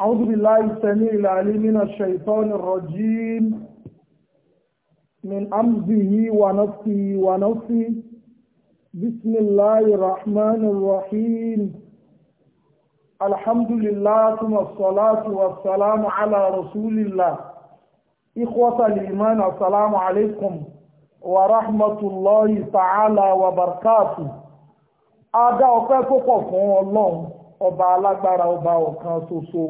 أعوذ بالله السميع العليم من الشيطان الرجيم من أمزه ونفسه ونفسه بسم الله الرحمن الرحيم الحمد لله ثم الصلاة والسلام على رسول الله إخوة الإيمان السلام عليكم ورحمة الله تعالى وبركاته أدعوك فوق الله ọba alágbára ọba ọ̀kan ṣoṣo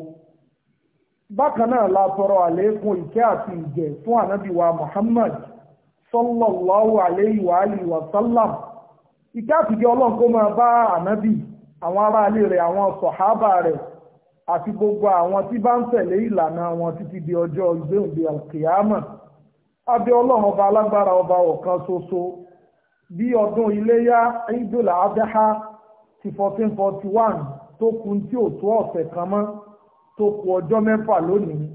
bákan náà la tọrọ àlékún ìkẹ́ àti ìjẹ́ fún ànábì Muhammad sallallahu alayhi wa alihi wa sallam ìkẹ́ àtijọ́ ọlọ́run kó máa bá ànábì àwọn aráalé rẹ̀ àwọn sọ̀hábà rẹ̀ àti gbogbo àwọn tí bá ń tẹ̀lé ìlànà wọn títí di ọjọ́ ìgbéǹde alkiyama abẹ́ ọlọ́run ọba alágbára ọba ọ̀kan ṣoṣo bí ọdún iléyá Eidul Adha ti 1441 tó kun tí ò tó ọ̀sẹ̀ kan mọ́ tó kù ọjọ́ mẹ́fà lónìí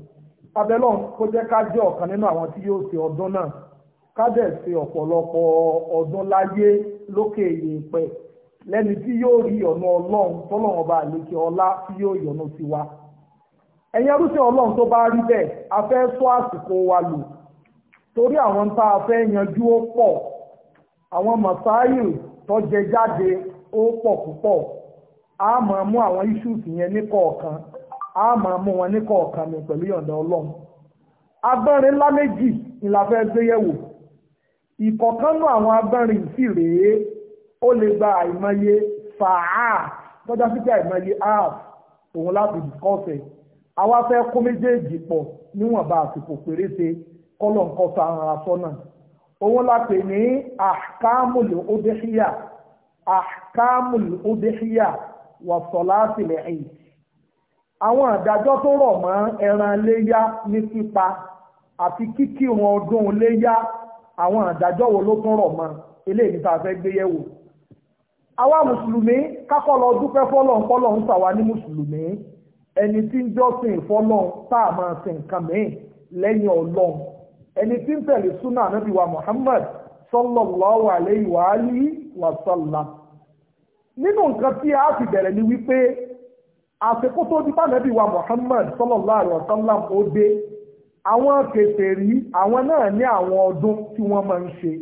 abẹ́lọ́n kó jẹ́ ká jẹ́ ọ̀kan nínú àwọn tí yóò ṣe ọdún náà ká dẹ̀ ṣe ọ̀pọ̀lọpọ̀ ọdún láyé lókè èèpẹ̀ lẹ́ni tí yóò rí ọ̀nà ọlọ́run tọ́lọ́run ọlá tí yóò yọ́nú sí wa ẹ̀yin arúgbó ọlọ́run tó bá rí bẹ́ẹ̀ a fẹ́ sọ àsìkò wa lò torí àwọn tá a fẹ́ yanjú ó pọ̀ àwọn tó jẹ jáde ó pọ̀ púpọ̀ a mú àwọn ní kọ̀ọ̀kan a máa mú wọn ní kọ̀ọ̀kan mi pẹ̀lú yọ̀ǹda ọlọ́run agbẹ́rin ńlá méjì ni la fẹ́ gbé yẹ̀wò ìkọ̀kánú àwọn agbẹ́rin sì rèé ó lè gba àìmọye fàá tọ́já sí pé àìmọye aaf òun láti dìkọ́sẹ̀ àwa fẹ́ kó méjèèjì pọ̀ níwọ̀nba àsìkò péréte kọ́lọ̀ nǹkan sa ara sọ́nà òun la pè ní àkámùlù odéhíyà àkámùlù odéhíyà wàsọ̀lá ẹ̀yìn àwọn àdájọ́ tó rọ̀ mọ́ ẹran léyá ní pípa àti wọn ọdún léyá àwọn àdájọ́ wo ló tún rọ̀ mọ́ eléyìí tá a fẹ́ gbé yẹ̀wò àwa mùsùlùmí kákọ́ lọ dúpẹ́ ń ní mùsùlùmí ẹni tí ń sin nǹkan mìíràn lẹ́yìn ọlọ́run ẹni tí ń wa Muhammad sallallahu alayhi wa alihi wa nínú nǹkan tí a fi bẹ̀rẹ̀ ni wípé àsìkò tó di pàmẹ́bí wa Muhammad sallallahu alaihi wasallam ó dé àwọn kèfèrí àwọn náà ní àwọn ọdún tí wọ́n máa ń ṣe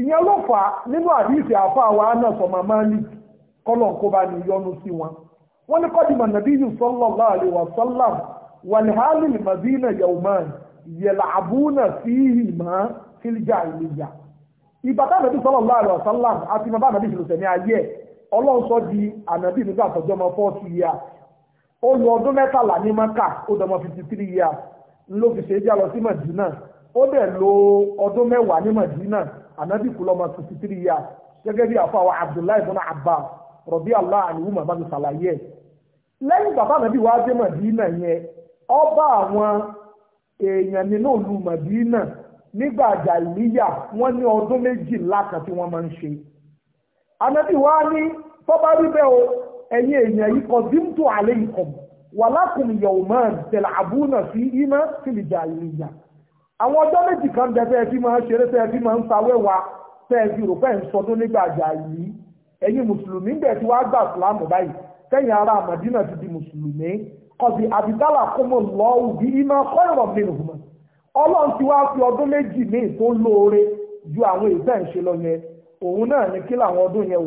ìyẹn ló fà nínú àdìsí àfa wa náà sọmọ mali kọlọ̀n kó bá yọnu sí wọn wọ́n ní kọ́dìmọ̀ nàbí yìí sallallahu alaihi wasallam wàlíhálì madina yawman yẹlàbúnà fíhì mọ́ fílíjà ìlẹ̀yà ìbátà nàbí sallallahu alaihi wasallam àti mọ́bá nàbí ìṣèlú sẹ́ni ayé ẹ̀ ọlọọsọ dị di ànábì nígbà tọjọ́ ọmọ forty years ó lò ọdún mẹ́tàlá ní maka ó dọmọ fifty three ló fi ṣe é já lọ sí Madina ó dẹ̀ lò ọdún mẹ́wàá ní Madina ànábì kú lọ́mọ fifty three years gẹ́gẹ́ bí àfọ àwọn Abdullahi ibn rọ̀bí Allah ọba àwọn èèyàn nínú Madina nígbà àjà ìníyà wọ́n ní ọdún méjìlá kan tí anabi wa ni bọ́bá rí bẹ́ẹ̀ o ẹ̀yin èèyàn yìí kọ́ dímtò àlẹ́ ikọ̀ wà lákùn yọ̀ọ̀mọ́n tẹ̀lé àbúnà sí iná sílì jà ìlìyà àwọn ọjọ́ méjì kan bẹ tẹ́ ẹ fi máa ń ṣeré tẹ́ ẹ fi máa ń sawẹ́wà tẹ́ ẹ fi rò pé ń sọdún nígbà jà yìí ẹ̀yin mùsùlùmí bẹ̀ tí wàá gbà fúlàmù báyìí tẹ́yìn ará Màdínà ti di mùsùlùmí kọ̀bí àbíkálà kọ́mọ lọ́ọ́ bí iná kọ́ ìrọ̀ mìíràn ọlọ́run òun náà ní kí làwọn ọdún yẹn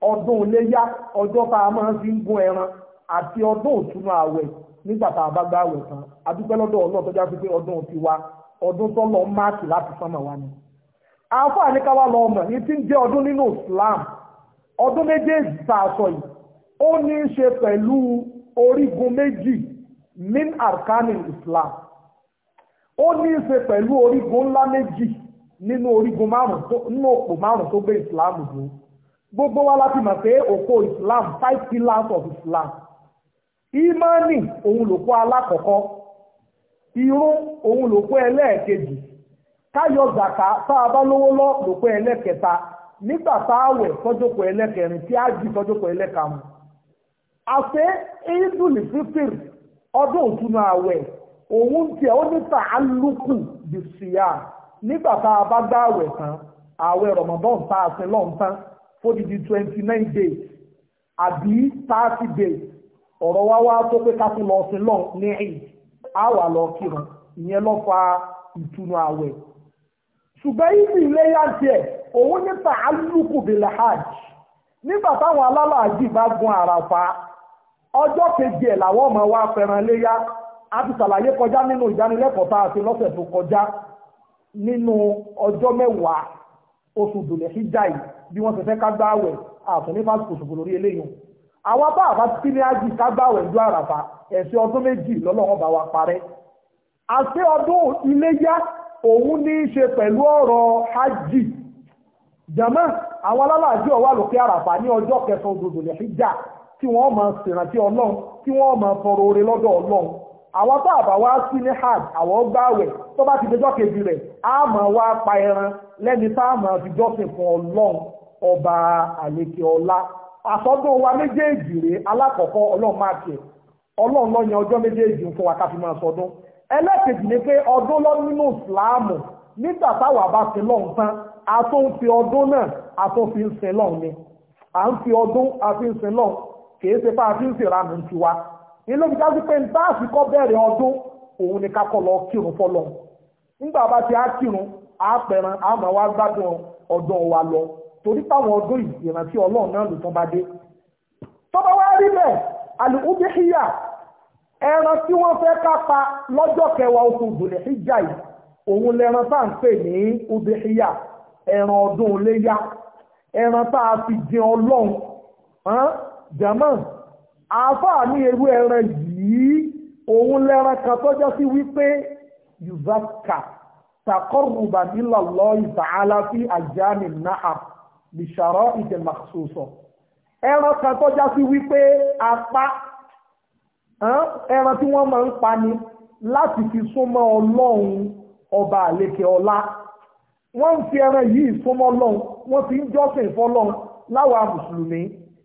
ọdún ọjọ́ tá a máa fi ń gún ẹran àti ọdún òtúnú ààwẹ̀ nígbà tá a bá gbá ààwẹ̀ tán adúpẹ́ lọ́dọ̀ tó já sí pé ọdún ti wa ọdún tó lọ máàkì láti sánmà wa ni. àáfà ní ká lọ ọmọ ní ti ń jẹ́ ọdún nínú Islam ọdún méjèèjì tá a sọ yìí ó ní í ṣe min Islam ó ní í ṣe pẹ̀lú orígun ńlá méjì nínú orígun márùn nínú òpó tó gbé islam dúró gbogbo wa láti mọ̀ pé òpó islam five pillars of islam imani òun lòpó alákọ̀ọ́kọ́ irun òun lòpó ẹlẹ́ẹ̀kejì káyọ̀ zàkà tá a bá lówó lọ lòpó ẹlẹ́kẹta nígbà tá a wẹ̀ sọ́jọ́pọ̀ ẹlẹ́kẹrin tí a sọ́jọ́pọ̀ àṣẹ fífìrì ọdún òtún àwẹ̀ òun tiẹ̀ nígbà tá a bá gbá àwẹ̀ tán àwẹ̀ rọ̀mọ̀bọ́n tá a sin fódìdí twenty nine days àbí thirty days ọ̀rọ̀ wá tó pé ká tún lọ sin lọ́n ní á wà lọ kírun ìyẹn fa àwẹ̀ ṣùgbọ́n ibi ìléyà tiẹ̀ òun hajj nígbà táwọn alálàájì bá gun ọjọ́ kejì ẹ̀ làwọn wa fẹ́ràn léyà a ti ṣàlàyé kọjá nínú ìdánilẹ́kọ̀ọ́ tá a lọ́sẹ̀ nínú ọjọ́ mẹ́wàá oṣù dùlẹ̀ sí jáì bí wọ́n ti fẹ́ ká gbáwẹ̀ àtọ̀ ní fásitì òṣùgbò lórí eléyìí àwọn bá àbá tí ní ájì ká ju àràfà ẹ̀sìn ọdún méjì lọ́lọ́wọ́n bá wa parẹ́ àti ọdún iléyá òun ní í ṣe pẹ̀lú ọ̀rọ̀ hajj jama àwọn alálàájì ọ̀wà lókè àràfà ní ọjọ́ kẹsàn-án òdòdó lẹ́sìn já tí wọ́n lọ́dọ̀ ọlọ́run àwọn tó àbá wá sí ní hajj àwọn gbààwẹ̀ tó bá ti dejọ́ kejì rẹ̀ á máa wá pa ẹran lẹ́ni tá a máa fi jọ́sìn fún ọlọ́run ọba àlekè ọlá àsọdún wa méjèèjì rèé alákọ̀ọ́kọ́ ọlọ́run máa tiẹ̀ ọlọ́run ló yan ọjọ́ méjèèjì fún wa ká máa sọdún ẹlẹ́kejì ni pé ọdún lọ ìsìláàmù nígbà táwa bá ti lọ́hùn tán a tó ń fi ọdún náà a tó fi ń sin lọ́hùn ni à ń fi ọdún a fi ń sin lọ́hùn kì í ṣe pé a fi ń sèrànù tiwa ilé òbí dájú pé nta àsìkò bẹ̀rẹ̀ ọdún òun ni kakọ lọ kírun fọlọ nígbà bá ti á kírun á pẹran á mọ wá gbádùn ọdún wa lọ torí táwọn ọdún yìí ìrántí ọlọ́run náà ló tán bá dé tọ́ba wá rí bẹ́ẹ̀ àlùkùbíhíyà ẹran tí wọ́n fẹ́ ká lọ́jọ́ kẹwàá oṣù Dhul-Hijja yìí òun lẹran tá ń pè ní ubíhíyà ẹran ọdún iléyá ẹran tá a fi jẹ ọlọ́run jẹ́mọ́ọ̀ àáfàá ní ewu ẹran yìí òun lẹ́ran kan tọ́jọ́ sí wípé yuzaka takọ́rùbà nílọ̀lọ́ ìbàálá fi àjáàmì náà bìṣàrọ́ ìdẹ̀màṣoṣọ ẹran kan tọ́jọ́ sí wípé apá ẹran tí wọ́n máa ń pa ni láti fi súnmọ́ ọlọ́run ọba àlekè ọlá wọ́n ń fi ẹran yìí súnmọ́ ọlọ́run wọ́n fi ń jọ́sìn fọ́lọ́run láwa mùsùlùmí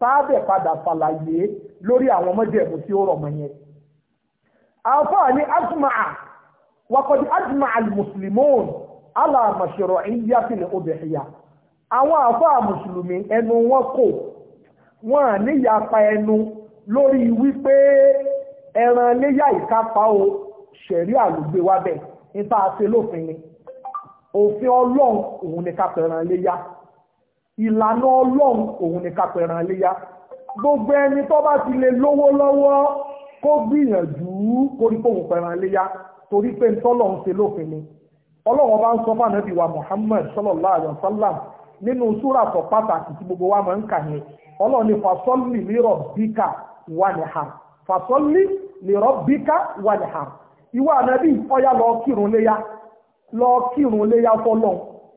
táàbẹ̀ padà ṣàlàyé lórí àwọn mọ́jẹ̀mú tí ó rọ̀mọ́ yẹn. àǹfààní ní ajma'a wakọ̀dí ajma'a al-muslimun ala mashru'iyyati al-udhiyya àwọn àfáà mùsùlùmí ẹnu wọn kò wọn ẹnu lórí wípé ẹran léyà ìkápá o ṣẹ̀rí àlùgbé lófin ni òfin ọlọ́run òun ni ká ìlànà ọlọ́run òun ni kápẹ̀ràn léyá gbogbo ẹni tó bá ti lè lówó lọ́wọ́ kó gbìyànjú kórí kóhùn pẹ̀ràn léyá torí pé ntọ́lọ̀ ń ṣe lófin ni bá ń sọ fún wa Muhammad nínú pàtàkì tí gbogbo wa máa ń kà yẹn ọlọ́run ni fasọ́lì bíkà wà ní ha fasọ́lì bíkà wà ní ha ìwà ànábì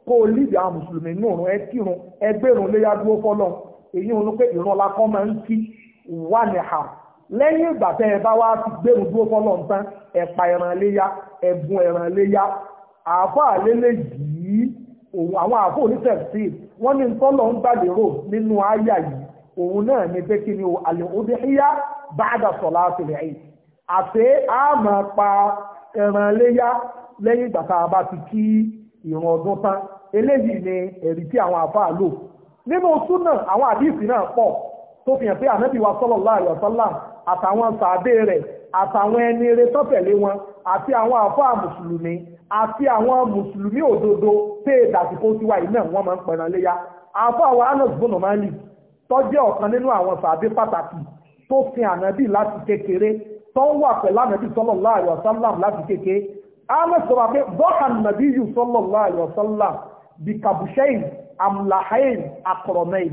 kó o líbi àwọn mùsùlùmí ní òrùn ẹkírun ẹgbẹ́rún léyà dúró fọ́lọ́ èyí òun pé ìran lakọ́ máa ń kí wà ní ha lẹ́yìn ìgbà tẹ́ ẹ bá wá ti gbẹ́rún dúró fọ́lọ́ nǹkan ẹ̀pà ẹran léyà ẹ̀bùn ẹran léyà àáfà lélẹ̀ yìí òun àwọn àáfà onífẹ̀sì wọ́n ní tọ́lọ̀ ń gbàlérò nínú àyà yìí òun náà ní pé kí ni o àlè òde híyá bá dà sọ̀lá àtìlẹ̀ yìí àti àmọ́ pa ẹran léyà lẹ́yìn ìgbà tá a bá ti kí ìran ọdún tán eléyìí ni ẹ̀rí tí àwọn àfáà lò nínú súnà àwọn àdìsí náà pọ̀ tó fi hàn pé ànábì wa sallallahu alaihi wasallam àtàwọn sàádé rẹ̀ àtàwọn ẹni eré tọ́tẹ̀lé wọn àti àwọn àfáà mùsùlùmí àti àwọn mùsùlùmí òdodo pé ìdàsíkò tiwa yìí náà wọ́n máa ń pẹran léyà àfáà wa Anas bùnà máa ń lì tọ́jẹ́ ọ̀kan nínú àwọn sàádé pàtàkì tó fi ànábì láti kékeré tó ń wà pẹ̀lú ànábì sallallahu alaihi wasallam láti kékeré Anas sọ wà pé bọ́ọ̀kan nàbí yù sallallahu alaihi bikabushain amlahain akọrọmẹin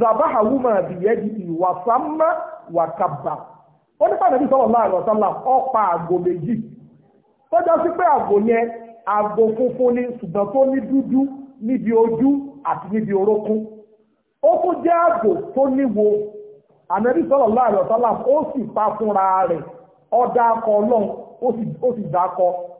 zabahawuma biyẹdi ìwàsámá wàkàbà ó nípa nàbí sallallahu alaihi wasallam ọ̀pá àgò méjì tọ́jọ́ sí pé àgò yẹn àgò funfun ni ṣùgbọ́n tó ní dúdú níbi ojú àti níbi orókún ó tún jẹ́ àgò tó níwo ànábì sallallahu alaihi wasallam ó sì pa fúnra rẹ̀ ó dákọ ọlọ́run ó sì dákọ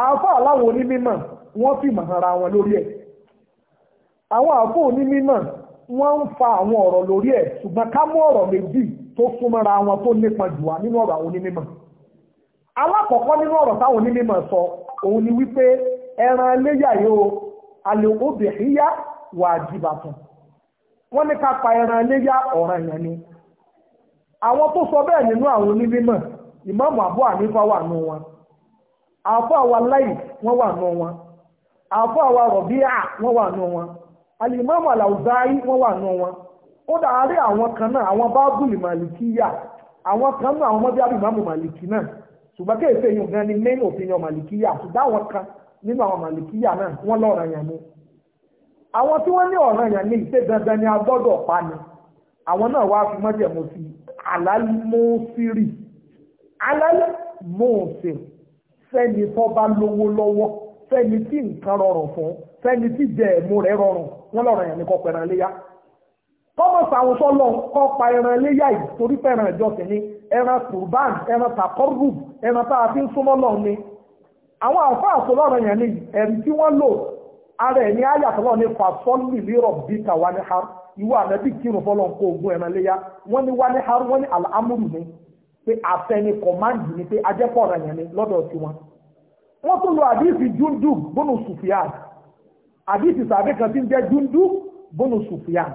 àáfà aláwọn onímọ̀ wọ́n fi wọn lórí ẹ̀ àwọn àáfà onímọ̀ wọ́n fa àwọn ọ̀rọ̀ lórí ẹ̀ ṣùgbọ́n ká mú ọ̀rọ̀ méjì tó súnmọ́ra wọn tó nípa jù wá nínú ọ̀rọ̀ àwọn onímọ̀ alákọ̀ọ́kọ́ nínú ọ̀rọ̀ táwọn onímọ̀ sọ òun ni wípé ẹran yóò wà wọ́n ní ká pa ẹran ọ̀ràn ni àwọn tó sọ bẹ́ẹ̀ nínú àwọn onímọ̀ wà nù afọ awa láì wọ́n wà nù wọn àfọ́ àwa rọ̀bíà wọ́n wà nù wọn alìmọ́mù àlàùzáì wọ́n wà nù wọn ó àwọn kan náà àwọn bábùlì àwọn kan náà àwọn náà ṣùgbọ́n kéèfé yìí gan ni ṣùgbọ́n àwọn kan nínú àwọn náà wọ́n lọ́ràn yàn ni àwọn tí wọ́n ní ọ̀ràn yàn dandan ni agbọ́dọ̀ pa ni àwọn náà wá fi fẹ́ni tó bá lówó lọ́wọ́ fẹ́ni tí nǹkan rọrùn fún fẹ́ni tí jẹ ẹ̀mú rẹ̀ rọrùn wọn lọ́rọ̀ yẹn ní kọ́ pẹ̀ràn léyà kọ́mọ̀ sàwùsọ lọ kọ́ pa ẹran léyà yìí torí pẹ̀ràn ìjọsìn ni ẹran turban ẹran takọ́rù ẹran tá a fi ń súnmọ́ lọ ni àwọn ni ẹ̀rí tí wọ́n lò ara ẹ̀ ní ayàtọ̀lọ́ ní fasọ́lì lérò bíi tàwa ní har ìwọ ànábì kírun fọlọ́ pé àfẹni kọ̀máǹdì ni pé ajẹ́pọ̀ ọ̀rọ̀ yẹn ni lọ́dọ̀ tiwọn. wọ́n tún lo àdìsí júndù bónú sùfìàn àdìsí sàbí kan tí ń jẹ́ júndù bónú sùfìàn.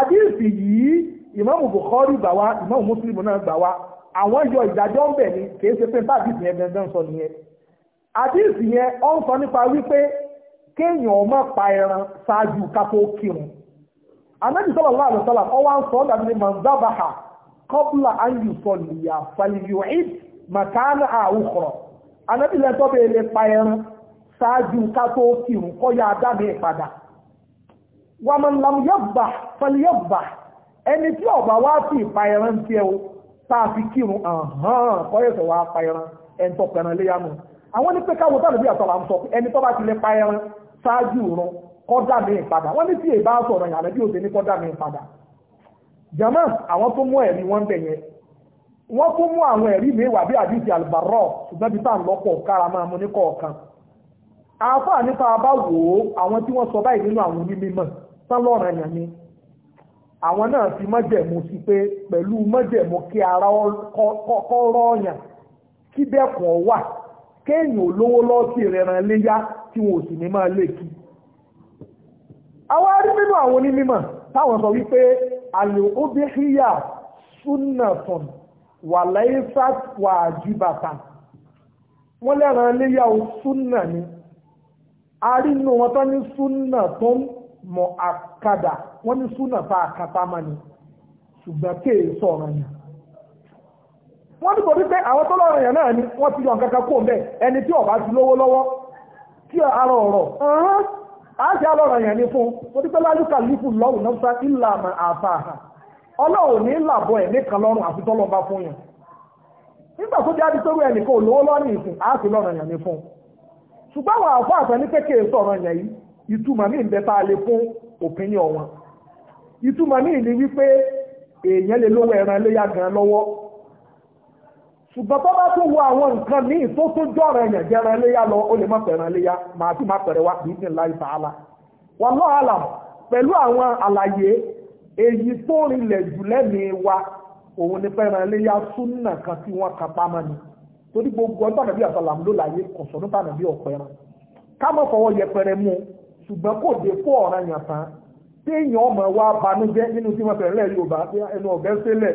àdìsí yìí ìmáàmù Bukhari gbà wá ìmáàmù Muslim náà gbà wá àwọn yọ ìdájọ́ ń bẹ̀ ni kìí ṣe pé táàdìsí yẹn dandan sọ nìyẹn. àdìsí yẹn ó ń sọ nípa wípé kéèyàn ọmọ pa ẹran ṣáájú ká kírun. anábì sọ́lá kọ́bùlà ayù sọ̀lù yà fàlìyù ìd màkánà àwùkọ̀rọ̀ anábìlẹ̀ tó bẹ̀rẹ̀ lè pa ẹran ṣáájú ká tó kírun kọ́ ya dábẹ̀ ìpadà wà mọ̀ làmù yọ̀bà fàlìyọ̀bà ẹni tí ọ̀bà wá sí ìpa ẹran tí ẹ o tá a fi kírun àhán kọ́yẹ̀sọ̀ wá pa ẹran ẹni tó pẹ̀ràn lé yánu àwọn ní pé káwọ tó àdúgbò àtọ̀là ń sọ ẹni tó bá ti lè pa ẹran ṣáájú ìrun kọ́ dábẹ̀ ìpadà wọ́n ní tí èbá jama àwọn tó mú ẹ̀rí wọn bẹ̀ yẹn wọ́n tó mú àwọn ẹ̀rí mi wà bí àdìsí àlùbárọ̀ ṣùgbọ́n bí tá à ń lọ́pọ̀ kára máa mú ní kọ̀ọ̀kan àáfà nípa bá wò ó àwọn tí wọ́n sọ báyìí nínú àwọn onímọ̀ sálọ́ọ̀rọ̀ ẹ̀yàn ni àwọn náà fi mọ́jẹ̀mú sí pé pẹ̀lú mọ́jẹ̀mú kí ara kọ́ rọ́ọ̀yàn kí bẹ́ẹ̀kùn wà kéèyàn olówó lọ́ọ̀tì ìrẹ̀ràn léyá tí wọn ò sì ní máa lè kí. àwọn arí nínú àwọn onímọ̀ táwọn sọ wípé àlùkùdíhíyà súnàtàn wàláìsà wàjibàtà wọ́n lẹ́ran iléyà súnà ni arínú wọn tán ní súnà tó ń mọ̀ àkàdà wọ́n ní súnà tá àkàtà máa ni ṣùgbọ́n kéè sọ̀rọ̀ ni wọ́n ti kò pé àwọn tó lọ́rọ̀ yẹn náà ni wọ́n ti yọ nǹkan kan kó ẹni tí ti lówó lọ́wọ́ tí ara àti alọ́rọ̀ yẹn ni fún mo dípẹ́ lálùkà lífù lọ́rùn náà sá ìlànà àfà ọlọ́run ní làbọ̀ ẹ̀mí kan lọ́rùn àfi tọ́lọ́ bá fún yẹn nígbà tó jáde tó ẹnìkan olówó lọ́rùn ìsìn àti lọ́rọ̀ ya ni fún ṣùgbọ́n àwọn ní sọ̀rọ̀ yẹn yìí ní ìbẹ́ a lè fún òpin ọ̀wọ́n ní wípé èèyàn lè lówó ẹran gan ṣùgbọ́n tó bá tún wo àwọn nǹkan ní ìtó tó jọ̀rọ̀ ẹ̀yàn jẹran iléyà lọ ó lè má pẹ̀rẹ̀ iléyà màá sì má pẹ̀rẹ̀ wá bí ìsìn láì sàálà wọn lọ́ àlà pẹ̀lú àwọn àlàyé èyí tó rinlẹ̀ jù lẹ́mìí wa òun ni pẹ̀rẹ̀ iléyà súnà kan tí wọ́n kà pamọ́ ni torí gbogbo ọjọ́ tàbí àtàlà ló láyé kọ̀sọ̀ ní tàbí ọ̀pẹ̀rẹ̀ ká mọ̀ fọwọ́ yẹpẹrẹ mú ṣùgbọ́n kò dé fún ọ̀ràn yàn tán téèyàn ọmọ wa banújẹ́ nínú tí wọ́n fẹ̀rẹ̀ lẹ́ Yorùbá ẹnu ọ̀bẹ́ sílẹ̀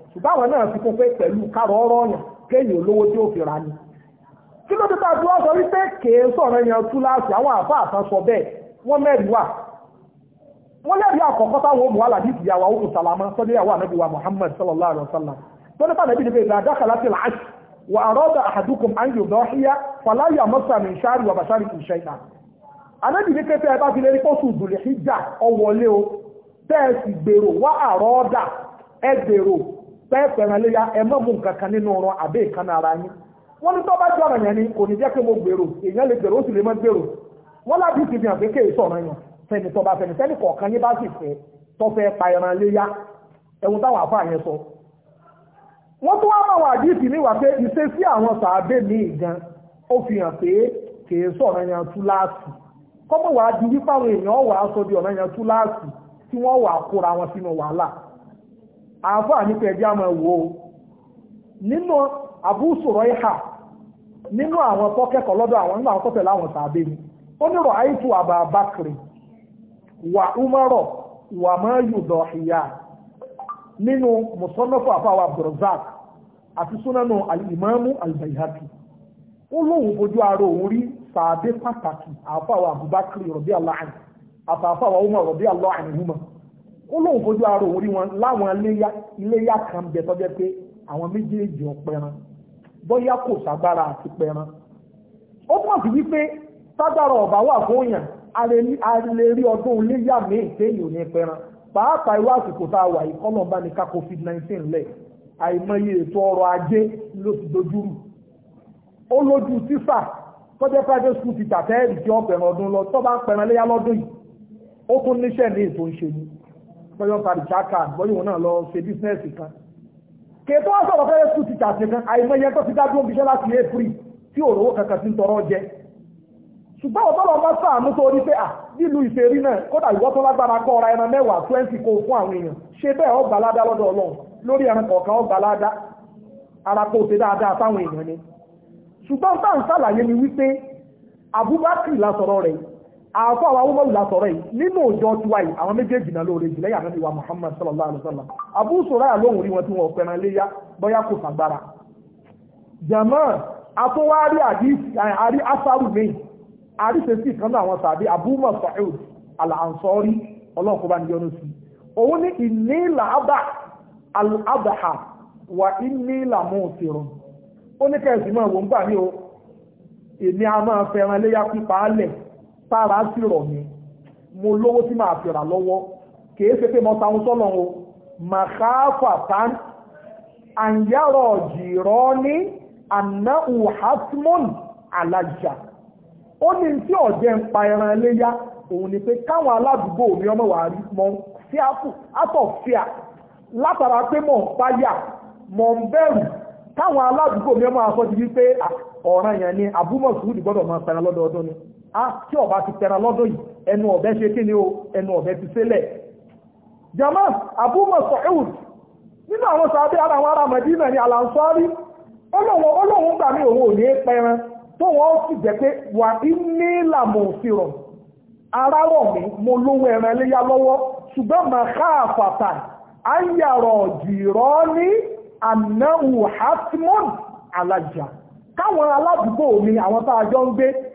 ṣùgbọ́n àwọn náà fi kún pé pẹ̀lú kárọ̀ ọ̀rọ̀ ọ̀yàn kéèyàn olówó tí ó fi ra ni kí ló dé tá a ti wá sọ wípé kèé sọ̀rọ̀ yẹn tú láàṣì àwọn àfa àtàn sọ bẹ́ẹ̀ wọ́n mẹ́rin wà wọ́n lẹ́rìí àkọ́kọ́ táwọn òmùwà làdìsí yàwá òkú sàlámà sọ́dọ̀ yàwá ànábì wa Muhammad sallallahu alayhi wa sallam tó nípa nàbí níbi ìgbà dákàlá sí làásì wà àrọ́dà àhàdùkùn àyè dọ́ọ̀híyá fàláyà mọ́sà mi ṣáàrì wà bàṣárì kì í ṣe ìta ànábì ní kété ẹbá fi lè rí pọ́sù ìdùlẹ̀ ìjà ọwọ́lé o tẹ́ẹ̀sì gbèrò wà àrọ́dà ẹgbèrò pẹ́ẹ́pẹ̀rẹ̀ léyà ẹ mọ́ mú nǹkan kan nínú ọ̀rọ̀ àbẹ́ ara yín wọ́n ní tó bá jọ̀rọ̀ ni kò ní jẹ́ pé mo gbèrò èèyàn lè gbèrò ó sì lè má gbèrò wọ́n láti fi hàn pé kéè sọ̀rọ̀ fẹ́ni fẹ́ni sẹ́ni kọ̀ọ̀kan yín bá sì fẹ́ fẹ́ pa ẹran léyà táwọn sọ. wọ́n tún wá níwà sọ di ọ̀rọ̀ tí wọ́n wà á kóra wọn sínú wàhálà àáfà nípa ẹ̀dí àmọ́ wo nínú àbúsùrọ̀ ìhà nínú àwọn tọ́kẹ́kọ̀ọ́ lọ́dọ̀ àwọn nínú àwọn tọ́tẹ̀lá àwọn tàbí ni ó ní rọ̀ àbà bákìrì wà úmọ́rọ̀ wà mọ́ yùdọ̀ ìyá nínú mùsọ́nàfù àfàwà Abdurrazak àti súnánù alìmọ́mú albayhaki ó lóun fojú ara òun rí pàtàkì rọ̀bí ụlọ lóun fojú ara òun rí wọn láwọn iléyà kan bẹ tọ́jẹ́ pé àwọn méjèèjì ọ̀pẹran bóyá kò ságbára àti pẹran ó pọ̀ sí wípé ságbára ọ̀bá wà fún èèyàn a lè rí ọdún iléyà míì téèyàn ní pẹran pàápàá irú àsìkò tá a covid-19 lẹ̀ àìmọye ètò ọrọ̀ ajé ló ti ó lójú tọ́jẹ́ ti tàtẹ́ẹ̀rì tí ọdún lọ tó bá ń léyà lọ́dún yìí ó tún níṣẹ́ bọ́yọ̀ sàrìkàkà bọ́yọ̀ wọn náà lọ ṣe bísínẹ́sì kan kètò ọ̀sọ̀rọ̀ fẹ́rẹ́ ti kan àìmọye tó ti dájú omi iṣẹ́ láti april tí òrówó kankan ti ń tọrọ jẹ ṣùgbọ́n bá sàánú tó pé à ìṣerí náà kódà ìwọ́ tó lágbára kọ́ ẹran mẹ́wàá twenty fún àwọn èèyàn bẹ́ẹ̀ ọgbà ládá lọ́dọ̀ ọlọ́run lórí ẹran kọ̀ọ̀kan ọgbà ládá ara ṣe dáadáa fáwọn èèyàn ni ṣùgbọ́n táà ń sàlàyé ni wípé Abubakar la àfọ àwọn awúmọ̀ ìlà sọ̀rọ̀ yìí nínú òjò tiwa yìí àwọn méjèèjì náà lóore jùlẹ̀ yàrá ìwà Muhammad sallallahu alaihi wasallam àbúrò lóhùn rí wọn tí wọn pẹran léyà bóyá kò sàgbára. jama atúwárí àrí asaru mi àríṣesí kan náà àwọn tàbí bá òun ní al ó ní gbà ní a tára sí rọ̀ ni mo lówó tí màá fi lọ́wọ́ kìí ṣe pé mo ta ohun sọ́nà o màkàáfà tán àyàrọ̀ jìrọ́ ní àná uhasmon alájà ó ní tí ọ̀jẹ̀ ń pa ẹran òun ni pé káwọn aládùúgbò mi ọmọ wà mọ sí àtọ̀fíà látara pé mò ń páyà mò ń bẹ̀rù káwọn aládùúgbò mi ọmọ àfọ́jú wípé ọ̀ràn yẹn ni gbọ́dọ̀ ni á ah, tí ọba ti tẹra lọ́dọ̀ yìí ẹnu ọ̀bẹ ṣe kí ni o ẹnu ọ̀bẹ ti sílẹ̀ jama Abu Mas'ud nínú àwọn sàbẹ́ ara àwọn ará Madina ni alansari ọlọ́wọ́n ọlọ́wọ́n gbà mí òun ò ní pẹran tó wọ́n sì jẹ́ pé wà ní làmù fìrọ̀ ara rọ̀ mí mo lówó ẹran léyà lọ́wọ́ ṣùgbọ́n mà káàfàtà ayàrọ̀ jìrọ́ ní ànáhù hatmon alájà káwọn aládùúgbò mi àwọn tá a jọ ń gbé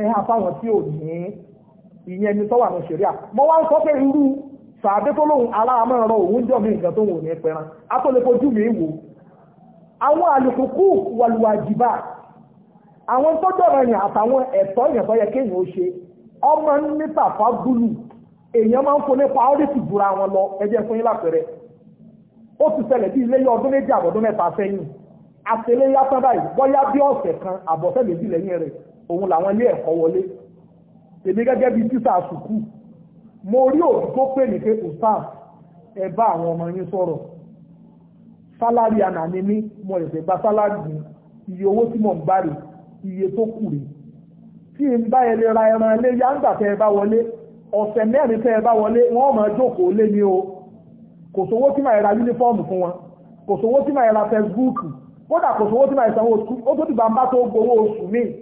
ẹ̀hà fáwọn tí ò ní ìyẹn ni tọ́wà àwọn ṣẹ̀ríà mọ́ wá ń sọ pé irú sàádé tó lóhun aláàmọ́ ọ̀rọ̀ òun jọ́ mi nǹkan tó wò ní pẹran atọ́lẹ́kọjú mi wò àwọn àlùkùkù wàlúwàjìbà àwọn tọ́jọ́ rẹ̀ yàn àtàwọn ẹ̀tọ́ yàn tó yẹ kéèyàn ó ṣe ọmọ ní tàfà búlù èèyàn máa ń fo nípa ó lè ti dùra wọn lọ ẹjẹ́ fún yín lápẹ̀rẹ̀ ó ti ṣẹlẹ̀ bí ilé ọdún méjì àbọ̀dún mẹ́ta sẹ́yìn àtẹlẹ́yà tán báyìí bọ́yá bí ọ̀sẹ̀ kan àbọ̀sẹ̀ méjì lẹ́yìn rẹ̀ òun làwọn ilé ẹ̀kọ́ wọlé èmi gẹ́gẹ́ bí títà sùkú mo rí òbí tó pè ní pé ustaz ẹ bá àwọn ọmọ yín sọ̀rọ̀ sálárì àná ni mí mo lè fẹ́ gba sálárì mi iye owó tí mo ń bá rè iye tó kù rè tí n bá ẹ lè ra ẹran ilé yá ń gbà tẹ́ ẹ bá wọlé ọ̀sẹ̀ mẹ́rin tẹ́ ẹ bá wọlé wọ́n máa jókòó lé ní o kò sówó tí màá ra yúnífọ́ọ̀mù fún wọn kò sówó tí màá ra fẹsibúùkù kódà kò sówó tí màá sanwó ó tó dìgbà ń bá tó gbowó oṣù míì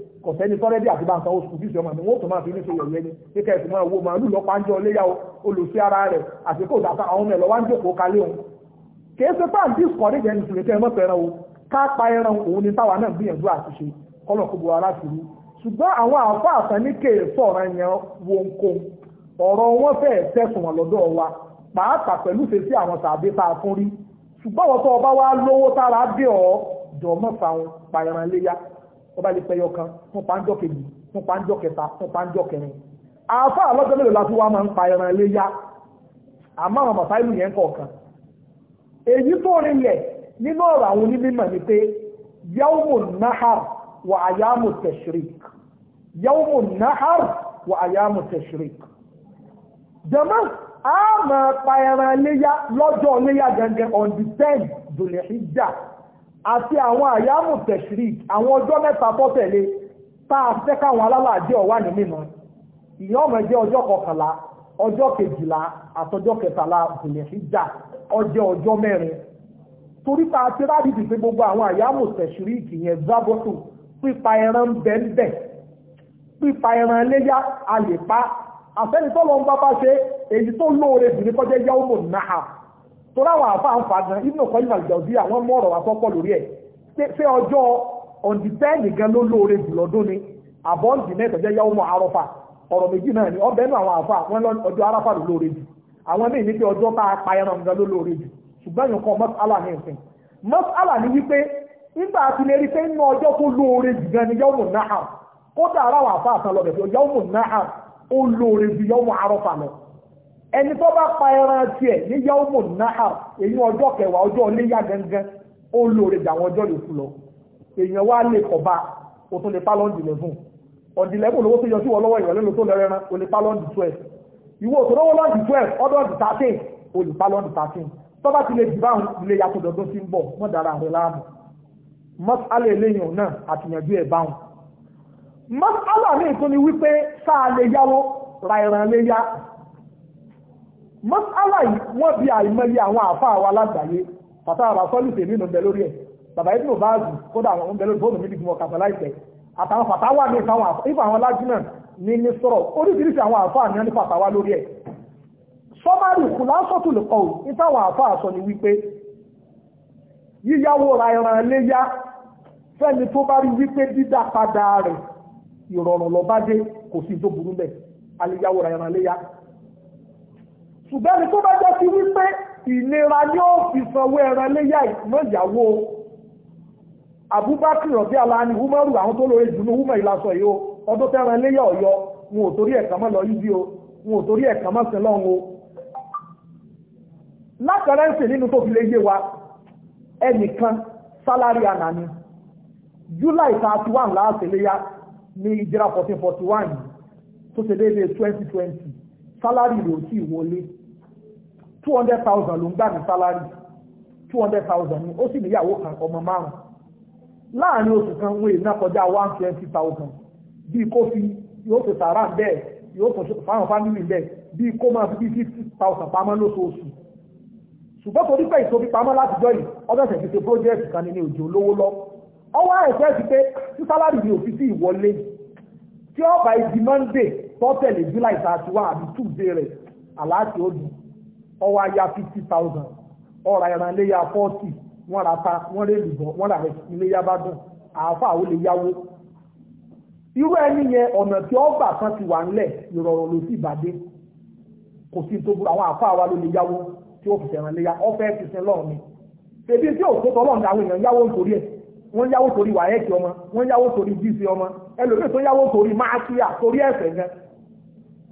kò sẹ́ni tọ́rẹ́dì àti bá ń sanwó sùkúl fíìsì ọmọ mi tó máa fi ní ṣe yẹ̀yẹ́ ni pé kẹ́ẹ̀sì máa wo màálù lọ́pàá ń jọ léyà olùsí ara rẹ̀ àti kò dàtà àwọn ọmọ ẹ̀ lọ́wọ́ ń jòkó kalẹ̀ òun kìí ṣe fáà bí ìsọ̀rí jẹ́ ní ìṣòro kẹ́ẹ̀mọ́ fẹ́ràn o ká pa ẹran òun ni táwa náà gbìyànjú àti ṣe kọ́lọ̀ kó bu ara ti rú ṣùgbọ́n àwọn àáfàá kan ní kéè sọ̀rọ̀ yẹn wo nǹkan ọ̀rọ̀ wọn fẹ́ tẹ̀sùn wọn lọ́dọ̀ wa pàápàá pẹ̀lú ṣe sí àwọn tàbí tá a fún rí ṣùgbọ́n wọn tó ọba wa lówó tára dé ọ jọmọ́ fáwọn pa ẹran léyà wọ́n bá lè pẹ́yọ kan fún pàǹjọ́ kejì fún pàǹjọ́ kẹta fún pàǹjọ́ kẹrin àáfà lọ́jọ́ mélòó la tún wá máa ń pa ẹran ilé yá àmọ́ àwọn mọ̀sáìlù yẹn kọ̀ọ̀kan èyí tó rinlẹ̀ nínú ọ̀rọ̀ àwọn onímọ̀ ni pé yawmu nahar wa ayamu tashrik yawmu nahar wa ayamu tashrik jama a máa pa ẹran iléyá lọ́jọ́ iléyá gangan on the ten dùnìhíjà àti àwọn àyámù tẹ̀sírì àwọn ọjọ́ mẹ́ta tó tẹ̀lé tá a fẹ́ káwọn alálàájẹ́ ọ̀wà ní mímọ́ ìyẹn ọmọ ẹjẹ́ ọjọ́ kọkànlá ọjọ́ kejìlá àtọjọ́ kẹtàlá bùnìfíjà ọjọ́ ọjọ́ mẹ́rin torí tá a ti rádìdì pé gbogbo àwọn àyámù tẹ̀sírì ìyẹn zábọ́tò pípa ẹran bẹ́ńbẹ́ pípa ẹran léyà a lè pa àfẹ́ni tó lọ ń bá bá ṣe èyí tó lóore jù ní kọjá yáwó náà tó ráwọn àfáàǹfà gan inú ọ̀kọ́ ìmọ̀ ìjọ̀bí àwọn mọ̀rọ̀ àfọ́pọ̀ lórí ẹ̀ ṣé ọjọ́ ọ̀ǹdì ọdịtẹ ló lóore jùlọ dóni àbọ̀ǹdì náà tọ́jọ́ yá ọmọ àrọ́fà ọ̀rọ̀ méjì ni ọbẹ̀ nù àwọn wọn ọjọ́ aráfà ló lóore jù àwọn míì ní pé ọjọ́ a pa ẹran gan ló lóore jù ṣùgbọ́n yìí kan ní ìsìn ní wípé nígbà ẹni tó bá pa ẹran tiẹ̀ ní yawmu nahar èyí ọjọ́ kẹwàá ọjọ́ iléyá gangan ó lóore dàwọn ọjọ́ yòókù lọ èèyàn wá lè kọ̀ bá o tún lè pa lọ́ndì lẹ́fún ọ̀dì lẹ́fún lówó tó yọ sí wọ lọ́wọ́ ìrọ̀lẹ́ ló tó lọ rẹran o lè pa lọ́ndì twelve ìwọ òtò lọ́wọ́ lọ́ndì twelve ọdọ́ọ̀dì thirteen o lè pa lọ́ndì thirteen tọ́ba ti lè dìbà ń lè yàtọ̀ dọ̀dọ̀ sí ń bọ̀ wọ́n dára rẹ̀ láàmú mọ́sálà eléyìn náà àtìyànjú ẹ̀ báwọn mọ́sálà ní ìtúni wípé sáà lè yáwó mọ́sálà yìí wọ́n bí àìmọye àwọn àfáà wa lágbàáyé bàtà àbá sọ́lù tèmi nù bẹ lórí ẹ̀ bàbá ìdúró báàzù kódà àwọn bẹ lórí fóònù mi dìgbìmọ̀ kàtà láìpẹ́ àtàwọn fàtàwà ní ìfàwọn ìfà àwọn lájú náà ní ní sọ̀rọ̀ oríṣiríṣi àwọn àfáà ní ní fàtàwà lórí ẹ̀ sọ́márì kù lásọ̀tù lè kọ̀wù ìfàwọn àfáà sọ ni wípé yíyáwó ra ẹran léyá fẹ́ni tó bá rí wípé dídá padà rẹ̀ ìrọ̀rùn lọ bá dé kò sí tó burú bẹ́ẹ̀ aléyáwó ra ẹran léyá ṣùgbọ́n tó bá jẹ́ sí wípé ìlera ni ó fi sanwó ẹran léyà ìyàwó Abubakar rọ̀bí aláàánú húmọ́rù àwọn tó lóore jùlọ húmọ̀ ìlàsọ yìí o ọdún tẹ́ran léyà ọ̀yọ́ wọn ò torí mọ́ lọ o wọn ò torí mọ́ 1441 2020 two hundred thousand ló ń gbà ní sálárì two hundred thousand ni ó sì níyàwó kan ọmọ márùn láàrin oṣù kan wọ́n èèyàn kọjá one twenty thousand bíi kó fi yóò fi sàárà bẹ́ẹ̀ yóò fọ̀ fáwọn fámìlì bẹ́ẹ̀ bíi kó máa fi bíi fifty thousand pamọ́ lóṣooṣù ṣùgbọ́n torí pé ìtòbí pamọ́ láti jọ yìí ọdún ẹ̀sẹ̀ ti ṣe project kan ní òjò lówó lọ ọwọ́ ẹ̀sẹ̀ ti pé tí sálárì mi ò fi sí ìwọlé tí ọba ìdí Monday tọ́tẹ̀lẹ̀ July thirty one àbí Tuesday rẹ̀ àlàáfíà ó dùn ọwọ́ aya fifty thousand ọ̀rọ̀ ẹran léya forty wọ́n ra ta wọ́n rẹ̀ lùbọ̀ wọ́n rà iléyà bá dùn àáfà ó lè yáwó. irú ẹni yẹn ọ̀nà tí ó gbà kan ti wà ńlẹ̀ ìrọ̀rùn ló sì bàdé kò sí tó burú àwọn àáfà wa ló lè yáwó tí ó fi ṣẹ̀ràn léya ọ̀fẹ́ fi sin lọ́ọ̀ mi. ṣèbí tí ò tó tọ́ lọ́ọ̀ ní àwọn èèyàn yáwó nítorí ẹ̀ wọ́n yáwó torí wàhẹ́ẹ̀kì ọmọ wọ́n yáwó torí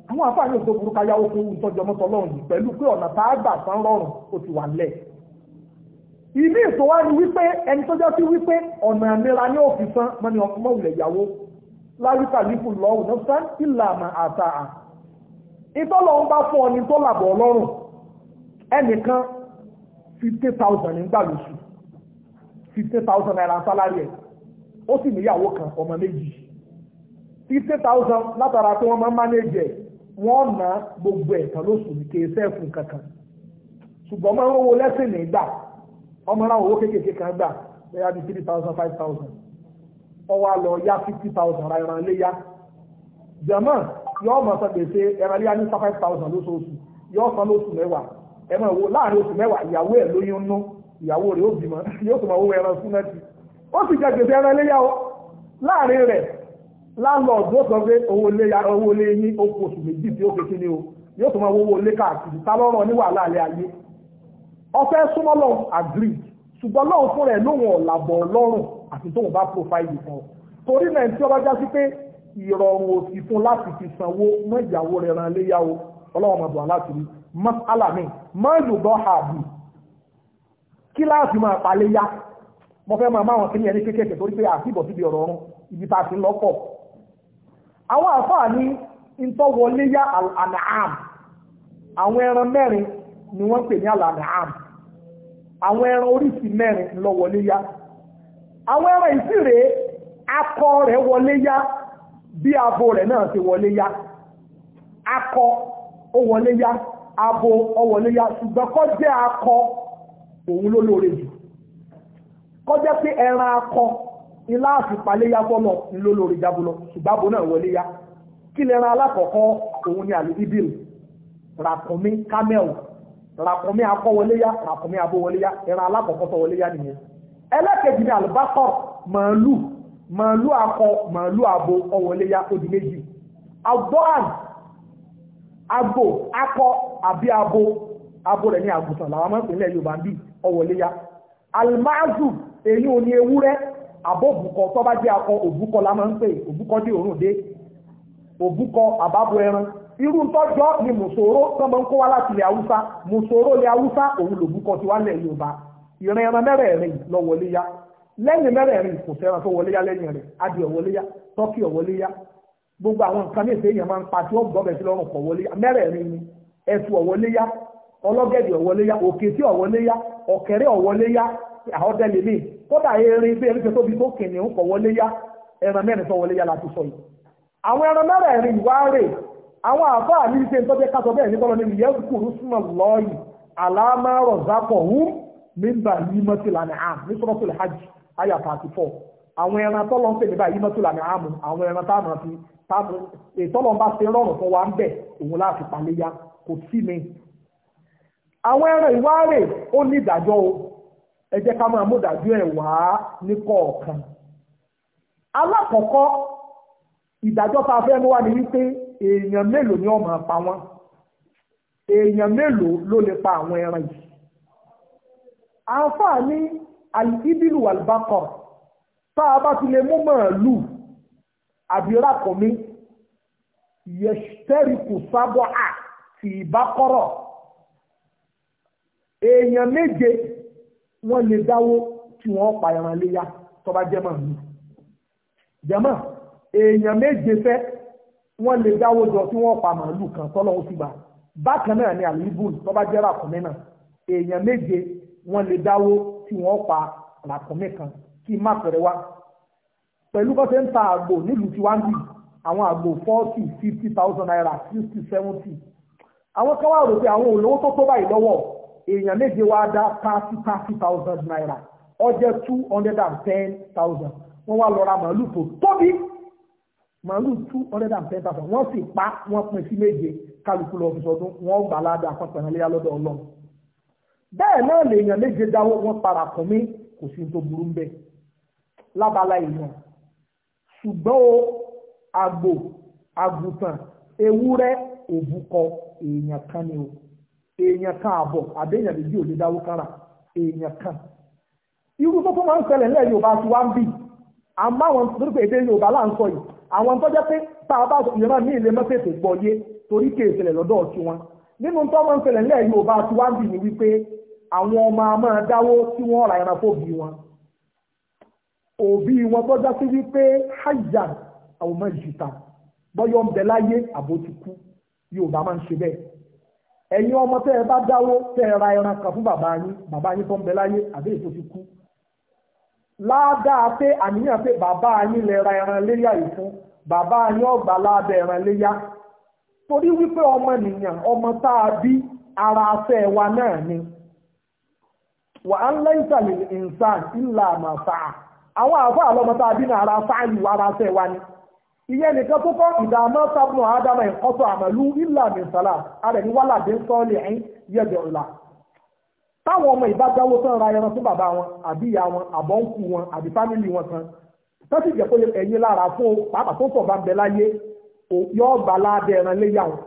àwọn àfáàní òṣèlú burúkú ayáwó fún ìtọ́jú ọmọ tọlọ́run yìí pẹ̀lú pé ọ̀nà tá a gbà san rọrùn ó ti wà lẹ̀. ìmí ètò wa ni wípé ẹni tó jẹ́ sí wípé ọ̀nà ìnira ni ó fi san mọ́ni ọmọ ìlẹ̀ ìyàwó láríkà lífù lọ́wọ́ náà sán ìlànà àtàà. ìtọ́lọ̀ ń bá fún ọni tó làbọ̀ ọlọ́rùn ẹnìkan fifty thousand nígbà lóṣù fifty thousand naira sálárì ẹ̀ ó sì níyàwó kan ọmọ fifty thousand látara tí wọ́n wọ́n na gbogbo ẹ̀tàn lóṣù ní kí ẹsẹ̀ fún kankan ṣùgbọ́n máa ń rówó lẹ́sìn ní gbà ọmọ owó kéékèèké kan gbà bẹ́yà bíi three thousand five thousand ọwọ́ lọ yá fifty thousand ra ẹran léyà jẹ̀mọ́ yọ ọmọ sọ gbèsè ẹran léyà ní five thousand lóṣooṣù lóṣù mẹ́wàá láàrin oṣù mẹ́wàá ìyàwó ẹ̀ lóyún nú ìyàwó rẹ̀ ó láńlọ́ọ̀dù ó sọ pé owó ilé owó ilé yín ó kú oṣù méjì tí ó fi kíní o yóò tó máa wọ́wọ́ ilé káàkiri ta lọ́rọ̀ ní wàhálà alẹ́ ayé ọfẹ́ súnmọ́ lọ àgírí ṣùgbọ́n lọ́run fún rẹ̀ lóhun ọ̀làbọ̀ lọ́rùn àti tóun bá profile kan torí náà tí ọba já sí pé ìrọ̀rùn òsì fún láti fi sanwó mọ́ ìyàwó rẹ̀ ran léyàwó ọlọ́run mọ̀dùn aláti rí mọ́sálà mi mọ́ ìlúbọ́ ààbò kíláàsì máa paléyà mo fẹ́ máa máa wọn kí ní ẹni kéékèèké torí pé àti ìbọ̀ síbi ọ̀rọ̀ ọ̀run ibi tá a ti ń àwọn àfáà ní ìtọ́wọléyà al-an'am àwọn ẹran mẹ́rin ni wọ́n pè ní al’ana’am àwọn ẹran oríṣi mẹ́rin lọ́wọléyà àwọn ẹran ìsìrè akọ rẹ̀ wọléyà bí abo rẹ̀ náà ti wọléyà akọ ó wọléyà abo ó wọléyà ṣùgbọ́n kọ́ jẹ́ akọ òun ló lóore jù kọ́ jẹ́ pé ẹran akọ ilá àfipáléyá fọ́lọ̀ ló lórí jábúlọ ṣùgbábò náà wọlé yá kí lè ran alákọ̀ọ́kọ́ òun ni àlùbíbìl ràkùnmí kámẹ́ọ̀ ràkùnmí akọ́wọléyá ràkùnmí abówọléyá ẹran alákọ̀ọ́kọ́ tọwọléyá nìyẹn ẹlẹ́kẹ̀jì ni àlùbákọ̀ màálù màálù akọ màálù abo ọwọléyá ó di méjì abdohan abo akọ àbí abo abo rẹ̀ ní àgùntàn làwọn mọ̀ ìpínlẹ̀ Yorùbá ń bì ọwọléyá almazu èyí ò ní ewúrẹ́ àbóbùkọ tó bá jẹ́ akọ òbúkọ la máa ń pè òbúkọ dé òórùn dé òbúkọ àbábo ẹran irú tọ́jọ́ ni mùsòrò tó máa ń kó wá láti ilẹ̀ haúsá mùsòrò ilẹ̀ haúsá òun lòbúkọ ti wá lẹ̀ yorùbá ìran ẹran mẹ́rẹ̀ẹ̀rin lọ wọlé yá lẹ́yìn mẹ́rẹ̀ẹ̀rin kò sẹ́ran tó wọlé yá lẹ́yìn rẹ̀ adìẹ wọlé yá tọ́kì ọ̀wọlé yá gbogbo àwọn nǹkan ní ìfẹ́ yẹn máa ń pa tí ó gbọ́bẹ̀ sí lọ́rùn kọ̀ wọlé yá mẹ́rẹ̀ẹ̀rin ni ẹ̀fù ọ̀wọlé yá ọlọ́gẹ̀dẹ̀ ọ̀wọlé yá òkété ọ̀wọlé yá ọ̀kẹ́rẹ́ ọ̀wọlé yá àhọ́dẹ́lẹ́lẹ́ kódà erin bí erin tó bí tó kìnnì wọlé yá ẹran mẹ́rin tó wọlé yá láti sọ yìí àwọn ẹran mẹ́rẹ̀ẹ̀rin ìwá rè àwọn àfáà ní ṣe tó jẹ́ kásọ bẹ́ẹ̀ ní kọ́lọ́ ní ìyẹ́ kùrú súnmọ́ lọ́ọ̀yì àlámárọ̀ zákọ̀ hù mímbà yìí mọ́tì lànà àm ní hajj pàtì fọ́ àwọn ẹran tọ́lọ́ ń pè àwọn ẹran wa ń bẹ̀ òun láti kò sí mi àwọn ẹran ẹ jẹ́ ká máa múdàjú ẹ̀ wá ní kọ̀ọ̀kan. alákọ̀ọ́kọ́ ìdájọ́ tá a fẹ́ mú wá ni wípé èèyàn mélòó ni ó máa pa wọ́n èèyàn mélòó ló lè pa àwọn ẹran yìí. àǹfààní alìbílù àlùbákọ̀ tá a bá ti lè mú màálù àbí rákùnmí yẹ̀ṣẹ́rìkù sábọ̀ à tì í èèyàn méje wọ́n lè dáwó tí wọ́n pa ẹran léyà tó bá jẹ́ màálù jẹ́mọ̀ èèyàn méje fẹ́ wọ́n lè dáwó jọ tí wọ́n pa màálù kan tọ́lọ́wọ́ sí gbà bákan náà ni àlùbùn tó bá jẹ́ ràkùnmí náà èèyàn méje wọ́n lè dáwó tí wọ́n pa ràkùnmí kan kí má pẹ̀rẹ̀ wá pẹ̀lú bó ṣe ń ta àgbò nílùú tí wá ń bì àwọn àgbò forty fifty thousand naira sixty seventy àwọn kan wá rò pé àwọn olówó tó tó báyìí lọ́wọ́ èèyàn méje wá dá thirty thirty thousand naira ó two hundred and ten thousand wọ́n wá lọ ra màálù tó tóbi màálù two hundred and ten thousand wọ́n sì pa wọ́n pín sí méje kálukú lọ fi sọdún wọ́n gbà ládàá pàpẹ́ náà léyà lọ́dọ̀ ọlọ́run bẹ́ẹ̀ náà lèèyàn méje dáwọ́ wọ́n para kùn mí kò sí tó burú ń bẹ lábala èèyàn ṣùgbọ́n o àgbò àgùntàn ewúrẹ́ òbúkọ èèyàn kan ni o èèyàn kan àbọ̀ àbẹ́yàn méjì ò lè dáwó kára èèyàn kan irú tó tó máa ń ṣẹlẹ̀ nílẹ̀ Yorùbá ti wá ń bì àmọ́ àwọn torí pé èdè Yorùbá là ń sọ yìí àwọn tó jẹ́ pé tá a bá sọ ìyẹn náà ní ilé mọ́tẹ́ẹ̀tẹ̀ gbọ́ yé torí kì í ṣẹlẹ̀ lọ́dọ̀ ọtí wọn nínú tó máa ń ṣẹlẹ̀ nílẹ̀ Yorùbá ti wá ń bì ní wípé àwọn ọmọ a máa dáwó tí wọ́n ra ẹran fóbi wọn òbí wọn tó já sí wípé hajjan àwọn ọmọ ìjìta bọ́yọ̀ ń bẹ láyé àbótikú Yorùbá máa ń ṣe bẹ́ẹ̀ ẹ̀yin ọmọ tẹ ẹ bá dáwó tẹ ẹ ra ẹran kan fún bàbá yín bàbá yín tó ń bẹ láyé àbí èso ti kú ládàá pé àníyàn pé bàbá yín lè ra ẹran léyà yìí fún bàbá yín ọgbà ládàá ẹran léyà torí wípé ara wa náà ni wà á ń ìǹsàn ńlá àwọn àfọ ara ara wa ni. ìyẹn nìkan tó kọ́ ìdààmú sábùn àádámà ìkọ́tọ̀ àmàlú ìlà mìsàlá alẹ́ ní wàhálà dé ń sọ lè ń yẹ̀dọ̀ ìlà táwọn ọmọ ìbá dáwó tán ra ẹran fún bàbá wọn àbí ìyá wọn àbọ̀ǹkù wọn àbí fámìlì wọn kan tọ́sí jẹ́ pé lára fún pàápàá tó sọ̀ bá ń bẹ láyé yóò gbà ẹran léyà wọn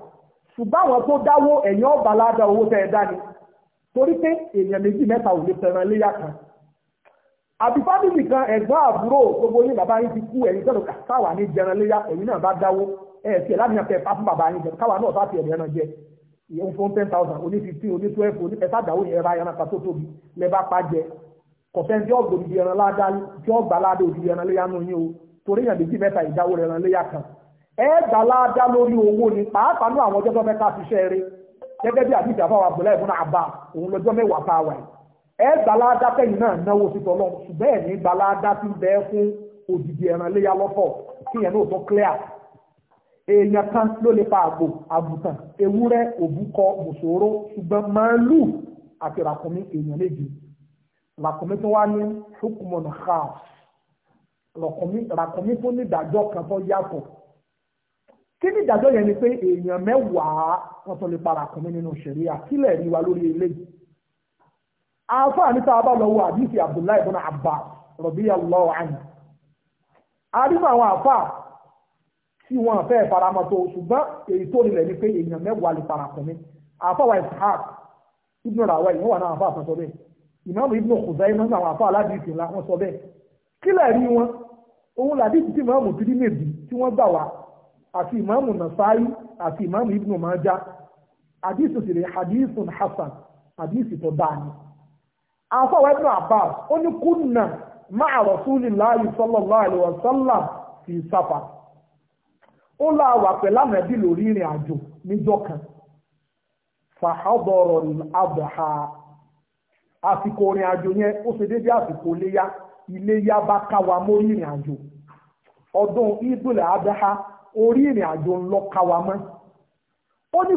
ṣùgbọ́n àwọn tó dáwó ẹ̀yin àbí fámìlì kan ẹ̀gbọ́n àbúrò gbogbo yín bàbá yín ti kú ẹ̀yin sọ̀rọ̀ káwa ní jẹran léyà ẹ̀yin náà bá dáwó ẹ̀ tiẹ̀ láti yàn fẹ́ pa fún bàbá yín jẹ káwa náà bá tiẹ̀ lẹ́ran jẹ ìyẹn fún ten thousand oní fifteen oní twelve oní ẹ̀fà dáwó yẹn ra ẹran kan tó tóbi lẹ́ bá pa jẹ kọ̀fẹ́ tí ọ̀gbọ̀n ìdí ẹran ládá tí ọ̀gbà ládá òdì ẹran léyà nù yín o torí yàn méjì mẹ́ta ìdáwó ẹran léyà kan ẹ gbà ládá lórí owó ni pàápàá ní àwọn ọjọ́ tó fẹ́ ká fi ṣẹ́ eré gẹ́gẹ́ bí àdìjà fáwọn àbúlá ìbúná àbá òun lọ́jọ́ mẹ́wàá fáwọn ẹ̀ ẹ gbalada tẹ̀yìn náà náwó sí tọ́lọ́ ṣùgbọ́n ẹ̀mí gbalada ti ń bẹ fún òdìdí ẹran léyà lọ́fọ̀ kí yẹn náà tó clear èèyàn kan ló lè pa àgbò àgùntàn ewúrẹ́ òbúkọ mùsòrò ṣùgbọ́n màálù àti ràkúnmí èèyàn méjì ràkúnmí tó wá ní hukumon house ràkúnmí tó ní ìdájọ́ kan tó yàtọ̀ kí ni ìdájọ́ yẹn ni pé èèyàn mẹ́wàá wọ́n tó lè pa ràkúnmí nínú ṣẹ̀ríà kílẹ̀ rí lórí eléyìí àáfà ní tá a bá lọ́wọ́ àdìsí Abdullahi ibn Abbas radiyallahu anhu àdìsí àwọn àáfà tí wọ́n fẹ́ faramọ́ tó ṣùgbọ́n èyí tó nílẹ̀ ni pé èèyàn mẹ́wàá lè farakùn mi àáfà wa Ishaq ibn Rawayi wọ́n wà náà àáfà sọ bẹ́ẹ̀ ìmáàmù ibn Khuzaimah náà àwọn àáfà aládìsí ńlá wọ́n sọ bẹ́ẹ̀ kílẹ̀ rí wọn òun làdìsí tí ìmáàmù Tirmidhi tí wọ́n gbà wá àti ìmáàmù Nasa'i àti ìmáàmù ibn Majah àdìsí sì rè àdìsí hasan àdìsí tó dáa ni afọ ibn abbas onye ní kúnnà máa rasulillahi sallallahu alaihi wasallam fi sáfà ó láwà pẹ̀lú àmẹ́bí lórí ìrìn àjò níjọ́ kan fàhádọ́rọ̀ àbọ̀há àsìkò ìrìn àjò yẹn ó ṣe déédé àsìkò iléyá iléyá bá káwa mórí ìrìn àjò ọdún ìdúlẹ̀ àbọ̀há orí ìrìn àjò ń káwa mọ́ ó ní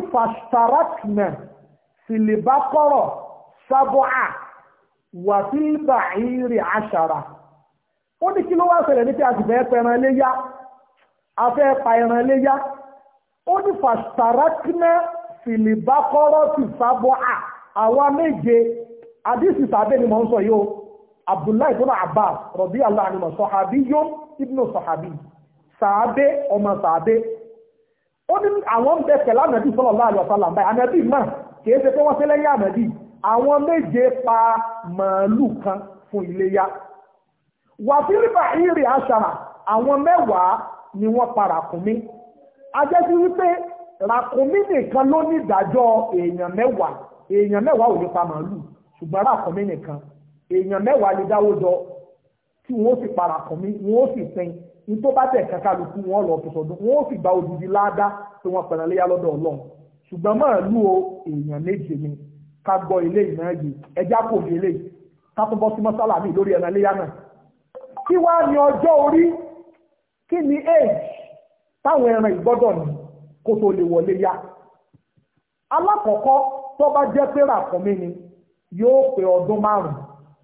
wàfíìbà ìrì àṣàrà ó ní kí ló wá ṣẹlẹ̀ ní pé a sì fẹ́ pa ẹran léyá a fẹ́ pa ẹran léyá ó ní fàṣàrákínà fìlìbákọ́rọ́ ti sábọ́ à àwa méje àdìsí sàbẹ́ ni mò ń sọ yìí o abdullahi ibn abbas rọ̀bí aláàánú sọ̀hábí yó sọ̀hábí ọmọ ó ní àwọn àwọn méje pa màálù kan fún iléyá wàfíìlìbà ìrì àṣàrà àwọn mẹ́wàá ni wọ́n pa ràkúnmí ajẹ́sí wípé ràkúnmí nìkan ló ní ìdájọ́ èèyàn mẹ́wàá èèyàn mẹ́wàá ò ní pa màálù ṣùgbọ́n ràkúnmí nìkan èèyàn mẹ́wàá lè dáwó jọ tí wọ́n sì pa ràkúnmí wọ́n sì pin ní tó bá tẹ̀ kankaluku wọn lọ fi sọdún wọn ó sì gba odidi ládàá tí wọn pẹ̀lẹ́ léyà lọ́dọ̀ ọlọ́run ṣùgbọ́n màálù o èèyàn méje ni ká gbọ́ ilé ìná yìí ẹja kò ní ilé ká tún bọ́ sí mọ́sálà mi lórí ẹran iléyà náà kí wá ní ọjọ́ orí kí ni age táwọn ẹran ìgbọ́dọ̀ ní kó tó lè wọlé yá alákọ̀ọ́kọ́ tó bá jẹ́ pé ràkúnmí ni yóò pé ọdún márùn-ún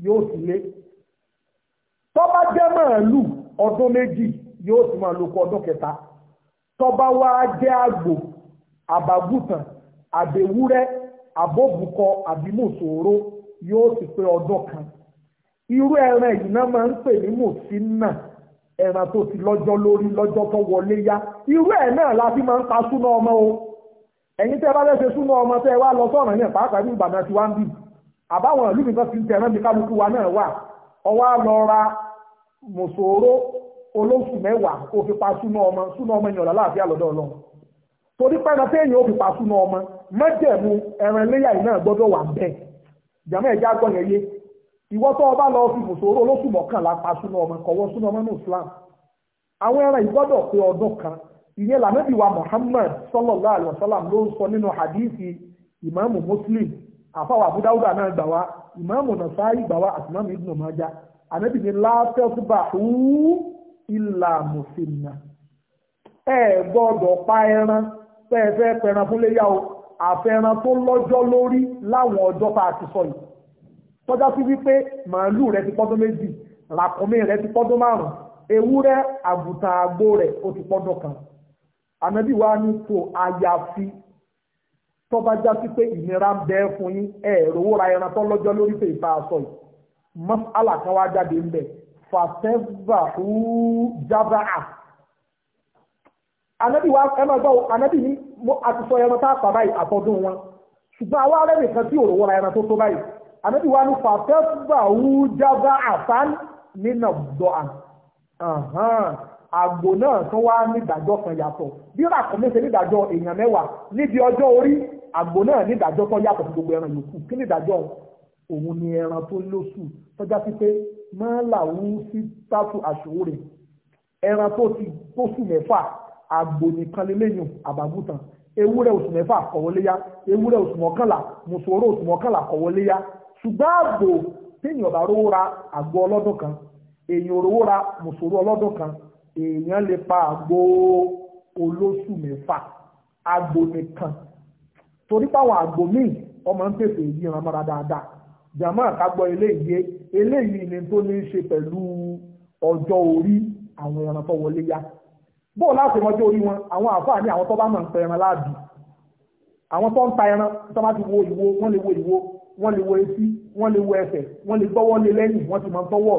yóò sì lé tó bá jẹ́ màálù ọdún méjì yóò sì máa lòkọ ọdún kẹta tó bá wá jẹ́ àgbò àbágùtàn àbẹ̀wúrẹ́ abóbùkọ abimusoro yóò ti pé ọdún kan irú ẹran yìí máa ń pè ní ẹran tó ti lọ́jọ́ lórí lọ́jọ́ tó wọlé yá irú ẹ̀ náà la fi máa ń pa súná ọmọ o ẹ̀yin tẹ́ bá lẹ́sẹ̀ súná ọmọ tẹ́ wá lọ sọ́ọ̀nà yẹn pàápàá ní ìbàdàn tí wá ń bì àbáwọn ìlú wa náà wà ọwọ́ lọ pa súná ọmọ súná ọmọ yẹn àlọ́dọ̀ ọlọ́run torí pẹ́ẹ́nà pa súná ọmọ májẹ̀mú ẹran iléyà yìí náà gbọ́dọ̀ wà ń bẹ̀ jàmọ́ ẹ̀já gbọ́yẹ̀ yé ìwọ tó o bá lọ fi fòṣòro olóṣù mọ́kànlá pa súnú ọmọ kọ̀wọ́ súnú ọmọ ní Islam àwọn ẹran ìgbọ́dọ̀ pé kan ìyẹn lànàbí wa Muhammad sallallahu alaihi ló ń sọ nínú hadithi ìmáàmù Muslim àfàwà Abu náà gbà wá ìmáàmù igbawa gbà wá pa ẹran àfẹ́ran tó lọ́jọ́ lórí láwọn ọjọ́ tá a ti sọ yìí tọ́já sí wípé màálù rẹ ti pọ́dún méjì ràkúnmí rẹ ti pọ́dún márùn ewúrẹ́ àgùntàn àgbo rẹ ó ti pọ́dún kan ànábì wa ní tó àyàfi tọ́ba já sí pé ìnira ń bẹ fún yín ẹ rówó ra ẹran tó lọ́jọ́ lórí pé ìta sọ yìí mọ́sálà kan wá jáde ń bẹ̀ fàtẹ́fà hù jábàá anabi wa ẹ máa gbọ́ anabi ní àti sọ ẹran tá a pa báyìí àbọ̀dún wọn ṣùgbọ́n àwa rẹ̀ nìkan tí òrò wọra ẹran tó tó báyìí anabi wa ní fàtẹ́fà wújábá àfán nínà dọ́à àgbò náà tó wá nídàjọ́ kan yàtọ̀ bí ràkúnmí ṣe nídàjọ́ èèyàn mẹ́wàá níbi ọjọ́ orí àgbò náà nídàjọ́ tó yàtọ̀ sí gbogbo ẹran yòókù kí nídàjọ́ òun ni ẹran tó lóṣù tọ́já sí pé máa làwọn sí tátù àṣòwò rẹ̀ ẹran tó ti tó sùn mẹ́fà àgbò nìkan lélẹ́yìn àbágùtàn ewúrẹ́ oṣù mẹ́fà kọ̀wọ́léyá ewúrẹ́ oṣù mọ́kànlá mùsùlùmí oṣù mọ́kànlá kọ̀wọ́léyá ṣùgbọ́n àgbò téèyàn bá rówó ra àgbò ọlọ́dún kan èèyàn rówó ra mùsùlùmí ọlọ́dún kan èèyàn lè pa àgbò olóṣù mẹ́fà àgbò nìkan torí páwọn àgbò míì ọmọ ń pèsè èyí ìran mọ́ra dáadáa jàmọ́ àkágbọ́ eléyìí eléyìí ni tó ní í ṣe pẹ̀lú ọjọ́ orí àwọn ẹran wọlé yá bóò láti mọjú orí wọn àwọn àfáà ní àwọn tó bá mọ̀ ń pẹ ẹran láàbì àwọn tó ń ta ẹran tó bá ti wo ìwo wọ́n lè wo ìwo wọ́n lè wo etí wọ́n lè wo ẹsẹ̀ wọ́n lè gbọ́wọ́ lé lẹ́yìn wọ́n ti mọ̀ ń tọ́wọ́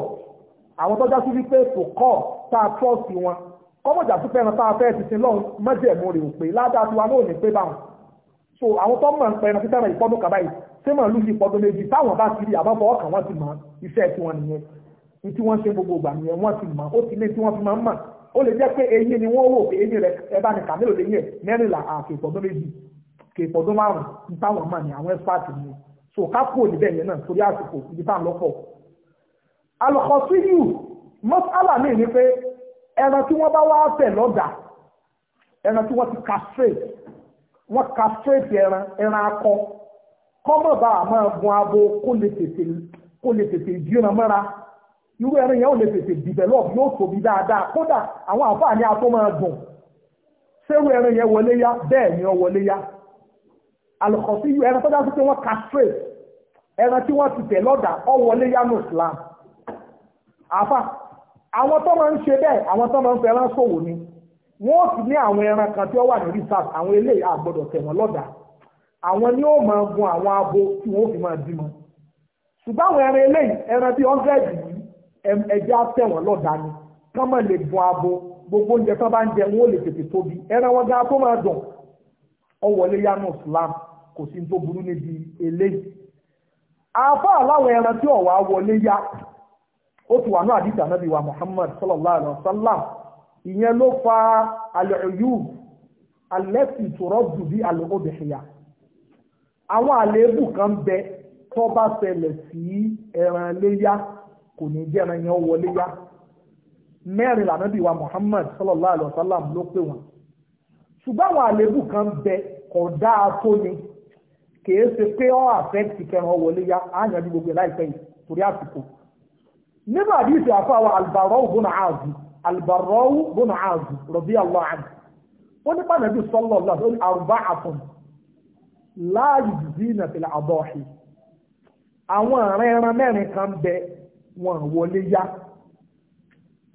àwọn tó jásí wípé kò kọ́ tá a trọ́ọ̀sì wọn kọ́mọ̀jà sí pẹ́ran tá a fẹ́ ti sin lọ́hùn mọ́jẹ̀mú rè pé ládàá tiwa náà ní pé báwọn so àwọn tó mọ̀ ń pẹ ẹran títẹ́ ẹran ìpọ́dún kàbá yìí tí mọ̀ lù sí ìpọ́dún méjì táwọn bá ti rí àbáfọ́ ọkàn wọn ti mọ̀ iṣẹ́ tiwọn nìyẹn ní tí wọ́n ṣe gbogbo ìgbà nìyẹn wọ́n ti mọ̀ ó ti lé tí wọ́n fi máa ń mọ̀ ó lè jẹ́ pé eyín ni wọ́n wò pé eyín rẹ̀ ẹ bá ní kàmílò lè yẹ mẹ́rìnlá àkèpọ̀dún méjì kèpọ̀dún márùn-ún táwọn àwọn ni so ká níbẹ̀ yẹn náà torí àsìkò ibi tá à ń lọ́pọ̀. alùpùpù mọ́sálà mi ni pé ẹran tí wọ́n bá wá fẹ̀ lọ́dà ẹran tí wọ́n ti castrate wọ́n castrate ẹran ẹran akọ kọ́mọ̀ bá gun abo kó lè tètè irú ẹran yẹn ò lè tètè develop yóò tóbi dáadáa kódà àwọn àǹfààní ató máa dùn sẹ́rù ẹran yẹn wọlé yá bẹ́ẹ̀ ni ó wọlé yá alùkọ̀sí yìí ẹran tó dá sí pé wọ́n castrate ẹran tí wọ́n ti tẹ̀ lọ́dà ó wọlé yá ní Islam àfà àwọn tó máa ń ṣe bẹ́ẹ̀ àwọn tó máa ń ni wọ́n sì ní àwọn ẹran kan tí wà ní research àwọn àgbọ̀dọ̀ tẹ̀ wọ́n lọ́dà ni ó máa gun àwọn abo ẹja tẹ̀wọ̀n lọ́dà ni kán mọ̀ lè bọ abo gbogbo nje tó nje ń jẹ wọn era tètè tóbi ẹran wọn gan ya máa dùn ọwọlé yanu Islam kò sí tó burú níbi eléyìí afa aláwọ̀ ẹran tí ọ̀wà ya, ó ti wà ní àdìsá nàbí wa Muhammad sallallahu alayhi wa sallam ìyẹn ló fa àwọn àléébù kan bẹ bá ṣẹlẹ̀ sí kò ní jẹ́ ẹran yẹn wọlé yá mẹ́rin lànàbí wa Muhammad sallallahu alayhi wa sallam ló pè wọ́n ṣùgbọ́n àwọn àlébù kan bẹ kò dáa tó ni kìí ṣe pé ọ́ àfẹ́ǹtì kẹran wọlé yá á yànjú gbogbo ẹ̀ láìpẹ́ yìí torí àsìkò nínú àdìsí àfáwà albarau bùnà ààzù albarau bùnà ààzù rọ̀bí allah àdì ó ní pàdánù sọ́lọ̀ lọ́dọ̀ àrùbá àtùn láàyè dìdí ìnàfẹ̀lẹ̀ àbọ̀ọ̀hì àwọn ẹran mẹ́rin kan bẹ wọn wọlé yá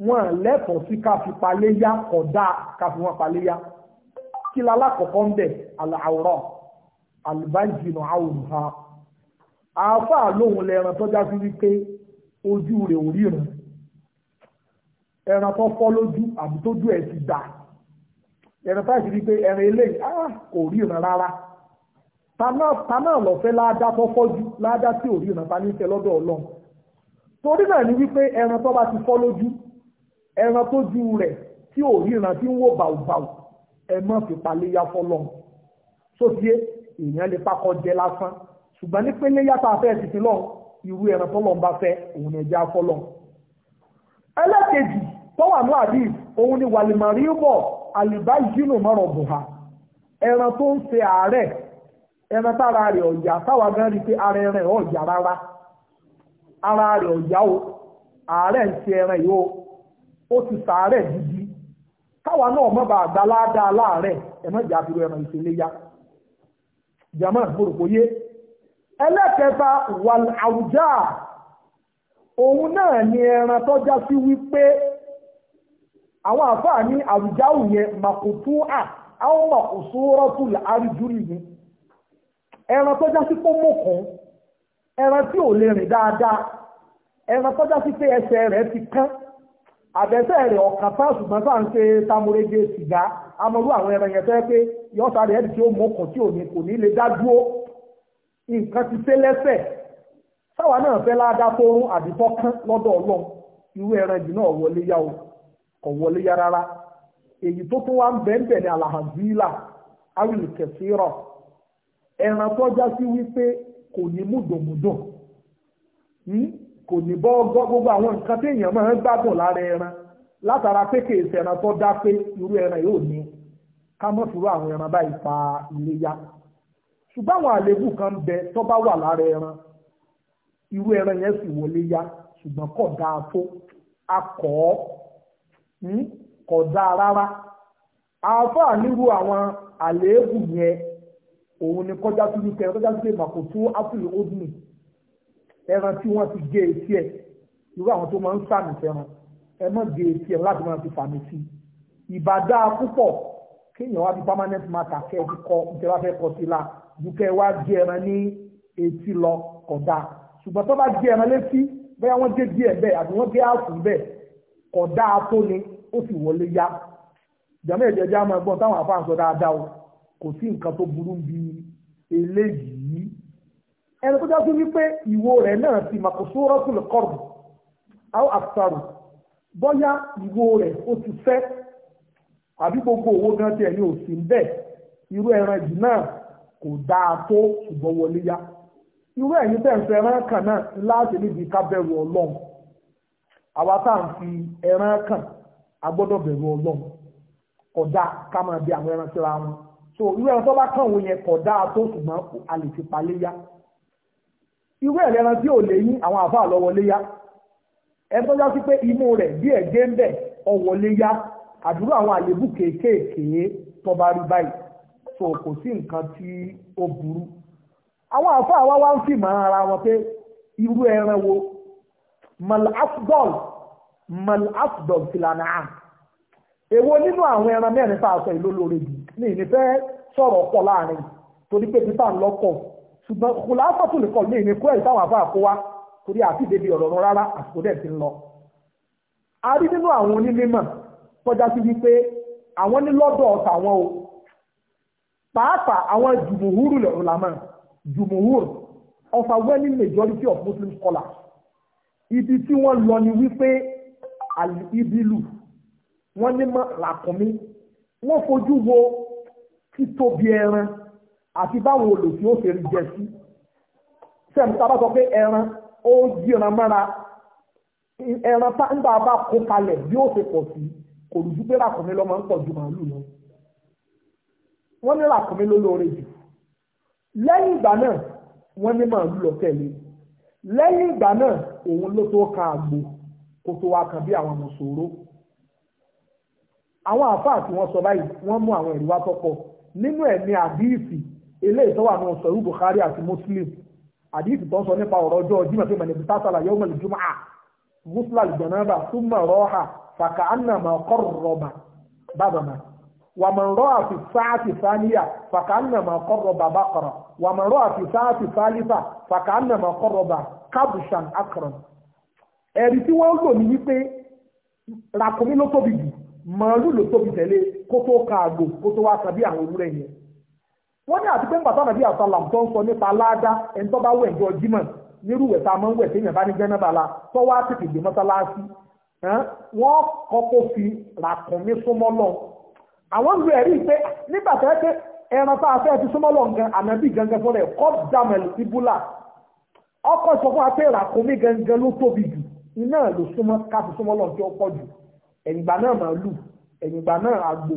wọn lẹ́kọ̀ọ́ sí ká fi palé yá kódà ká fi wọn palé yá kí la lákọ̀ọ́kọ́ ń bẹ̀ àwòrán àlùbájìnà àwòrán àáfàá lóhun lẹ́ran tó já sí wípé ojú rẹ̀ ò ríran ẹran tó fọ́ lójú àbí tójú ẹ̀ ti dà ẹran tó sì rí pé ẹran eléyìí á ah, kò ríran rárá ta náà lọ fẹ́ láádá tó fọ́jú láádá tí ò ríran ta ní fẹ́ lọ́dọ̀ ọlọ́run torí náà ni wípé ẹran tó bá ti fọ́ lójú ẹran tó ju rẹ̀ tí ò ríran tí ń wò bàùbàù ẹ mọ́ fi paléyà fọ́lọ́ sótíé èèyàn lè pákọ́ jẹ lásán ṣùgbọ́n ní pé léyà tá a fẹ́ títí lọ irú ẹran tọ́lọ́ ń bá fẹ́ òun ẹja fọ́lọ́ ẹlẹ́kejì tó wà ní àbí òun ni wàlìmọ̀rí bọ̀ àlìbá ìjìnà mọ́rọ̀ bùhá ẹran tó ń ṣe àárẹ̀ ẹran tára rẹ̀ ọ̀yà táwa gan rí pé ara ẹran ọ̀yà rárá ara rẹ̀ ọ̀yá o ààrẹ ń ẹran o ó ti sàárẹ̀ gidi káwa náà mọ̀ bá àgbà ládàá láàrẹ̀ ẹ̀mọ́jà ẹran ìṣẹ̀lẹ̀ ya jama gbòròkóyé ẹlẹ́kẹta wal àwùjá òun náà ni ẹran tó já wípé àwọn àfáà ní àwùjá à àwọn àrídúrì ni ẹran tó ẹran tí ò lè rìn dáadáa ẹran tọ́já sí pé ẹsẹ̀ rẹ̀ ti kán àbẹ̀sẹ̀ rẹ̀ ọ̀kan tá ṣùgbọ́n tá à ń ṣe tamurege sìgá amọ̀rú àwọn ẹran yẹn tẹ́ pé yọ́ta rẹ̀ ẹ̀dì tí ó mọ̀ọ́kàn tí ò ní kò ní lè ti lẹ́sẹ̀ sáwa náà fẹ́ tó rún kán lọ́dọ̀ ọlọ́run irú ẹran náà wọlé yá o kò wọlé yá rárá èyí tó tún wá kò ní múdòmúdò hmm? kò ní bọ́ gbogbo àwọn nǹkan téèyàn máa ń gbádùn lára ẹran látara pé kì í ṣẹran tó dá pé irú ẹran yóò ní ká mọ́ fúru àwọn ẹran báyìí fa iléyá ṣùgbọ́n àwọn àléébù kan bẹ tó bá wà lára ẹran irú ẹran yẹn sì wọlé yá ṣùgbọ́n kò dáa tó akọ̀ ọ́ hmm? kò dáa rárá àáfàá nírú àwọn àléébù yẹn òun ni kọjá sí wípé kọjá sí pé màkò tó ápùlù ódùnì ẹran tí wọ́n ti gé etí ẹ̀ irú àwọn tó máa ń sàmì fẹ́ràn ẹ mọ̀ gé etí ẹ̀ láti máa fi fàmì sí ìbàdá púpọ̀ kéèyàn wá di permanent marker kẹ́ ẹ ti kọ ìjọba fẹ́ kọ sí la dúkẹ́ wá gé ẹran ní etí lọ kódà ṣùgbọ́n tó bá gé ẹran létí bóyá wọ́n gé díẹ̀ bẹ́ẹ̀ àbí wọ́n gé ààfin bẹ́ẹ̀ kódà tó ni ó sì wọlé yá ìjàmbá ìjẹjẹ á máa táwọn àfáà ń dáadáa o kò sí nǹkan tó burú bí eléyìí ẹni tó já sí wípé ìwo rẹ̀ náà ti màkò sórọ́kù lẹ́kọ̀rù àwọn àṣàrò bọ́yá ìwo rẹ̀ ó ti fẹ́ àbí gbogbo owó gan tiẹ̀ ní òsì ń bẹ̀ irú ẹran yìí náà kò dáa tó ṣùgbọ́n wọlé yá irú ẹ̀yin tẹ̀ ń fẹ́ ẹran kan náà láti níbi ká bẹ̀rù ọlọ́run àwa tá à ń fi ẹran kan a gbọ́dọ̀ bẹ̀rù ọlọ́run kódà ká máa bí àwọn ẹran síra wọn so irú ẹran tó bá kàn wọ́n yẹn a lè fi pa léyà irú ẹran tí ò léyìn àwọn àfáà lọ́wọ́ léyà ẹ tó sí pé imú rẹ̀ bí ẹ̀gẹ́ ń bẹ̀ ọwọ́ léyà àdúrà àwọn àlébù kéékèèké so kò sí nǹkan tí ó burú àwọn wá ń ẹran wo èwo nínú àwọn ẹran mẹ́rin ní ìnífẹ́ sọ̀rọ̀ pọ̀ láàrin torí pé pípa ńlọ́pọ̀ ṣùgbọ́n kùlá sọ̀tún nìkan ní ìní kúrẹ́ ìtàwọn àbá àkó wa torí àti ìdèbí ọ̀rọ̀ rán rárá àsìkò dẹ̀ ti ń lọ. a rí nínú àwọn onímọ̀ tọ́já sí wípé àwọn ní lọ́dọ̀ tàwọn o pàápàá àwọn jùmùhúrù lọ́làmọ́ jùmùhúrù overwhelming majority of Muslim scholars ibi tí wọ́n lọ ni wípé àlìbílù wọ́n ní mọ́ làkùnmí wọ́n fojú wo títóbi ẹran àti báwọn olùsí ó fèrè jẹ sí sẹ́mi tá a bá sọ pé ẹran ó yíran mọ́ra ẹran tá ń bá a bá kó kalẹ̀ bí ó ṣe pọ̀ sí kò rújú pé ràkúnmí lọ́mọ ń pọ̀ ju màálù lọ wọ́n ní ràkúnmí ló lóore jù lẹ́yìn ìgbà náà wọ́n ní màálù lọ tẹ̀lé lẹ́yìn ìgbà náà òun ló tó kan àgbò kó tó wá kan bí àwọn mùsòrò àwọn àfáà tí wọ́n sọ báyìí wọ́n mú àwọn ìrìwá tó nínú ẹ̀ ni àdíìsì eléyìí tó wà ní sọ̀rọ̀ Bukhari àti Muslim àdíìsì tó ń sọ nípa ọ̀rọ̀ ọjọ́ ọjọ́ ìmọ̀tí ìmọ̀lẹ́bí tásàlà yawm al-jumu'ah gúúsùlà ìjọ̀nàbà súnmọ̀ rọ́ọ̀hà fàkà ànàmà qarraba bàbàmà wàmọ̀ rọ́ọ̀hà fi sáàtì sáníyà fàkà ànàmà qarraba baqara wàmọ̀ rọ́ọ̀hà fi sáàtì sálífà fàkà ànàmà qarraba kabshan akram ẹ̀rí tí wọ́n lò ní wípé ràkúnmí ló tóbi jù màálù ló tóbi tẹ̀lé kó tó ka àgbò kó tó wá ka bí àwọn ewúrẹ́ yẹn wọ́n ní àti pé bàtà nàbí àtàlàm tó ń sọ nípa láàdá ẹni tó bá wẹ̀ jọ jímọ̀ nírú ìwẹ̀ tá a máa ń wẹ̀ téèyàn bá ní jẹ́nàbàlà tó wá tètè gbé mọ́sálásí wọ́n kọ́kọ́ fi ràkùnmí súnmọ́ lọ àwọn ìlú ẹ̀rí pé nígbà tó yẹ pé ẹran tá a fẹ́ fi súnmọ́ lọ gan ànábì gangan fún rẹ̀ kọ́ dàmẹ̀l ibùlà ọkọ̀ sọ fún wa pé ràkùnmí gangan ló tóbi jù iná ló súnmọ́ ká fi súnmọ́ lọ tí ó jù ẹ̀yìn ìgbà náà màálù ẹ̀yìn ìgbà náà àgbò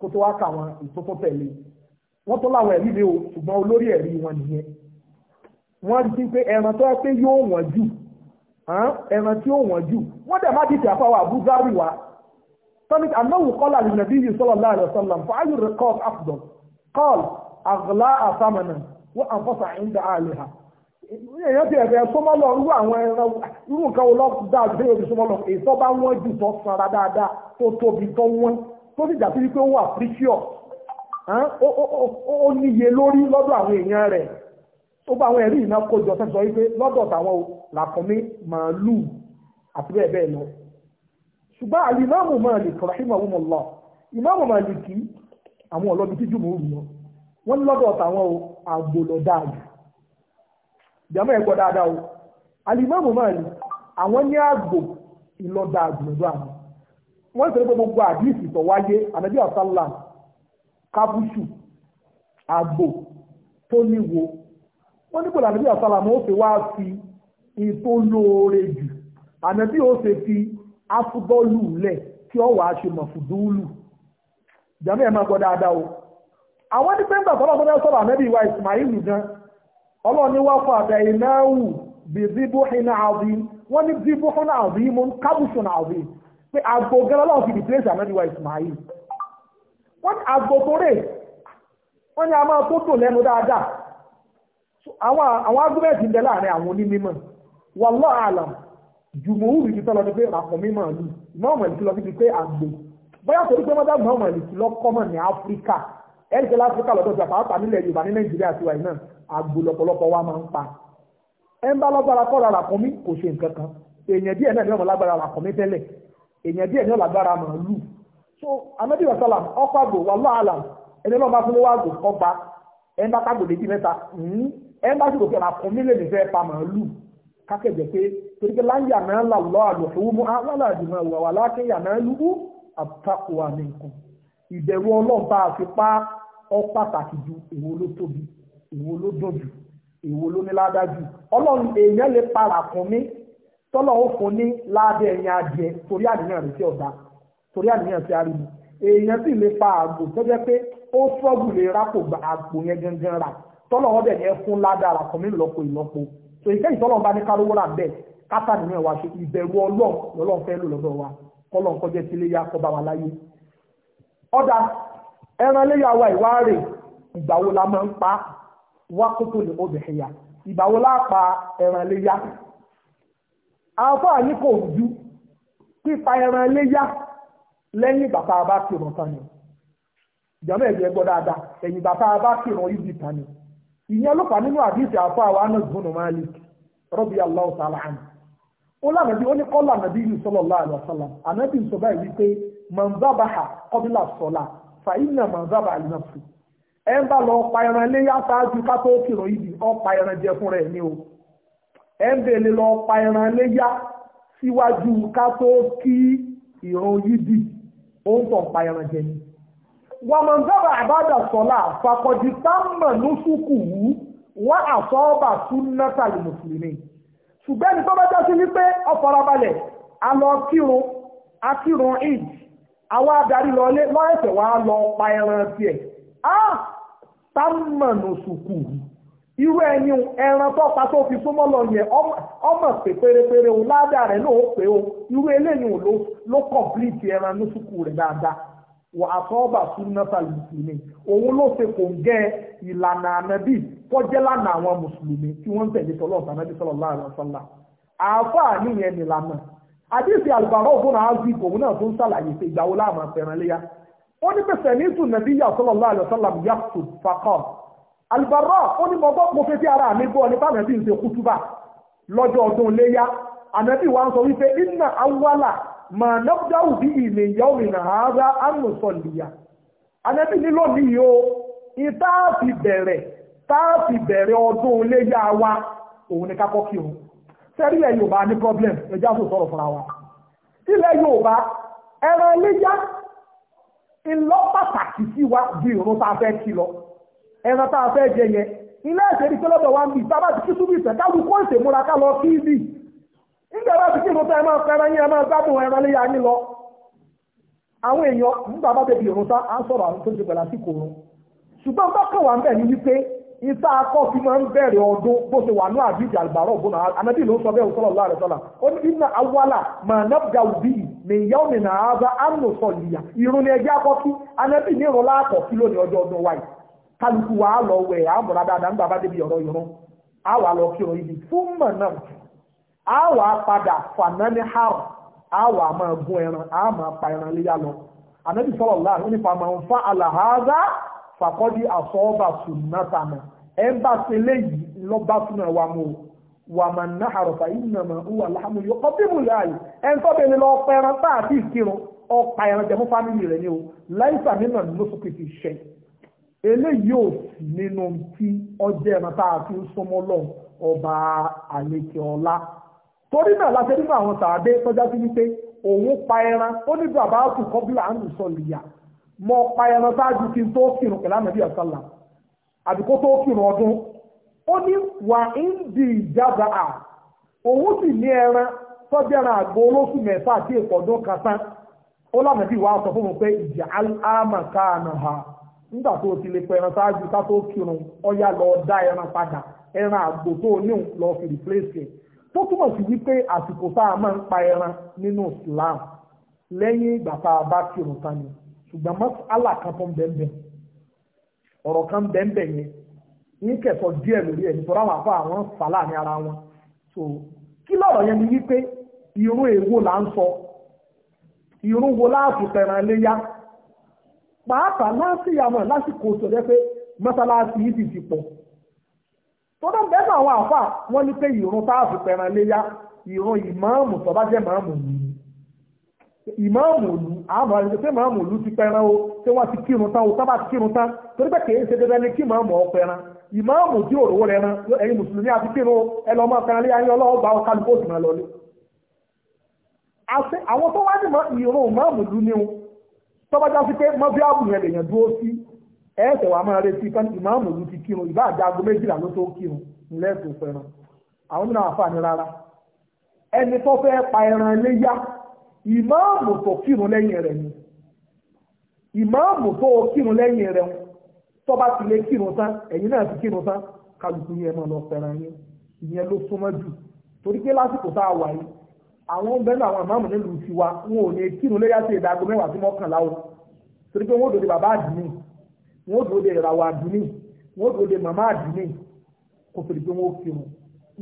kó tó wá káwọn ìtótó tẹ̀lé wọ́n tó láwọn ẹ̀rí mi o ṣùgbọ́n olórí ẹ̀rí wọn nìyẹn wọ́n rí sí pé ẹran tó yẹ pé yóò wọ́n jù ẹran tí ó wọ́n jù wọ́n dẹ̀ má dìtẹ̀ àpá wa àbúzá rì wá sọ́ni anáwó kọ́lá lè nàbí yìí sọ́lọ́ láàrẹ̀ sọ́lọ́ fún rẹ̀ kọ́ọ̀t àfùdọ̀ kọ́ọ̀l àgbọ̀lá àsámanà wọ́n àǹfọ̀sà ẹ̀ńdà àlè ha èèyàn ti ẹ̀fẹ̀ sọmọlọ irú àwọn ẹran irú nǹkan wo lọ́kùdá àti omi sọmọlọ èso bá wọ́n jù tó sanra dáadáa tó tóbi tó wọ́n tó sì dàbí pé ó wà píríṣíọ̀ ó níye lórí lọ́dọ̀ àwọn èèyàn rẹ̀ ó bá àwọn ẹ̀rí iná kójọ sẹ́sọ wípé lọ́dọ̀ táwọn làkúnmí màálù àti bẹ́ẹ̀ bẹ́ẹ̀ lọ ṣùgbọ́n àlè ìmáàmù Malik rahimahumullah ìmáàmù Maliki àwọn ọlọ́bi tíjú mò ń rù wọn wọ́n lọ́dọ̀ táwọn àgbò lọ́dáàjù jàmọ́ ẹ̀kọ́ dáadáa o alimọ́mù máa ní àwọn ní àgbò ìlọ́dà àgbòdo àmì wọ́n sọ pé gbogbo àdìsí tó wáyé ànábì ọ̀sánlá kábùṣù àgbò tó níwo wọ́n níbo lànàbí ọ̀sánlá mọ́ ó fi wá fi ètò lóore jù ànábì ó ṣe fi afúgọ́lù lẹ̀ tí ó wàá ṣe mọ̀fùdúlù jàmọ́ ẹ̀ máa gbọ́ dáadáa o àwọn ní pẹ́ńtà tọ́lá tó fẹ́ sọ̀rọ̀ ànábì ìwà ìsmáìlù gan-an ọlọ́ni wá fàdà ìnáwù bí zibuhin azim wọ́n ní zibuhin azim mú kábùsùn azim pé àgbo gẹ́lẹ́ lọ́wọ́ fi replace ànábìwá Ismail wọ́n ní àgbo tó rè wọ́n ní a máa tó tò lẹ́nu dáadáa àwọn agúmẹ̀tì ń bẹ láàrin àwọn onímọ̀ wallahu alam jùmọ̀ òwú ìdí tọ́lọ ní pé àpọ̀ mímọ̀ ní mọ́ọ̀mọ̀ ìdí lọ sí pé àgbè bóyá torí pé mọ́tà mọ́ọ̀mọ̀ ìdí lọ́kọ́mọ̀ ní Áfíríkà ẹ̀ríkẹ́ láfíríkà lọ́dọ̀ ìjọba pàápàá nílẹ̀ yorùbá ní nàìjíríà ti wà yìí náà àgbò lọ́pọ̀lọpọ̀ wa máa ń pa ẹ ń bá lágbára kọ́ rárá kan mí kò ṣe nǹkan kan èèyàn díẹ̀ náà ní ọmọ lágbára rà kan mí tẹ́lẹ̀ èèyàn díẹ̀ ní ọ̀làgbára màá lù so amadi wasala ọkọ àgbò wà láàlà ẹni náà máa fún wá àgbò kọ́ gba ẹ ń bá kágbò méjì mẹ́ta ẹ ń bá sì gòkè ràkọ́ mí lè nífẹ̀ẹ́ pa màá lù kákẹ́jẹ́ pé torí pé láyà náà là lọ́ àlòfowó mú wàhálà àdìmọ̀ wà wà lákẹ́yà náà lù ú àtàkùn àmì nǹkan ìbẹ̀rù ọlọ́ọ̀ta àfipá ó pàtàkì ju èwo ló tóbi èwo ló dùn jù èwo ló ní ládàá jù ọlọ́run èèyàn lè para kùn mí tọ́lọ̀ ó fún ní ládàá ẹ̀yìn adìẹ torí àníyàn rẹ̀ sí ọ̀dà torí àníyàn sí ariwo èèyàn sì lè pa àgbò tó jẹ́ pé ó fọ́gù lè rápò àgbò yẹn gangan rà tọ́lọ̀ wọn bẹ̀ ní ẹ fún ládàá rà kùn mí lọ́pò ìlọ́pò tó ìkẹ́ ìtọ́lọ̀ bá ní kárówó rà bẹ́ẹ̀ kátà nìyẹn wá ṣe ìbẹ̀rù ọlọ́run lọ́lọ́run fẹ́ lò lọ́dọ̀ wa ẹran léyàwó ìwárè ìgbàwo la máa ń pa wákòtò lè obìnrin yá ìgbàwo la pa ẹran léyà àfáàní kò ju pípa ẹran léyà lẹ́yìn bàbá bá kírun tán ni ìjọba ẹ̀jẹ̀ gbọ́ dáadáa bàbá bá ibi ni ìyẹn ló fà nínú àdìsí Malik rọ́bì Allah ta'ala anhu ó ní fàyínà mọ̀nzábà àlùmọ̀fù ẹ ń bá lọ pa ẹran léyà ṣáájú ká tó kìrọ̀ yìí ọ pa ẹran jẹ fúnra ẹ̀ ní o ẹ ń bèèrè lọ pa ẹran léyà síwájú ká tó kí ìrun yìí dì ó ń tàn pa ẹran jẹ ni. wọ́n mọ̀nzábà àbádà sọ́lá fàkọ̀dì táàmù lóṣùkù wù wọ́n àsọ́ọ́bà súnnátà lè mùsùlùmí ṣùgbẹ́ni tó bá jásí wípé ọ̀fọ̀rabalẹ̀ a kírun a ìdí àwọn adarí lọlé lọ́ẹ̀sẹ̀ lọ pa ẹran tiẹ̀ támọ̀nù sùkù irú ẹni ẹran tọ́pa tó fi súnmọ́ lọ yẹn ọmọ pé pérépéré ládà náà ó pé o irú eléyìí ló kọ̀m̀plìtì ẹran ní sùkù rẹ̀ dáadáa wà àtọ́ọ̀bà súnmọ́tà mùsùlùmí òun ló ṣe kò ń gẹ ìlànà ànábì kọjẹ́ lánà àwọn mùsùlùmí tí wọ́n ń tẹ̀lé àdìsí àlùbárọ̀ òfin àábí òun náà tó ń sàlàyé pé ìgbà wo láàmà fẹ́ràn léyà ó ní pèsè ní ìtù nàbí yà sọlọ lọ àlọ sọlọ yà tù fakọ àlùbárọ̀ ó ní mo fẹ́ tí ara mi gbọ́ nípa àmẹ́bí ń ṣe kútúbà lọ́jọ́ ọdún léyà àmẹ́bí wa ń sọ wípé iná awala mà nọ́bdáwù bí ìmì ìyá òmìnira ara àmùsọ̀lìyà àmẹ́bí ní lónìí o ìtààfì wa òun ni ká sẹ́rílẹ̀ Yorùbá ní problem ẹjá tó sọ̀rọ̀ fúnra ilẹ̀ Yorùbá pàtàkì sí wa lọ fẹ́ jẹ yẹn ẹ̀sẹ̀ ní wa ń sábà kí káwù kó múra ká lọ nígbà bá ti kí lọ àwọn èèyàn nígbà bá sọ̀rọ̀ àwọn tó ti pẹ̀lá sí ita akọ́ fi máa ń bẹ̀rẹ̀ ọdún bó ṣe wà ní àbíjà àlùbárọ̀ bó náà anábì ló sọ bẹ́ẹ̀ sọ́lọ̀ láàrẹ̀ sọ́là ó ní iná awala máa òbí ní ìyá òmì sọ ìyà ni anábì ní kí lónìí ọjọ́ ọdún wáyé kálukú lọ wẹ̀ débi ọ̀rọ̀ ìrún á wà lọ ibi fún mọ̀ náà á wà padà fànání á wà máa ẹran á máa pa ẹran léyà lọ anábì fàkọ́dí àfọ́ọ́bà sùnmọ́tàmọ́ ẹ̀ ń bá ṣe léyìí lọ́ba súnmọ́ wa mú wà mà ná àròfà yìí nà mà ń wà láàmú yọ kọ́ bí mo yà áyì ẹ̀ ń ni ẹran tá àti ìkírun ọ̀pá ẹran jẹ fún fámìlì rẹ̀ ni o láìsà ti ọba àlejò ọlá torí náà láti àwọn tọ́já sí wípé òun pa ẹran ó ní mọ pa ẹran kí n tó kírun pẹ̀lú àmì bíi ọ̀sán àbíkó tó kírun ọdún ó ní wà ń di à òun sì ní ẹran sọ́jẹ́ran àgbo olóṣù mẹ́fà àti ìpọ̀dún kásán ó lámì bíi wàá sọ fún mi ha nígbà tó ti lè pẹ ẹran ṣáájú ká tó kírun ọyá lọ dá ẹran padà ẹran àgbo tó lọ fi tó túmọ̀ sí wípé àsìkò tá a máa ń pa ẹran nínú Islam lẹ́yìn ìgbà tá a bá ṣùgbọ́n mọ́sálà kan tó ń bẹ́ẹ̀ ọ̀rọ̀ kan bẹ́ẹ̀ yẹn yín kẹ̀sọ̀ díẹ̀ lórí ẹ̀ nítorí àwọn àfọ àwọn sàlà ní ara wọn so kí lọ́rọ̀ yẹn ni wípé irú èwo là ń sọ irú wo láàfù tẹ̀ràn léyà pàápàá láti àwọn lásìkò sọ̀rọ̀ pé mọ́sálásí yìí ti ti pọ̀ tọ́dọ̀ ń bẹ́ẹ̀ náà àwọn àfà wọ́n ní pé ìrún táàfù tẹ̀ràn léyà ìrún ìmáàmù tó bá jẹ́ máàmù yìí ìmáàmù òlù àmà ìṣẹ́ ìmáàmù òlù ti pẹran o ti kírun tán o ti kírun tán torí pé kìí ṣe dandan ni kí ọ pẹran ìmáàmù tí ò rówó rẹran mùsùlùmí àti kírun ẹ ọlọ́wọ́ gba àwọn tó wá ní ìrún ni o sí pé mọ́fíàbù yẹn lèèyàn dúró sí ẹ̀ẹ́sẹ̀ máa retí ìmáàmù ti ẹni tó fẹ́ ìmáàmù tó kírun lẹ́yìn rẹ̀ ni ìmáàmù tó kírun lẹ́yìn rẹ̀ tó bá ti lè kírun tán ẹ̀yin náà ti kírun tán kálukú yẹn máa lọ fẹ́ràn yín ìyẹn ló súnmọ́ jù torí pé lásìkò tá a wà yìí àwọn bẹ́ẹ̀ náà àwọn ìmáàmù nílùú ti wa wọn ò ní kírun lẹ́yà sí ìdágo mẹ́wàá sí mọ́kànlá o torí pé wọ́n ò dòde bàbá àdìní wọ́n ò dòde ìràwọ̀ àdìní wọ́n dòde màmá àdìní kò fèrè pé wọ́n kírun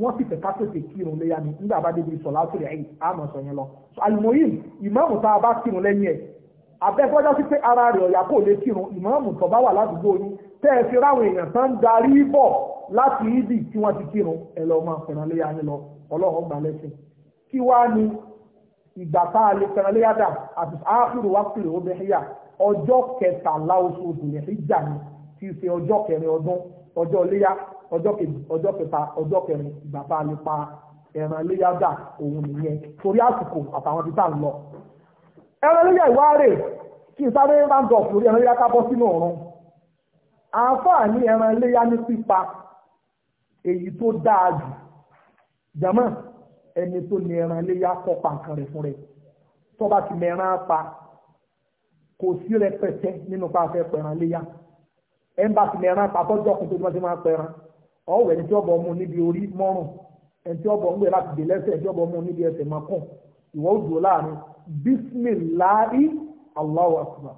wọ́n sì fẹ́ ká tètè kírun léyà ni nígbà bá débi sọ̀lá tó rẹ̀ ẹ̀yìn àmọ̀ sọ yẹn lọ. àlùmọ́yìn ìmáàmù tá a bá kírun lẹ́yìn ẹ̀ abẹ́gbọ́dá sí pé ara rẹ̀ ọ̀yà kò lè kírun ìmáàmù tó bá wà ládùúgbò yín tẹ́ ẹ fi ráwọn èèyàn tán ń darí bọ̀ láti ìdí tí wọ́n ti kírun ẹ lọ máa fẹ̀ràn léyà yín lọ ọlọ́run gbà lẹ́sìn. kí wá ni ìgbà tá a lè ọjọ́ kejì ọjọ́ kẹta ọjọ́ kẹrin ìgbà tá a lè pa ẹran iléyà dà òun nìyẹn torí àsìkò àtàwọn ti tà ń lọ. ẹran iléyà ìwárè kí n sáré round up lórí ẹran iléyà ká bọ́ sínú ọ̀run àǹfààní ẹran iléyà ní pípa èyí tó dáa jù jàmọ́ ẹni tó ní ẹran iléyà kọ́ pa nǹkan rẹ̀ fún rẹ̀ tó bá ti mẹ́ran pa kò sí rẹpẹtẹ nínú pàfẹ́ pẹ̀ràn iléyà ẹ̀ ń bá ti mẹ́ran pa tọ́jú ọkùnrin tó ti máa pẹ̀ràn ọ̀wẹ̀ ẹni tí ọbọ̀ mú níbi orí mọ́rùn ẹni tí ọbọ̀ ń gbé láti dé lẹ́sẹ̀ ẹni tí ọbọ̀ mú níbi ẹsẹ̀ mọ́kàn ìwọ òdò láàrin bísmìláì Allahu akbar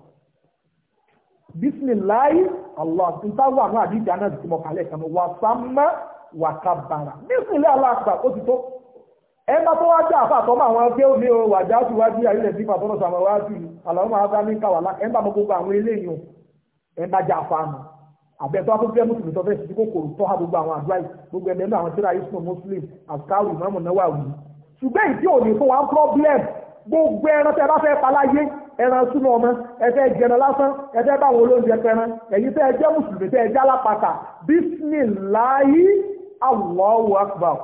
bísmìláì Allah nta wà ní àdíjà náà tí mo kàlẹ̀ kan wà sámá wà kábàrà bísmìláì Allahu akbar ó ti tó ẹ bá tó wá jẹ́ àfa àtọ́mọ àwọn ẹgbẹ́ òní o wà já sí wájú ayílẹ̀ sí fàtọ́nà sàmọ̀ wájú àlọ́ máa bá ní kàwálá ẹ bá mọ gbogbo àwọn eléyìí ẹ bá jẹ́ àfa àmọ́ àbẹ̀tọ́ akókè mùsùlùmí tó fẹ́ sí kòkòrò tó ha gbogbo àwọn àdúrà gbogbo ẹ̀mẹ́ náà àwọn tíra ismu muslim àkàrù ìmọ̀ọ́mù náwà wù. ṣùgbọ́n ìdí òní fún wa problem gbogbo ẹran tẹ́ bá fẹ́ paláyé ẹran súnmọ́ ọmọ ẹfẹ́ jẹran lásán ẹfẹ́ bá àwọn olóúnjẹ pẹran èyí tẹ́ jẹ́ mùsùlùmí tẹ́ jẹ́ alápàtà bísmìláyì hmm. Allahu akbar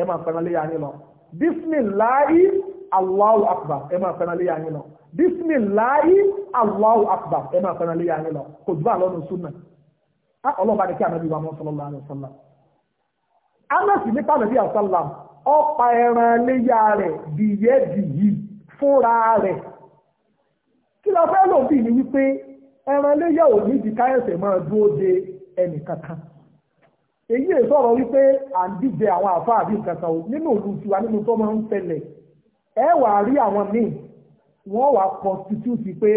ẹ máa pẹran lé yàn yín lọ bísmìláyì Allahu akbar ẹ máa pẹran Ah, ọlọ́ọ̀bá ni kí ànábì wa mọ́ sallallahu alaihi wasallam anasi nípa ànábì àsálà ọ̀pá ẹran léyà rẹ̀ dìyẹ́ dìyí fúnra rẹ̀ kí lọ fẹ́ lò ni wípé ẹran ò ní de ẹnì kankan èyí wípé à ń díje àwọn o nínú òdu tiwa nínú tó máa ń tẹ̀lẹ̀ ẹ wà rí àwọn míì wọ́n wà constitute pé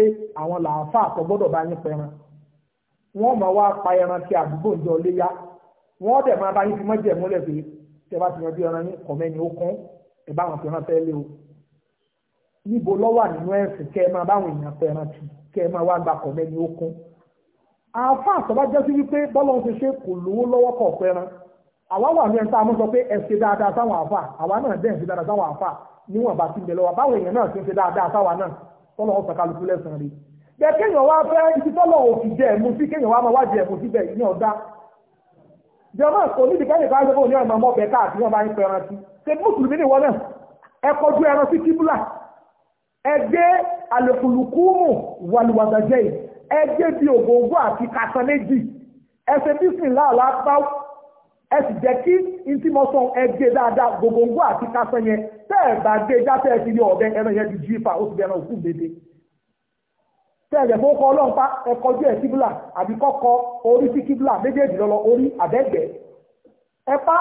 wọ́n máa wá pa ẹran tí àdúgbò ń jọ léyà wọ́n dẹ̀ máa bá yín fi mọ́jẹ̀ múlẹ̀ pé tẹ bá ti yanjú ẹran yín kọ̀mẹ́ni ó kún ẹ bá wọn fi ẹran fẹ́ lé o níbo lọ́ wà nínú ẹ̀sìn kẹ́ ẹ máa báwọn èèyàn fẹ́ ẹran tì kẹ́ ẹ máa wá gba kọ̀mẹ́ni ó kún àáfà àtọ́bá jẹ́ sí wípé bọ́lá ń ṣe kò lówó lọ́wọ́ kọ̀ọ̀pẹ́ ẹran àwa wà ní ẹni mú sọ pé ẹ ṣe dáadáa sáwọn àáfà àwa náà dẹ̀ ṣe dáadáa sáwọn àáfà níwọ̀n ti bẹ̀ lọ́wọ́ báwọn èèyàn náà ti ń ṣe dáadáa sáwa náà tọ́lọ́ ọ̀sán lẹ́sàn-án rèé bẹ́ẹ̀ kéèyàn wá fẹ́ ibi tọ́lọ̀ òfì jẹ ẹ̀mú sí kéèyàn wá máa wájú ẹ̀mú síbẹ̀ ní ọ̀dá jọmọ́ kò níbi káyọ̀ ká ṣe fún òní ọ̀nà ọmọbẹ káàkiri wọn bá ń pẹ ẹran sí ṣe mùsùlùmí nìwọ náà ẹ kọjú ẹran sí kíbúlà ẹ gbé àlòkùlùkùmù wàlúwàdàjẹ ẹ gbé bí ògógó àti kàtà méjì ẹ ṣe bísìnlá àlápá ẹ sì jẹ kí n tí mo sọ ẹ gbé dáadáa gògógó àti kàtà yẹn tẹ́ ẹ bá gbé jáfẹ́ ẹ ti yọ ọ̀bẹ ẹran yẹn ti jí fa ó ti bẹ̀rẹ̀ òkú gbèdé tẹ́ẹ̀rẹ̀ mọ́ kọ́ ọlọ́run pa ẹkọjú ẹ̀ kíbùlà àbí kọ́kọ́ orí sí kíbùlà méjèèjì lọ́lọ́ orí àbẹ́gbẹ́ ẹpá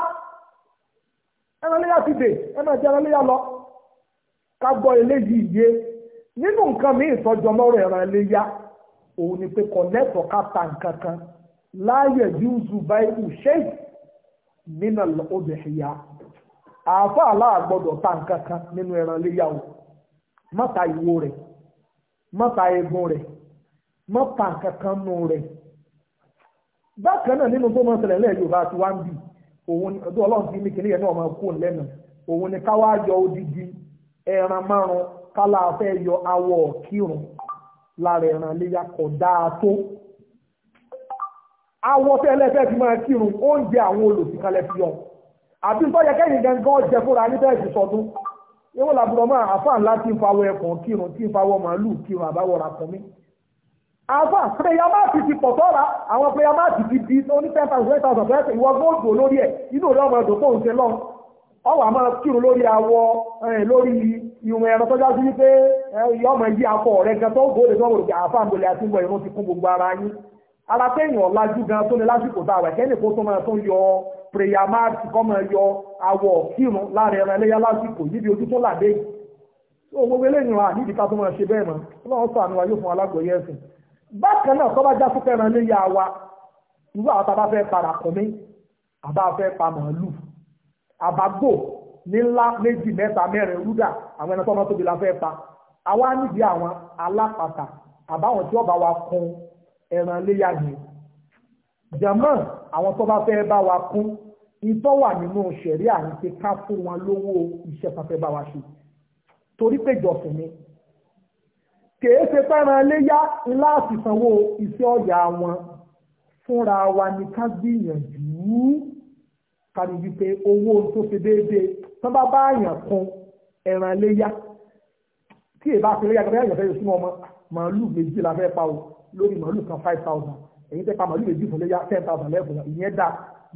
ẹranléyà ti dè lọ ká gbọ́ eléyìí yé nínú nǹkan míì ìtọ́jọ́ lọ́rọ̀ ẹranléyà òun ni pé kọ̀lẹ́tọ̀ ká ta nǹkan kan láàyè báyìí nínà àáfàá aláàgbọ́dọ̀ ta nǹkan kan nínú o mọ́ta ìwo rẹ̀ mọ́ta egun rẹ̀ mọ́ta kankan nù rẹ̀ bákan náà nínú tó máa ṣẹlẹ̀ lẹ́yìn yorùbá ti wá ń bì òun ọdún ọlọ́run ti ní kìnìyàn náà máa kú lẹ́nu òun ni ká wá yọ odidi ẹran márùn kálá fẹ́ yọ awọ kírun lára ẹran léyà kò dáa tó awọ tẹ́ ẹlẹ́fẹ́ fi máa kírun oúnjẹ àwọn olùsìnkalẹ̀ fi yọ àbí sọ́yẹ kẹ́yìn gangan jẹ fúnra níbẹ̀ ìsọdún ewó làbúrò máa àfà ńlá tí ń fawọ ẹkùn kírun tí ń fawọ màálù kírun àbáwọra kan mi. àfà pèyàmáàtì ti pọ̀ tọ́ra àwọn pèyàmáàtì ti di oní ten thousand twenty thousand pẹ̀lú ìwọ gbọ́dọ̀ lórí ẹ̀ inú rẹ̀ ọmọ ẹ̀dọ̀ fóun ṣe lọ́n ọwọ́ àmọ́ kírun lórí awọ lórí ìwọ̀n ẹ̀rọ tọ́já sí wípé ọmọ ẹ̀yí akọ rẹ̀ gan tó gbòòrè tó wòlò ara pé èèyàn ọ̀làjú gan tó ní lásìkò tá a wà kẹ́nì kó tó máa tó yọ prayer mark kọ́ máa yọ awọ kírun lára ẹran ẹlẹ́yà lásìkò níbi ojú tó làdé yìí ó gbogbo eléyìí wà nídìí ká tó máa ṣe bẹ́ẹ̀ mọ́ ọlọ́run sọ àánú wa yóò fún alágbòye ẹ̀sìn bákan náà tó bá já fún fẹ́ràn léyà wa irú àwọn tábà fẹ́ para kọ́mí àbá fẹ́ pa màálù àbágbò nílá méjì mẹ́ta mẹ́rin rúdà àwọn ẹni tó la fẹ́ pa àwa nídìí àwọn alápàtà àbáwọn tí ẹran léyà ni jàmọ́ àwọn tó bá fẹ́ bá wa kú ìtọ́ wà nínú ṣẹ̀rí àrùn ti ká fún wọn lówó iṣẹ́ tó fẹ́ bá wa ṣe torí pé jọ̀sìn ni kèé ṣe fẹ́ràn léyà láti sanwó iṣẹ́ ọ̀yà wọn fúnra wa ni ká gbìyànjú kárí wípé owó tó ṣe déédéé tó bá bá àyàn kun ẹran léyà tí èbá fi léyà tó fẹ́ yàn yóò sínú ọmọ màálù méjì la fẹ́ pa o lórí màálù kan five thousand èyí tẹ́ pa màálù méjì fún léyà ten thousand lẹ́ẹ̀kọ́ náà ìyẹn dà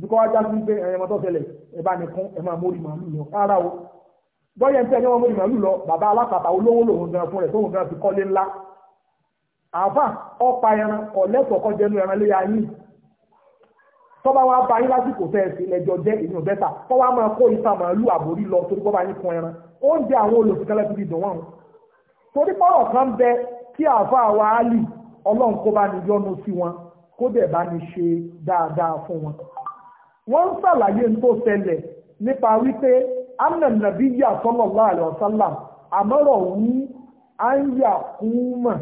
dúkọ́ wájá sí pé ẹ̀yẹmọ tó tẹ̀lẹ̀ ẹ bá ní kún ẹ máa mórí màálù lọ rárá o bọ́yẹ̀ ń tẹ́ ẹ̀yẹmọ mórí màálù lọ bàbá alápàtà olówó lòun gan fún rẹ̀ tóun gan fi kọ́lé ńlá àfà ọ̀pá ẹran ọ̀lẹ́tọ̀ kọ́ jẹ́nu ẹran léyà yín tọ́ba wa bá yín lásìkò tẹ́ ẹ sí lẹ́jọ́ jẹ́ èyí ò bẹ́tà tọ́ba máa kó ipa màálù àbórí lọ torí bọ́ba yín kun ẹran oúnjẹ àwọn olùsìnkẹ́lẹ́ fi di dùn wọ́n torí pọ́rọ̀ kan bẹ kí àfà wa á lì ọlọ́run kó bá ní yọ́nú sí wọn kó dẹ̀ bá ní ṣe dáadáa fún wọn. wọ́n ń ṣàlàyé tó ṣẹlẹ̀ nípa wípé amnàbí yà sallallahu alaihi wasallam àmọ́rọ̀ ń àyà kúmọ̀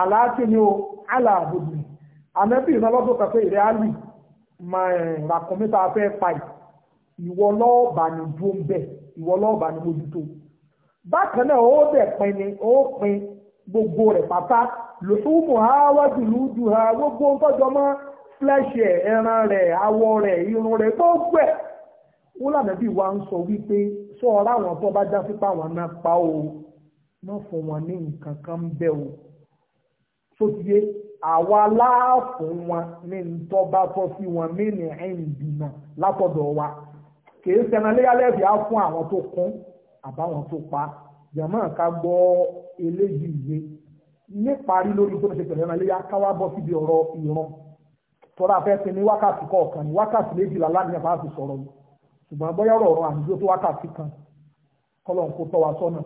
aláàkíní o aláàbòdì àmẹ́bí iná lọ́dún kan pé ìrẹ́ àlì máa ràkúnmítà fẹ́ pa ìwọ lọ́ọ̀bà ní dúró ń bẹ̀ ìwọ lọ́ọ̀bà ní mójútó bákan náà ó dẹ̀ pin ni ó pin gbogbo rẹ̀ pátá lùtúùmù ha wájú lùdù ha gbogbo tọ́jọ́ mọ́ flesh ẹ̀ ẹran rẹ̀ awọ rẹ̀ irun rẹ̀ gbogbo ẹ̀ wọ́n lànà bí wa ń sọ wípé sọ ọ̀rá àwọn tó bá já sípà wọn náà pa o náà fún wọn ní nǹkan kan ń bẹ o tó ti yé àwa láàfún wọn ní ntọ́ bá tọ́ sí wọn ní ní ẹ̀ǹdì látọ̀dọ̀ wa kìí sẹ́nalẹ́yàlẹ́fì á fún àwọn tó kún àbáwọn tó pa jàmáà ká gbọ́ eléyìí yé níparí lórí tó ṣe pẹ̀lú ẹ̀rọ káwá bọ́ síbi ọ̀rọ̀ ìran tọ́lá fẹ́ ti ní wákàtí kọ̀ọ̀kan ní wákàtí méjìlá láti ẹ̀fà àti sọ̀rọ̀ yìí ṣùgbọ́n bóyá ọ̀rọ̀ ọ̀rọ̀ àdúgbò tó wákàtí kan kọ́lọ̀ tọ́ wa sọ́nà.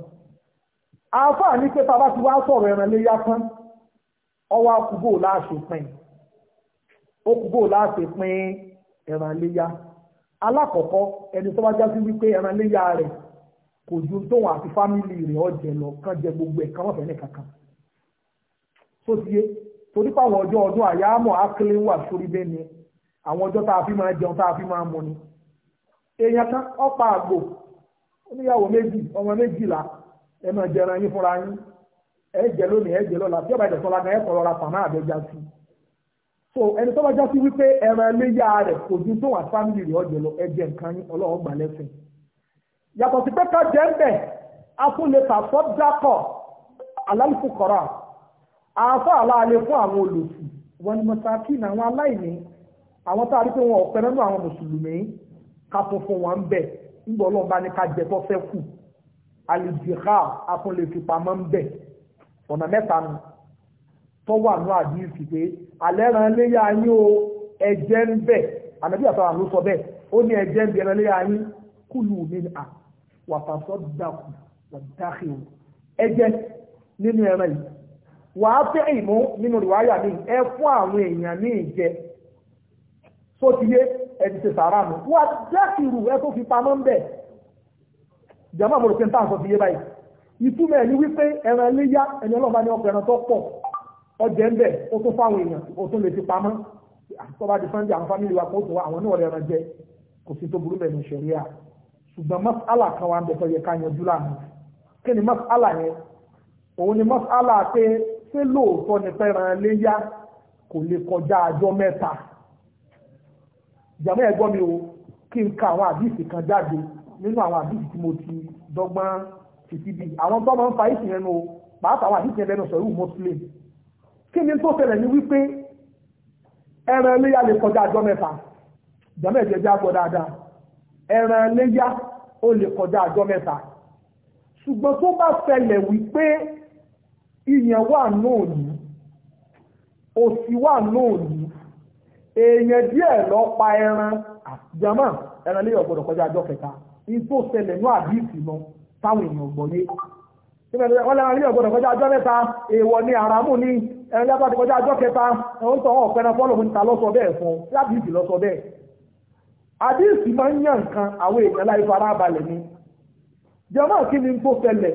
àáfàá ní pé tábà ti wá sọ̀rọ̀ pin alákọ̀ọ́kọ́ tó ti yé torí pàwọn ọjọ́ ọdún àyámọ̀ akílẹ̀ wà sórí bẹ́ẹ̀ ni àwọn ọjọ́ tá a fi máa jẹun tá a fi máa mu ni èèyàn kan ọ̀pá àgbò oníyàwó méjì ọmọ méjìlá ẹ máa jẹran yín fúnra yín ẹ jẹ lónìí ẹ jẹ lọ́la bí ọba ìdẹ̀sán lágbá ẹ kọ̀rọ̀ ra pàmò àbẹ́jà sí so ẹni tó bá já sí wípé ẹran ẹlẹ́yà rẹ̀ kò ju tó wà fámìlì rẹ̀ ọ̀jẹ̀ lọ ẹ jẹ nǹkan yín ọlọ́run gbà lẹ́sìn yàtọ̀ sí pé ká jẹ́ ń bẹ̀ a tún lè tà sọ́dákọ̀ alálùfù kọ̀rọ̀ àáfà aláàlẹ́ fún àwọn olùsù wọn ni mọ́sákìn àwọn aláìní àwọn tá a rí pé wọn ọ̀pẹ nínú àwọn mùsùlùmí ká tó fún wọn ń bẹ̀ nígbà ọlọ́run bá ní ká jẹ tó fẹ́ kù àlejìká afúnlẹ̀fipamọ́ ń bẹ̀ ọ̀nà mẹ́ta nu tó wà ní àdìsí pé alẹ́ ran léyà yín o ẹ̀jẹ̀ ń bẹ̀ ànábì àtàwọn àlọ́ sọ bẹ́ẹ̀ ó ní ẹ̀jẹ̀ ń bẹ̀ ran léyà yín kùlù mi à wàtàsọ́ dàkù wàdáhìrù ẹ̀jẹ̀ nínú ẹran yìí wà á fẹ́ ìmú nínú ìwáyà mi ẹ fún àwọn èèyàn ní ìjẹ tó ti yé ẹni ṣe sàárà nù wà dákìrù ẹ tó fi pamọ́ ń bẹ̀ jẹ́mọ́ mo rò pé ń tàn sọ fi yé báyìí ìtumọ̀ ẹni wípé ẹran léyá ẹni ọlọ́ba ní ọkọ̀ ẹran tó pọ̀ ọjẹ́ ń bẹ̀ ó tó fáwọn èèyàn ó tó lè fi pamọ́ àtọ́ba di sunday àwọn fámìlì wa kó tó àwọn náà rẹ̀ ẹran jẹ kò sí tó burú mẹ́rin ṣẹ̀rí à ṣùgbọ́n mas'ala kan wa ń bẹ̀ tó yẹ ká yanjú lánàá kí ni mas'ala yẹn òun ni mas'ala pé pé lóòótọ́ ni fẹ́ràn léyá kò lè kọjá àjọ mẹ́ta ìjàmọ́ ẹ̀gbọ́n mi o kí n ka àwọn àdìsí kan jáde nínú àwọn àdìsí tí mo ti dọ́gbọ́n títí bí àwọn tó máa ń fa ìsìn ẹnu o pàápàá àwọn àdìsí ẹlẹ́nu sọ̀rọ̀ muslim kí ni tó ṣẹlẹ̀ ní wípé ẹran léyá lè kọjá àjọ mẹ́ta ìjàmọ́ ẹ̀jẹ̀ já gbọ́ dáadáa ẹran léyá ó lè kọjá àjọ mẹ́ta ṣùgbọ́n tó bá ṣẹlẹ̀ wípé ìyẹn wà náà ní òsì wà náà ní èèyàn díẹ̀ lọ pa ẹran àjàmọ́ ẹran lè ọ̀gbọ̀dọ̀ kọjá àjọ kẹta ní tó ṣẹlẹ̀ ní àdìsí lọ táwọn èèyàn gbọ́ ní wọ́n lẹ́ran lè ọ̀gbọ̀dọ̀ kọjá àjọ mẹ́ta èèwọ̀ ni àràmù ni ẹran lẹ́bàá ti kọjá àjọ kẹta ẹ̀wọ́n tó wọ́n fẹ́ràn fọ́lọ̀ fún ta lọ́sọ bẹ́ẹ̀ fún lábìsí lọ́sọ bẹ́ẹ̀ àdìsí máa ń yàn nǹkan àwọn èèyàn láì fara balẹ̀ ni jọmọ́ kí ni tó ṣẹlẹ̀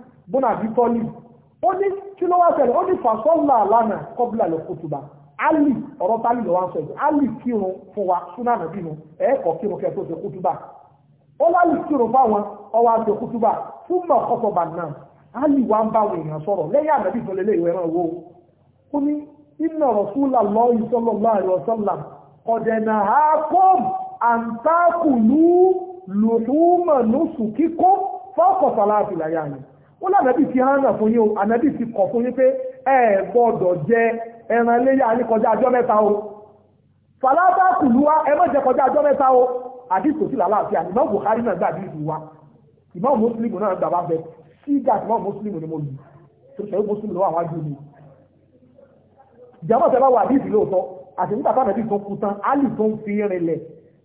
bọ́nàbí tọ́lì ó ní kí ló wá ṣẹlẹ̀ ó ní fàṣọ́là lánà kọ́bílà lọ kótóbà ali ọ̀rọ̀ tálì lọ́wọ́ sọ yìí ali kírun fún wa súnà nàbí nu ẹ̀ẹ́kọ̀ kírun kẹ́ tó ṣe kótóbà ó lálì kírun fáwọn ọwọ́ àti kótóbà fún mọ̀ kọ́tọ̀bà náà ali wa ń bá àwọn èèyàn sọ̀rọ̀ lẹ́yìn ànábì ìfọlẹ́lẹ́ ìwé ó ní ó lànàbì ti hánà fún yín o ànàbì ti kọ̀ fún yín pé ẹ gbọ́dọ̀ jẹ ẹran léyà ní kọjá ọjọ́ mẹ́ta o fàlàbà kùlùwà ẹ má jẹ kọjá ọjọ́ mẹ́ta o àdìsò sí làlàáfíà ìmọ̀ Buhari náà gbàdí ìlú wa ìmọ̀ Muslim náà gbà bá bẹ sí ìmọ̀ Muslim ni mo lù tó ṣe é Muslim lọ́wọ́ àwọn ajóni ìjàmọ̀ tẹ́lá wà àdìsì lóòótọ́ àti nígbà táwọn ẹbí tó kú tán Ali tó ń fi rinlẹ̀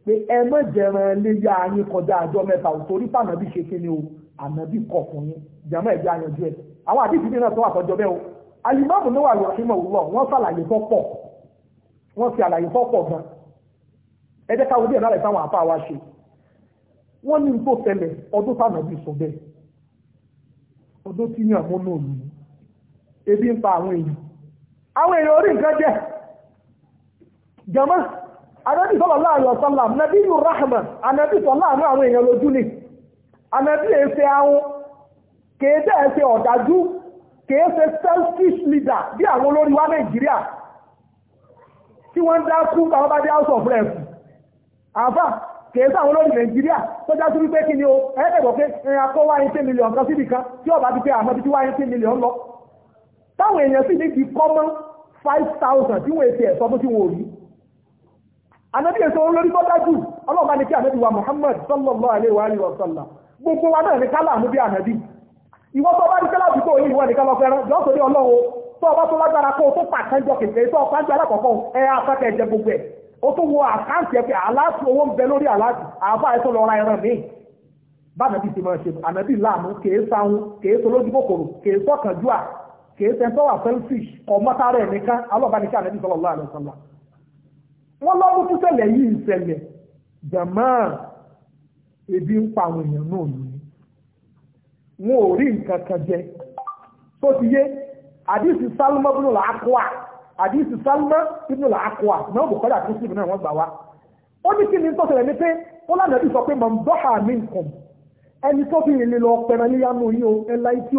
pé ẹ má jẹran léyà ní kọjá ọjọ́ mẹ́ta o torí pàmò bí ṣe kí o ànábì kọ̀ fún yín jàmọ́ ẹ̀jẹ̀ àyànjú ẹ̀ àwọn àdìsí bí náà tó wà o alimami náà wà lọ sí mọ̀wúlọ̀ wọ́n ṣàlàyé tó wọ́n ti àlàyé gan ẹ jẹ́ díẹ̀ náà rẹ̀ táwọn wa ṣe wọ́n ní tó ọdún sọ bẹ́ẹ̀ ọdún ebi ń pa àwọn èèyàn àwọn èèyàn orí jama anabi láàrin nàbí àwọn èèyàn ànábì èsè ahun kèé dẹ́ ẹ̀sẹ̀ ọ̀dájú kèé ṣe selfish leader bí àwọn olórí wa nàìjíríà tí wọ́n ń dá di house of rep àbá kèé sáwọn olórí nàìjíríà nigeria to sí wípé kí ni o pe pé ẹ̀yìn akọ́ wáyé ten million kan síbi ọba ti pé àmọ́ ti wáyé ten million lọ táwọn èèyàn sì ní di five thousand tí èsì ò rí tó dájú ni gbogbo wa náà ní kálà mú bí ànàbí ìwọ tó bá ní kálà àdúgbò yìí ìwọ nìkan lọ fẹ́ràn jọ́ sórí ọlọ́run tó ọba tó lágbára kó o tó pàtẹ́jọ tó gbogbo ẹ̀ ó tó wo àkáǹtì pé aláàtì owó ń bẹ lórí aláàtì àbá tó lọ ra ẹran ti máa ṣe láàmú kèé sáhun kèé kòkòrò kèé kèé selfish ẹ̀ nìkan ebi ń pa àwọn èèyàn náà lò ní wọn ò rí nǹkan kan jẹ tó ti yé àdìsí sálmọ́ bínú làákùá àdìsí sálmọ́ bínú làákùá náà bùkọ́lá àti síbi náà wọ́n gbà wá ó ní kí ni tó ṣẹlẹ̀ ní pé ó lánàá bí sọ pé mọ̀ ń dọ́hà mí nǹkan ẹni tó fi lè lọ pẹ̀rẹ̀ níyanu yìí o ẹ̀la etí o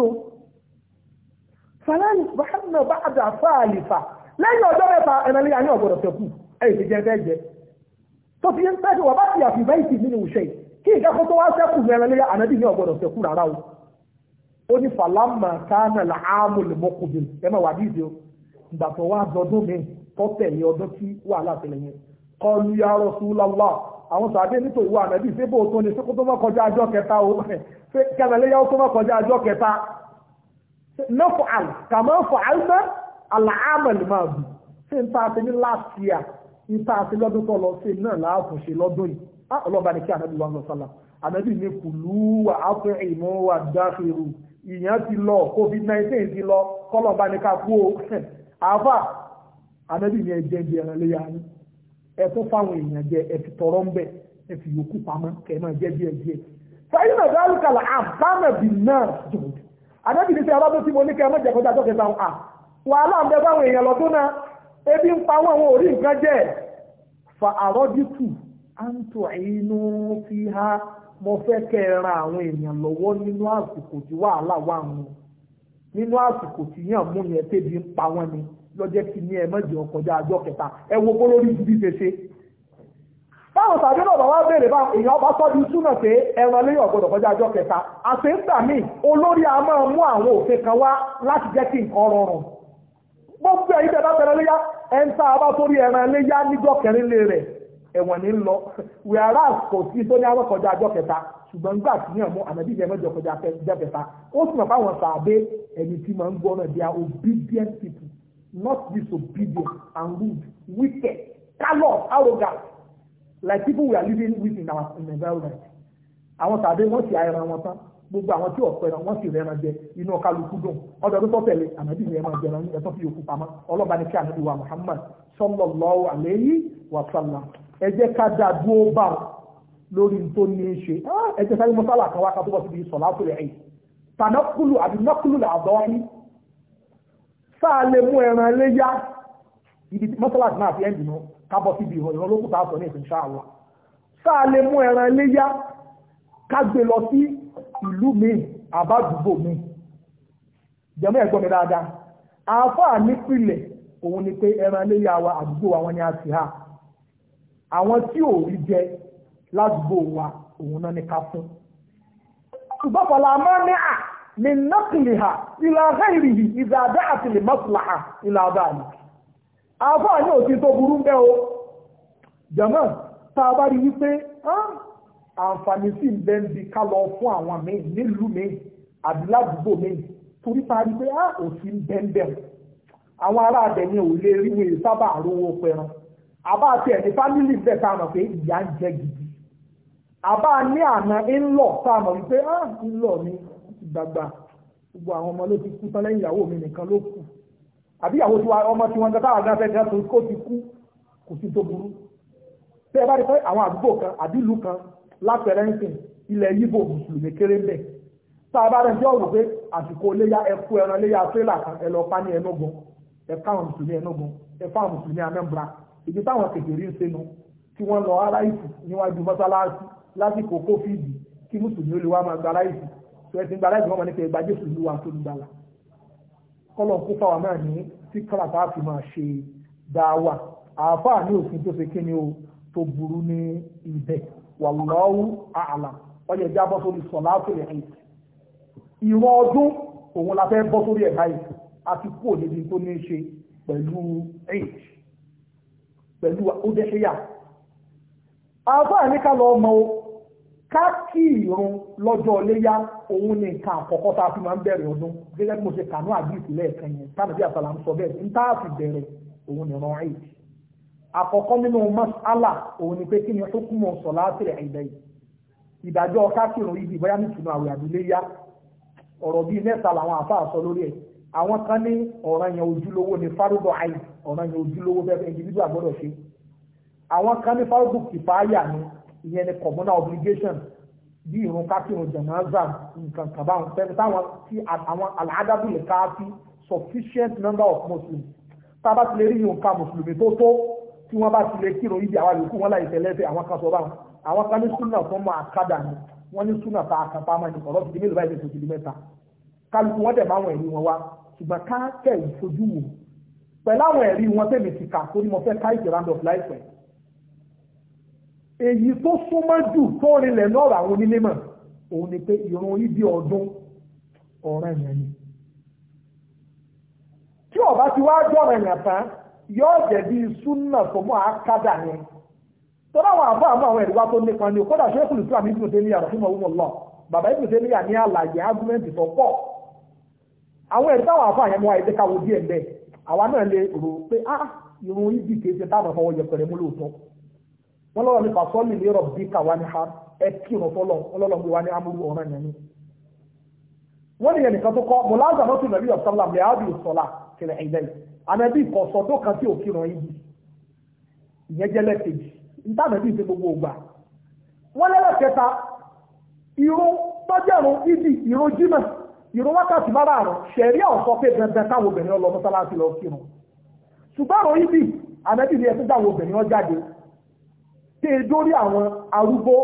fàlàyé bàhánà bá àdà fáàlìfà lẹ́yìn ọjọ́ mẹ́ta ẹ̀rẹ̀ níyanu ọ̀gbọ̀dọ̀ tẹ̀kù ẹ̀ kí ìkẹ́kọ̀ọ́ tó wá sẹ́kù mẹ́rin léyà ànábì ní ọ̀gbọ́dọ̀ sẹ́kù rárá o ó ní falama kánà làámù lèmọ́kùnrin ẹ wà wa o ìgbà tó wá dọdún mi tó tẹ̀lé ọdún tí wàhálà tẹ̀lé yẹn kọlu ya Rasulullah àwọn sàdé nítorí wà ànábì ṣé bó tó ní tó kọjá ajọ́ kẹta o tó kọjá ajọ́ kẹta nọ́fọ̀ kàmọ́ fọ̀ ọlọ́ba ni kí ànábì ń lọ sálà ànábì ní kùlú áfẹ́ ìmọ̀ ti lọ covid-19 ti lọ kọ́lọ̀ba ni ká kú o àfà ànábì ní ẹjẹ́ ìdí ẹran léyà yín ẹ fáwọn èèyàn jẹ tọrọ ń bẹ ẹ yòókù jẹ náà dáhùn kàlà náà ní tí mo ní kọjá wàhálà ń bẹ ebi ń pa àwọn nǹkan fa àǹtò àìnú fi há mo fẹ́ kẹ́ ẹ àwọn èèyàn lọ́wọ́ nínú àsìkò tí wàhálà wà wọn nínú àsìkò tí yàn mú yẹn tẹ́bi ń pa wọ́n ni lọ́jẹ́ kí ní ẹ mọ́jì ọkọjá àjọ kẹta ẹ wo kó lórí ibi ṣe ṣe. báwọn náà bàbá béèrè bá èèyàn ẹran lẹ́yìn ọ̀gbọ́dọ̀ kọjá àjọ kẹta a máa mú àwọn òfin kan wá láti jẹ́ kí nǹkan rọrùn. gbogbo ẹ̀yin tẹ̀ bá ẹ̀ ń ẹ̀wọ̀n ní lọ wíwárà kò sí tó ní àwọn kọjá ọjọ́ kẹta ṣùgbọ́n nígbà tí yàn mú ànábì ní ẹ̀mẹ́jọ kọjá ọjọ́ kẹta ó sì mọ̀ fáwọn sàbẹ ẹni tí máa ń gbọ́ náà they are obedient people not disobedient and rude wicked callous arrogant like people we are living with in our in environment àwọn sàbẹ wọ́n ti àìràn wọn tán gbogbo àwọn tí ọ̀pẹ náà wọ́n sì rẹ́ran jẹ inú kálukú dùn ọdọ̀ tó tọ́tẹ̀lé ànábì ní ẹ̀mọ́ jẹ̀rán ẹ̀tọ́ fi yòókù pamọ́ ọlọ́ba ní kí ànábì wa Muhammad sallallahu alayhi wa sallam ẹ jẹ́ ká dá dúró bá lórí tó ní í ṣe ah, ẹ jẹ́ sáré mọ́sálà kan wá ká tó bọ̀ síbi sọ̀lá tó rẹ̀ yìí tànákùlù àbí nákùlù làbọ̀ wáyé sáà lè mú ẹran léyà ibi mọ́sálà náà fi ẹ́ǹdì náà ká bọ̀ síbi ìrọ̀ lókùn tá a sọ ní ìsìn ṣáà wa sáà lè mú ẹran léyà ká gbé lọ sí ìlú mi àbádùgbò mi jẹ́mú ẹ̀gbọ́n mi dáadáa àáfàá nípìnlẹ̀ òun ni pé ẹran léyà wa àdúgbò àwọn ni a sì há àwọn tí ò rí jẹ ládùúgbò wa òun náà ní ká fún. ṣùgbọ́n fọlá máa ní à ní nọ́kìlì hà ìlà àgáìrìhì ìdá àdá àtìlè mọ́sùlá hà ìlà àdá àlè. àbọ̀ àní òsì tó burú ń bẹ́ o jọ̀mọ́ tá a bá rí wípé àǹfààní sì ń bẹ́ ń bi ká lọ fún àwọn míì nílùú míì àbí ládùúgbò míì torí parí pé òsì ń bẹ́ ń bẹ́ àwọn ará àbẹ̀yẹn ò lè rí wọn sábà rówó pẹran àbá àti ẹ̀dí fámìlì bẹ́ẹ̀ tá a mọ̀ pé ìyá ń jẹ gidi àbá ní àná ńlọ tá a mọ̀ wípé á ńlọ ni gbàgbà gbogbo àwọn ọmọ ló ti kú tán lẹ́yìn ìyàwó mi nìkan ló kù àbí ìyàwó tí ọmọ tí wọ́n dábàá gáfẹ́ gáfẹ́ kó ti kú kò sí tó burú tẹ́ ẹ bá rí pé àwọn àdúgbò kan àdìlú kan lápẹ̀rẹ́ǹsìn ilẹ̀ yíbò mùsùlùmí kéré ń bẹ̀ tá a bá rẹ̀ jọ́ wò pé àsìkò léyà ẹkú ẹran léyà tírélà kan ẹ lọ pa ní ẹnúgun ẹ káwọn mùsùlùmí ẹnúgun ẹ fáwọn mùsùlùmí Anambra ibi táwọn kékeré ń senu tí wọ́n lọ aráìsì níwájú mọ́sálásí lásìkò kófíìdì kí mùsùlùmí ó lè wá máa gba aráìsì tó ẹ ti ń gba aráìsì wọ́n máa ní pé ẹgbàá jésù lúwa tó ń gbàlà kọ́lọ̀ kó fáwọn náà ní tí kálàfà fi máa ṣe dáwà àáfàá ní òfin tó ṣe kí ni o tó burú ní ibẹ̀ wallahu a'lam ọyẹ jábọ́ sórí sọ̀lá tó lè ìwọ̀n ọdún òun la fẹ́ bọ́ sórí ẹ̀ báyìí àti kúrò níbi tó ní ṣe pẹ̀lú age pẹ̀lú ọdẹ́ṣẹ́yà àbáà ní ká lọ ọmọ o ká kí ìrun lọ́jọ́ léyá òun ní nǹkan àkọ́kọ́ tá a fi máa ń bẹ̀rẹ̀ ọdún gẹ́gẹ́ bí mo ṣe kànú àdìsí lẹ́ẹ̀kan yẹn táwọn bí àtàlà ń sọ bẹ́ẹ̀ ń tá a fi ni pé kí ni hukumu sọ̀lá tẹ̀lẹ̀ ẹ̀dá àwọn kan ní ọ̀ràn yẹn ojúlówó ní fárúgbọ̀ àì ọ̀ràn yẹn ojúlówó bẹ́ẹ̀ individual gbọ́dọ̀ ṣe àwọn kan ní fárúgbọ̀ kìfáyà ni ìyẹn ní communal obligation bí irun kákìrún jẹ̀mọ́zà nǹkan kan báwọn fẹ́ẹ́ táwọn tí àwọn aláàdábù lè káàfí sufficient number of muslims tá a bá ti lè rí irun ká mùsùlùmí tó tó tí wọ́n bá ti lè kírun ibi àwọn àlùkù wọn láì tẹ̀lẹ́fẹ̀ àwọn kan sọ báwọn àwọn kan ní súnà tó mọ àkádà ni wọ́n ní súnà tá a kàpá máa ní ọ̀rọ̀ ti mélòó báyìí tó ti mẹ́ta kálukú wọ́n dẹ̀ máa wọ̀ wọn wá ṣùgbọ́n ká kẹ̀ ìfojú wò pẹ̀lú àwọn ẹ̀rí wọn tèmi ti kà torí mo fẹ́ round of life ẹ̀ èyí tó súnmọ́ jù tó rinlẹ̀ lọ́rọ̀ àwọn onílẹ́mọ̀ òun ni pé ìrun ibi ọdún ọ̀ràn èèyàn ni tí ọba ti wá jọ̀rọ̀ èèyàn tán yóò jẹ̀bi súnà tó mọ́ àkádà yẹn tó dáwọn àbọ̀ àmọ́ àwọn ẹ̀rí wá tó nípa ni kódà ṣé kùlù tó àmì ìbùdó tẹ́lẹ̀ yàrá fún ọwọ́ lọ bàbá ìbùdó tẹ́lẹ̀ yà ní àlàyé ágúmẹ́ǹtì tó àwọn ẹ̀rí táwọn àfọ àyẹ̀mọ́ àyẹ̀dẹ́ káwọ díẹ̀ ń àwa náà lè rò pé ah irun ibi kìí ṣe táwọn afọwọ́ yẹpẹrẹ mú lóòótọ́ wọn lọ́wọ́ ní fasọ́ọ̀lì ní bí ha ẹ kí irun fọlọ́ wọn lọ́wọ́ ní amúrú ni. wọ́n ní ẹnìkan tó náà tún nàbí ọ̀sán kìlẹ̀ ẹ̀dẹ́ yìí ìrun wákàtí mara àrùn ṣẹ̀rí ọ̀sọ́ pé dandan táwọn obìnrin ọlọ mọ́sálásí lọ kírun ṣùgbọ́n ọ̀rọ̀ ibi àmẹ́bí ni ẹtí táwọn obìnrin ọjáde tẹ́ ẹ dórí àwọn arúgbó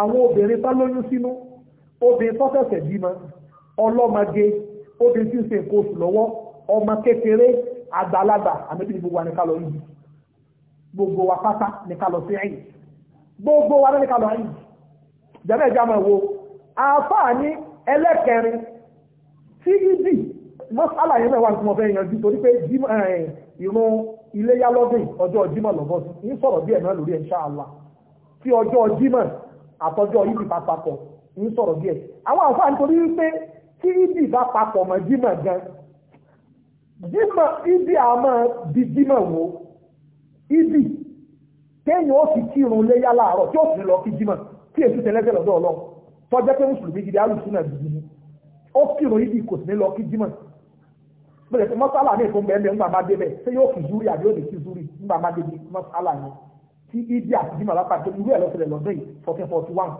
àwọn obìnrin tó lóyún sínú obìnrin tó ṣẹ̀ṣẹ̀ bímọ ọlọ́mọge obìnrin tí ń ṣe nǹkan oṣù lọ́wọ́ ọmọ kékeré àgbàlagbà àmẹ́bí ni gbogbo wa ní ká lọ yìí gbogbo wa pátá ní ká lọ sí ẹ̀yìn gbogbo wa ní ká lọ ẹ̀yìn jẹ́mẹ̀ẹ́jà máa wo àáfàá ní ẹlẹ́kẹrin tí ibi e mọ́sálà yẹn náà tí mo fẹ́ yanjú torí pé ìrun iléyá lọ́dún ọjọ́ jímọ̀ lọ́bọ̀ sí ń sọ̀rọ̀ díẹ̀ náà lórí insha tí ọjọ́ jímọ̀ àtọjọ́ ibi papọ̀ sọ̀rọ̀ àwọn tí ibi e bá papọ̀ mọ́ jímọ̀ gan jímọ̀ ibi e àmọ́ jímọ̀ ibi kéèyàn ó fi kírun láàárọ̀ tí ó sì lọ kí jímọ̀ kí èsì lọ́dọ̀ tọ́jẹ́ pé mùsùlùmí gidi alùsùn náà dùdú ni ó kírun yìí kò sí ní lọ kí jímọ̀ bẹ̀rẹ̀ pé mọ́sálà ní ìfún bẹ́ẹ̀ ńgbà máa débẹ̀ ṣé yóò kì zúrí àbí yóò lè kí zúrí ńgbà máa débi mọ́sálà ni tí ìdí àti jímọ̀ lápàdé irú ẹ̀ lọ́sẹ̀lẹ̀ lọ́dún yìí fourteen forty one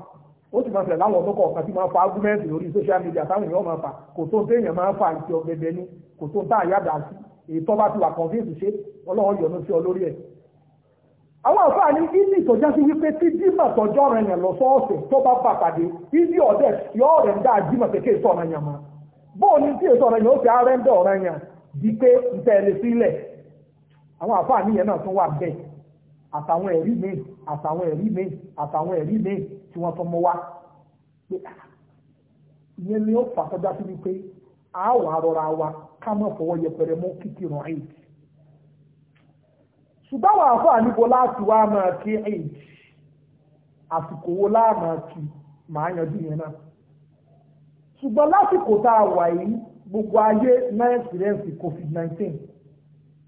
ó sì máa ṣẹlẹ̀ láwọn ọdún kọ̀ọ̀kan tí máa fa argument lórí social media táwọn èèyàn máa fa kò tó téèyàn máa fa ìṣe ọ̀gẹ̀dẹ̀ ni kò tó tá àyàdà sí èyí tó bá ti wà convince ṣe ọlọ́run yọ̀nù sí ọ lórí ẹ̀ àwọn àfáà ní ìdí ìtọ́já sí wípé tí dímọ̀ tọjọ́ rẹ̀ yàn lọ́sọ̀ọ̀sẹ̀ tó bá bà pàdé ìdí ọ̀dẹ̀ yọ rẹ̀ ń dá dímọ̀ kékeré sọ̀rọ̀ yàn mọ́ bóò ní tí èso pé ń àwọn àfáà náà tún wà àtàwọn ẹ̀rí mi àtàwọn ẹ̀rí mi àtàwọn ẹ̀rí mi tí wọ́n tún mú wá pé ah, ìyẹn ni ó fà tọ́já sí wípé wà ṣùgbọ́n wà fún àníbo láti wá máa kí eid àsìkò wo láàmà kí màá yanjú yẹn náà ṣùgbọ́n lásìkò tá a wà yìí gbogbo ayé náà experience covid-19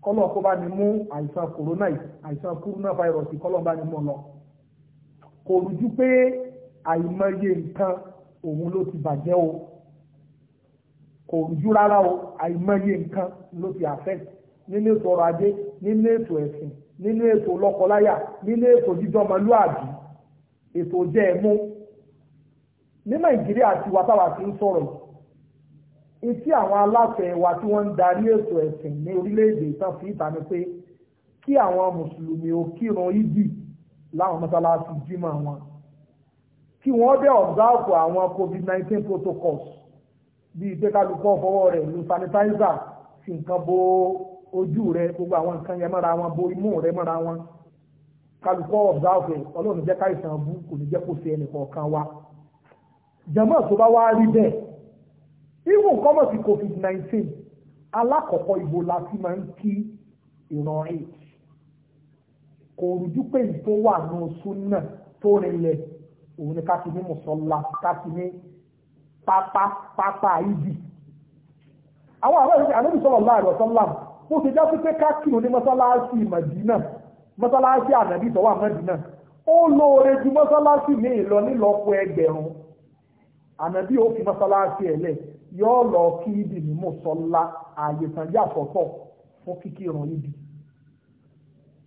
kọ́lọ̀ kó bá ní mú àìsàn corona àìsàn corona virus kọ́lọ̀ bá ní mú lọ kò rújú pé àìmọye nǹkan òun ló ti bàjẹ́ o kò rújú rárá o àìmọye nǹkan ló ti affect nínú ètò ọrọ̀ ajé nínú ètò ẹ̀sìn nínú ètò lọ́kọláyà nínú ètò dídọ́mọlúàbí ètò jẹ́ ẹ̀mú ní nàìjíríà ti wá táwa ń sọ̀rọ̀ etí àwọn aláṣẹ wa tí wọ́n ń darí ètò ẹ̀sìn ní orílẹ̀-èdè ìtàn fún ìta ni pé kí àwọn mùsùlùmí ò kírun ìdí láwọn mọ́sálásí jímọ̀ wọn kí wọ́n dé ọ̀gáàpù àwọn covid-19 protocols bíi pé kálukọ́ fọwọ́ rẹ̀ lu sanitizer fi nǹkan bo ojú rẹ gbogbo àwọn nǹkan yẹn mọ́ra wọn bo imú rẹ mọ́ra wọn kálukọ́ ọ̀bùdáwọ̀fẹ́ ọlọ́run jẹ́ káìsàn bú kò ní jẹ́ kó ṣe ẹnì kọ̀ọ̀kan wa jàmáà tó bá wá rí bẹ́ẹ̀ irú nǹkan mọ̀ sí covid-19 alákọ̀ọ́kọ́ ìbò la fi máa ń kí ìran eight kò rújú pé ní tó wà ní oṣù náà tó rinlẹ̀ òun ni ká ti ní mùsọ̀lá ká ti ní pápá pápá ìdì àwọn àwọn àlejò sọ̀rọ̀ láàrọ̀ sọ́lá bó ṣe jásí pé kákìrò ní mọ́sálásí màdínà mọ́sálásí ànàbí tó wà màdínà ó lóore ju mọ́sálásí mi lọ nílọ́pọ̀ ẹgbẹ̀rún ànàbí ó fi mọ́sálásí ẹ̀lẹ̀ yóò lọ kí ibi ní mọ́sọ́lá ààyè kan yà sọ́tọ̀ fún kíkìrùn ibi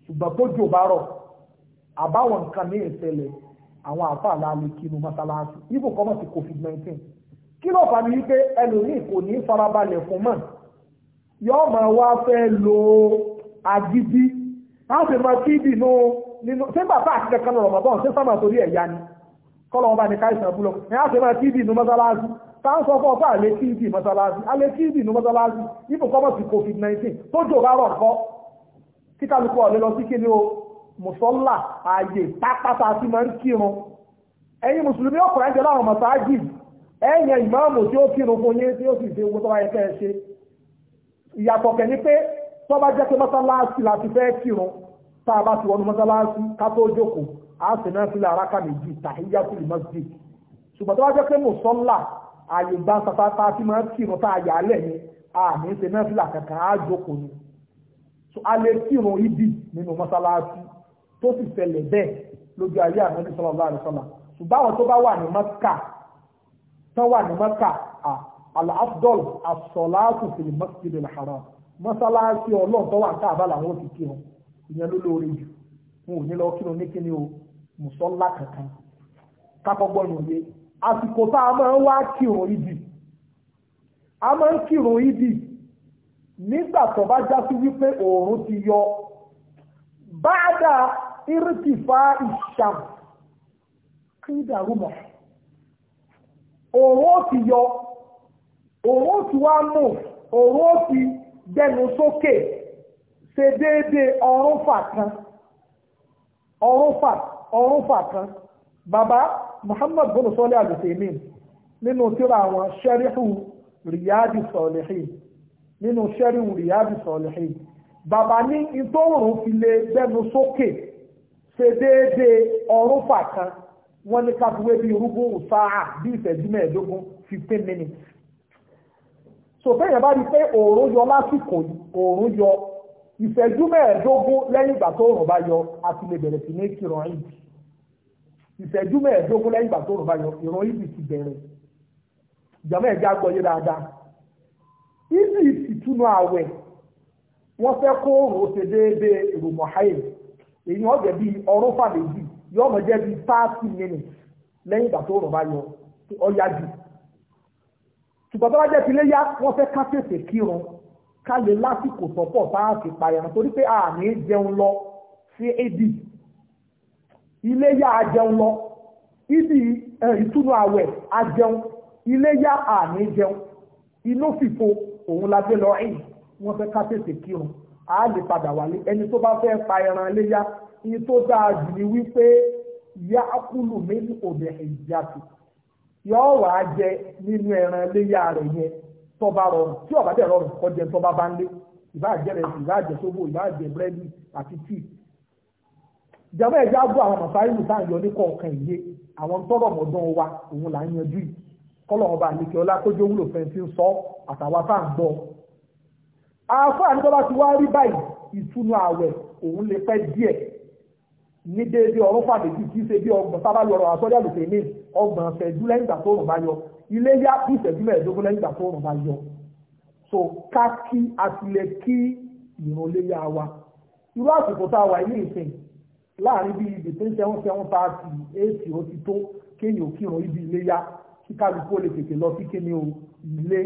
ṣùgbọ́n tó jò bá rọ̀ àbáwọn nǹkan ní ìṣẹ̀lẹ̀ àwọn àfààlà lè kinu mọ́sálásí ibùkọ́mọ̀ sí covid-19 kí ló fà ní wípé ẹlòmíì kò ní farabalẹ̀ fún mọ́ yọ́ ma wá fẹ́ lo agídí láti ma kí ìdìnú nínú tí bàbá àti kankan lọ rọ̀mọ̀bọ́n tí sábà torí ẹ̀yà ni kọ́lọ̀ wọn bá ní káìsàn búlọ̀ ní láti ma kí ìdìnú mọ́sálásí tá ń sọ fún ọ̀pá àlẹ́ kí ìdì mọ́sálásí alẹ́ kí ìdìnú mọ́sálásí ibù kọ́mọ̀ sí covid-19 tó jò bá rọ̀ kọ́ kí kálukú ọ̀lẹ́ lọ sí kí ni o mùsọ́lá ààyè pápátá sí máa ń kírun ẹ̀yin mùsùlùmí ọkùnrin jẹ́ láwọn mọ̀sáájì ẹ̀yìn ìmáàmù tí ó kírun fún yín tí ó sì ṣe gbogbo tó wáyé ìyàtọ̀ kẹ̀ ni pé tó bá jẹ́ pé mọ́sálásí láti fẹ́ kírun tá a bá ti wọnú mọ́sálásí ká tó jókòó a sì náà sílẹ̀ aráka méjì tahiyatul masjid ṣùgbọ́n tó bá jẹ́ pé mùsọ́lá ààyè gbá sátápá tí máa kírun tá a yà á lẹ̀ ni a ní ṣe náà sílẹ̀ kankan á jókòó ni a lè kírun ibi nínú mọ́sálásí tó sì ṣẹlẹ̀ bẹ́ẹ̀ lójú ayé àmọ́bí sallallahu alaihi wasallam ṣùgbọ́n àwọn tó bá wà ní Mákà tó wà ní Mákà al-afdol as-salatu fil masjid al-haram mọ́sálásí ọlọ́run tó wà káàbá làwọn ti kí wọn ìyẹn ló lóore jù wọn ò ní lọ kí wọn ní kí ni o mùsọ́lá kankan kápọ́gbọ́n ní òye àsìkò tá a máa ń wá kírun ìdì a máa ń kírun ìdì nígbà tó bá já sí wípé oòrùn ti yọ báadà irtifa ìṣàm kí dàrú mọ́ oòrùn ti yọ òun ó ti wá mú òun ó ti gbẹnu sókè ṣe déédéé ọrún fà kan bàbá Muhammad bin sọ́lẹ̀ àgùsẹ̀mí nínú tírà àwọn ṣẹ́ríhù rìyáàdì sọ̀lẹ̀hìn nínú ṣẹ́ríhù rìyáàdì sọ̀lẹ̀hìn bàbá ní ìtòòrùn fi lè gbẹnu sókè ṣe déédéé ọrún fà kan wọ́n ní káfíwé bíi rúgbó sáà bíi ìṣẹ́jú mẹ́ẹ̀ẹ́dógún fifteen minutes so bẹ́ẹ̀ bá rí pé òòrùn yọ lásìkò òòrùn yọ ìṣẹ́jú mẹ́ẹ̀ẹ́dógún lẹ́yìn ìgbà tó òòrùn bá yọ ti lè bẹ̀rẹ̀ sí ní kírun yìí ìṣẹ́jú mẹ́ẹ̀ẹ́dógún lẹ́yìn ìgbà tó bá yọ ìrun yìí ti bẹ̀rẹ̀ ìjàmọ́ ẹ̀já gbọ́yé dáadáa ààwẹ̀ wọ́n fẹ́ kó òòrùn ṣe déédéé èyí bíi ọrún ṣùgbọ́n tó bá jẹ́ tilé yá wọ́n fẹ́ ká tètè kírun ká lè lásìkò sọ́pọ̀ sáàtì payàn torí pé àmì jẹun lọ sí édì ilé yá ajẹun lọ ibi ìtúnu àwẹ̀ ajẹun ilé yá àmì jẹun inú fìfo òun la gbé lọ ẹ̀yìn wọ́n fẹ́ ká tètè kírun a lè padà wálé ẹni tó bá fẹ́ pa ẹran léyá iye tó dáa jù ni wípé yá kúlù mélòó òbẹ̀ ìjà tuntun yóò wà á jẹ nínú ẹran iléyà rẹ̀ yẹn tó bá rọrùn tí ó bá dẹ̀ rọrùn kó jẹ tó bá bá ń lé ìbá jẹ rẹ̀ ìbá jẹ sóbò ìbá jẹ búrẹ́dì àti tíì. ìjàmbá ẹ̀já bú àwọn mọ̀sáìlù tá à yọ ní kọ̀ọ̀kan ìyé àwọn tọ́rọ̀ mọ̀dán wa òun là ń yanjú yìí kọ́lọ̀ ọba àlekè ọlá kójú wúlò fẹ́ǹsì ń sọ àtàwọn tá à ń gbọ́. àáfàá ní tó bá ti wá rí báyìí ìtúnu ààwẹ̀ òun lè pẹ́ díẹ̀ ní déédéé ọ̀rọ̀ pàdé bí kí ṣe bí ọgbọ̀n sábà lọ́rọ̀ àsọ́jà lòfè ní ọgbọ̀n ṣẹ́jú lẹ́yìn ìgbà tó rùn bá yọ ilé yá bí ìṣẹ́jú mẹ́ẹ̀ẹ́dógún lẹ́yìn ìgbà tó rùn bá yọ. so ká kí àtìlẹ̀ kí ìrún lé yá wa irú àsìkò tá a wà ní ìsìn láàrin bíi between seven seven thirty eight ó ti tó kéèyàn kírun ibi ilé yá kí kálukú ó lè tètè lọ sí kéèyàn ilé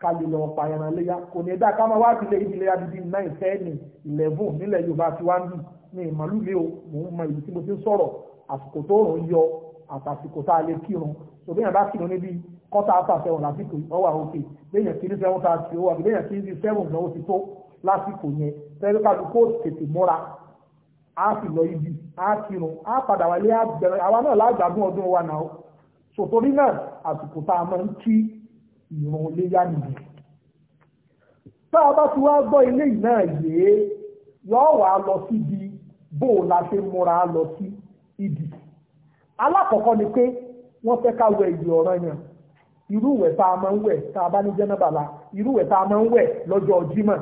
kálí lọ pa ẹran léyà kò ní ẹ̀dá káwọn wá sílẹ̀ ibi léyà bíi nine ten eleven nílẹ̀ yorùbá ti wá ń bì ní ìmọ̀lú mi ò mò ń mọ ìlú tí mo ti ń sọ̀rọ̀ àsìkò tó rùn yọ àtàsìkò tá a lè kírun òbí yẹn bá kírun níbi kọ́tà àtàfẹ́hùn lásìkò ọwà òkè léyìn kiri seven thirty ó wà bí léyìn kiri seven náà ó ti tó lásìkò yẹn tẹ́lẹ̀ kájú kó tètè múra á sì lọ ibi á kírun á padà wálé á bẹ̀rẹ̀ àwa náà lágbàdún ọdún wa náà sòtòrí náà àsìkò tá a máa ń kí ìrun iléyà nìyí. tá a bá ti wá gbọ́ ilé yìí náà yé yọ̀ọ́ wà á lọ síbi bó o la ṣe múra lọ sí ìdì. alákọ̀ọ́kọ́ ni pé wọ́n fẹ́ ká wẹ ìdì ọ̀ràn yẹn irú ìwẹ̀ tá a máa ń wẹ̀ tá a bá ní jẹ́nàbàlà irú ìwẹ̀ tá a máa ń wẹ̀ lọ́jọ́ Jímọ̀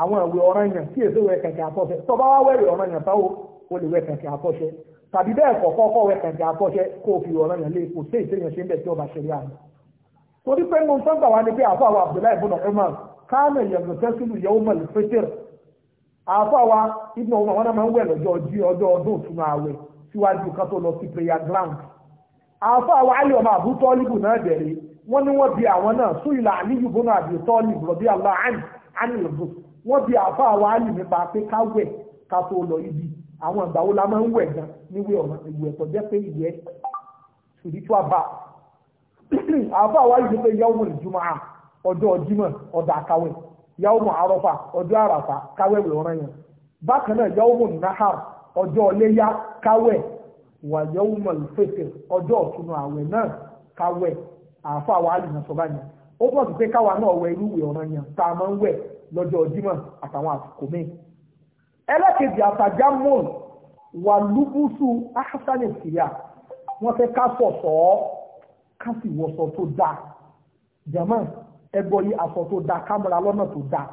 àwọn ìwẹ̀ ọ̀ràn yẹn tí èso wẹ̀ kẹ̀kẹ́ àtọ́ṣe tó bá wá wẹ̀rẹ̀ ọ̀ràn yẹn táwo o lè wẹ̀ kẹ̀kẹ́ àtọ́ṣe tàbí bẹ́ẹ̀ kọ̀ọ̀kọ́ kọ́ wẹ̀ kẹ̀kẹ́ àtọ́ṣe kó o fi ọ̀ràn yẹn lé kò sí èso yẹn ṣe ń bẹ̀ tí ọba ṣẹlẹ̀ àná torí pé mo sọ́gbà wá ní pé àfọ́ àwọn Umar kánà yẹ̀gbọ̀n tẹ́sílù àfọ́ àwa wẹ̀ lọ́jọ́ ọjọ́ ọdún òtún ààwẹ̀ síwájú ká tó lọ sí prayer ground àfọ́ àwa ọmọ Abu Talib náà dẹ̀rẹ̀ wọ́n ní wọ́n bi àwọn náà sún ya Aliyu ibn Abi Talib radiyallahu anhu ànìlùbù àbá wa yìí pé yàwó ìjùmọ̀ à ọjọ́ ọjímọ̀ ọ̀dà kàwé yàwó mọ̀ àrọ́fà ọjọ́ àràfà kàwé ìrọ̀rẹ́ yẹn bákan náà yàwó mọ̀ nàhàr ọjọ́ ọléyá wà yàwó mọ̀ ìfẹsẹ̀ ọjọ́ ọ̀túnú àwẹ̀ náà wa yìí nà sọ́bà yẹn ó pọ̀ sí pé káwa náà wẹ irú ìrọ̀rẹ́ yẹn tá a máa ń wẹ̀ lọ́jọ́ àtàwọn àsìkò ẹlẹ́kejì wà Kasi sì wọṣọ tó dáa jàmọ́ ẹgbọ́ yìí aṣọ tó dáa kámúra lọ́nà tó dáa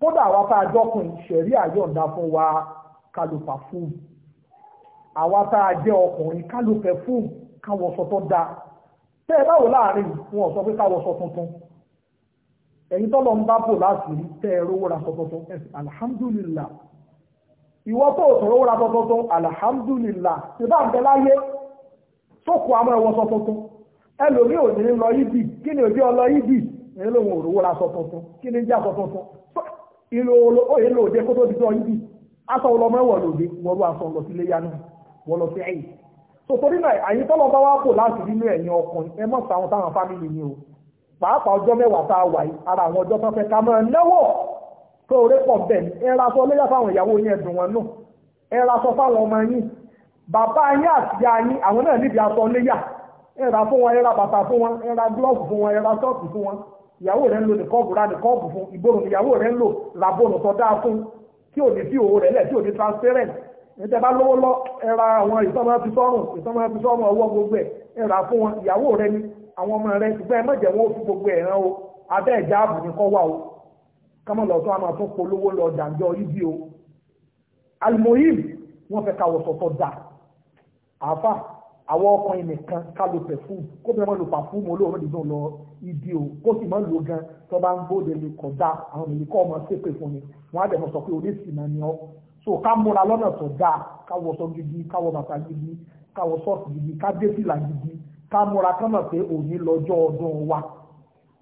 kódà àwa tá a jọkùn ṣẹ̀rí àyọ̀ǹda fún wa ká lo perfume àwa tá a jẹ́ ọkùnrin ká lo perfume ká wọṣọ tó dáa tẹ́ ẹ báwo láàrin wọn sọ pé ká tuntun ẹ̀yin tọ́lọ ń bá bò láti rí tẹ́ ẹ rówó ra tọ́tọ́tọ́ ẹ̀sìn alhamdulillah ìwọ tó tọ́ rówó ra tọ́tọ́tọ́ alhamdulillah ṣe bá ń bẹ láyé sókò àwọn ẹ̀wọ̀ tọ́tọ́tọ́ ẹlòmí ò ní lọ kí ni òjò lọ yídì ní lòun ò rówó aṣọ tuntun kí ni jẹ́ tuntun ìlò òye kó tó di ẹwọ lòdì wọn lọ lọ yanu wọn lọ sí sòtòrí náà àyín tọ́lọ́ bá wá láti nínú o pàápàá ọjọ́ mẹ́wàá tá a ara àwọn ọjọ́ tó fẹ́ ká máa náwó tó pọ̀ bẹ́ẹ̀ ni ẹ ra sọ fáwọn ìyàwó wọn náà ẹ ra sọ fáwọn bàbá yín àti ìyá yín àwọn náà níbi ẹ̀rà fún wọn ẹ̀rà bàtà fún wọn ẹ̀rà glove fún wọn ẹ̀rà sọ́ọ̀tì fún wọn ìyàwó rẹ̀ ń lo nìkọ́ọ̀bù ra nìkọ́ọ̀bù fún ìgbóhùn ìyàwó rẹ̀ ń lo làbọ̀nù tó dáa fún tí ò ní sí òwò rẹ̀ lẹ̀ tí ò ní transparent ẹ̀jẹ̀ bá lówó lọ ẹ̀rà àwọn ìsọmọ́fisọ́rùn ìsọmọ́fisọ́rùn ọwọ́ gbogbo ẹ̀ ẹ̀rà fún wọn ìyàwó rẹ̀ ni àwọn ọmọ rẹ̀ ṣùgbọ́n ẹ má jẹ́ wọn ó fi gbogbo ẹ̀ rán o abẹ́ ẹ̀já àwọn ọkùnrin nìkan ká lo pẹ̀fúm kó bẹ́ẹ̀ máa lo pàfúmù olóòórùn dídùn lọ ibi o kó sì máa lo gan tó bá ń gbóde lè kọjá àwọn èyí kọ́ ọmọ ṣépè fún ni wọ́n á dẹ̀ mọ̀ sọ pé oníṣìí náà ni ọ́ so ká múra lọ́nà tó dáa ká wọ sọ gidi ká wọ bàtà gidi ká wọ sọ́ọ̀sì gidi ká dé fìlà gidi ká múra ká mọ̀ pé òní lọ́jọ́ ọdún wa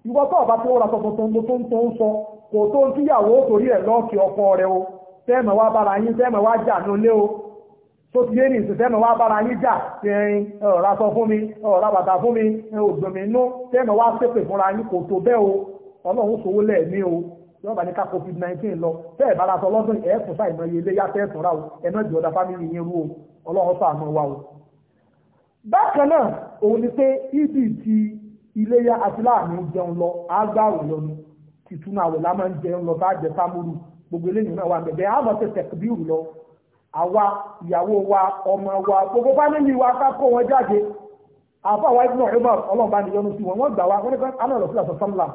ìwọ tó ọba tó rà tọ̀tọ̀ tó ń tó ń tó ń sọ kò tó ń kíyàwó torí ẹ̀ lọ́ọ̀kì tó ti lé ní ìsìtẹ́nà wá bára yín jà ẹ̀rin ọ̀rá sọ fún mi ọ̀rá bàtà fún mi ògbìn mi nú tẹ́nà wá ṣépè fúnra yín kò tó bẹ́ẹ̀ o ọlọ́run sowó lẹ́ẹ̀mí o yọba ní ká covid 19 lọ bẹ́ẹ̀ bára sọ lọ́dún ẹ̀ẹ́sùn sáì mọ iye iléyà tẹ́ẹ̀sùn ra o ẹ̀nà jù ọ̀dà fámìlì yín rú o ọlọ́run sọ àmọ́ wa o. bákan náà òun ni pé ibi ti iléyà àti láàmì jẹun lọ ágbáwò lọnu tìtúnà àwòlá máa ń jẹun lọ bá jẹ sámúrù gbogbo eléyìí náà wà àwa ìyàwó wa ọmọ wa gbogbo fámìlì wa ká kó wọn jáde àfa wa ibùdó ọ̀rẹ́ báwọn ọlọ́ọ̀bá ni yọnu sí wọn wọ́n gbà wá wọ́n ní ká àná lọ sí àṣọ sọ́mùlà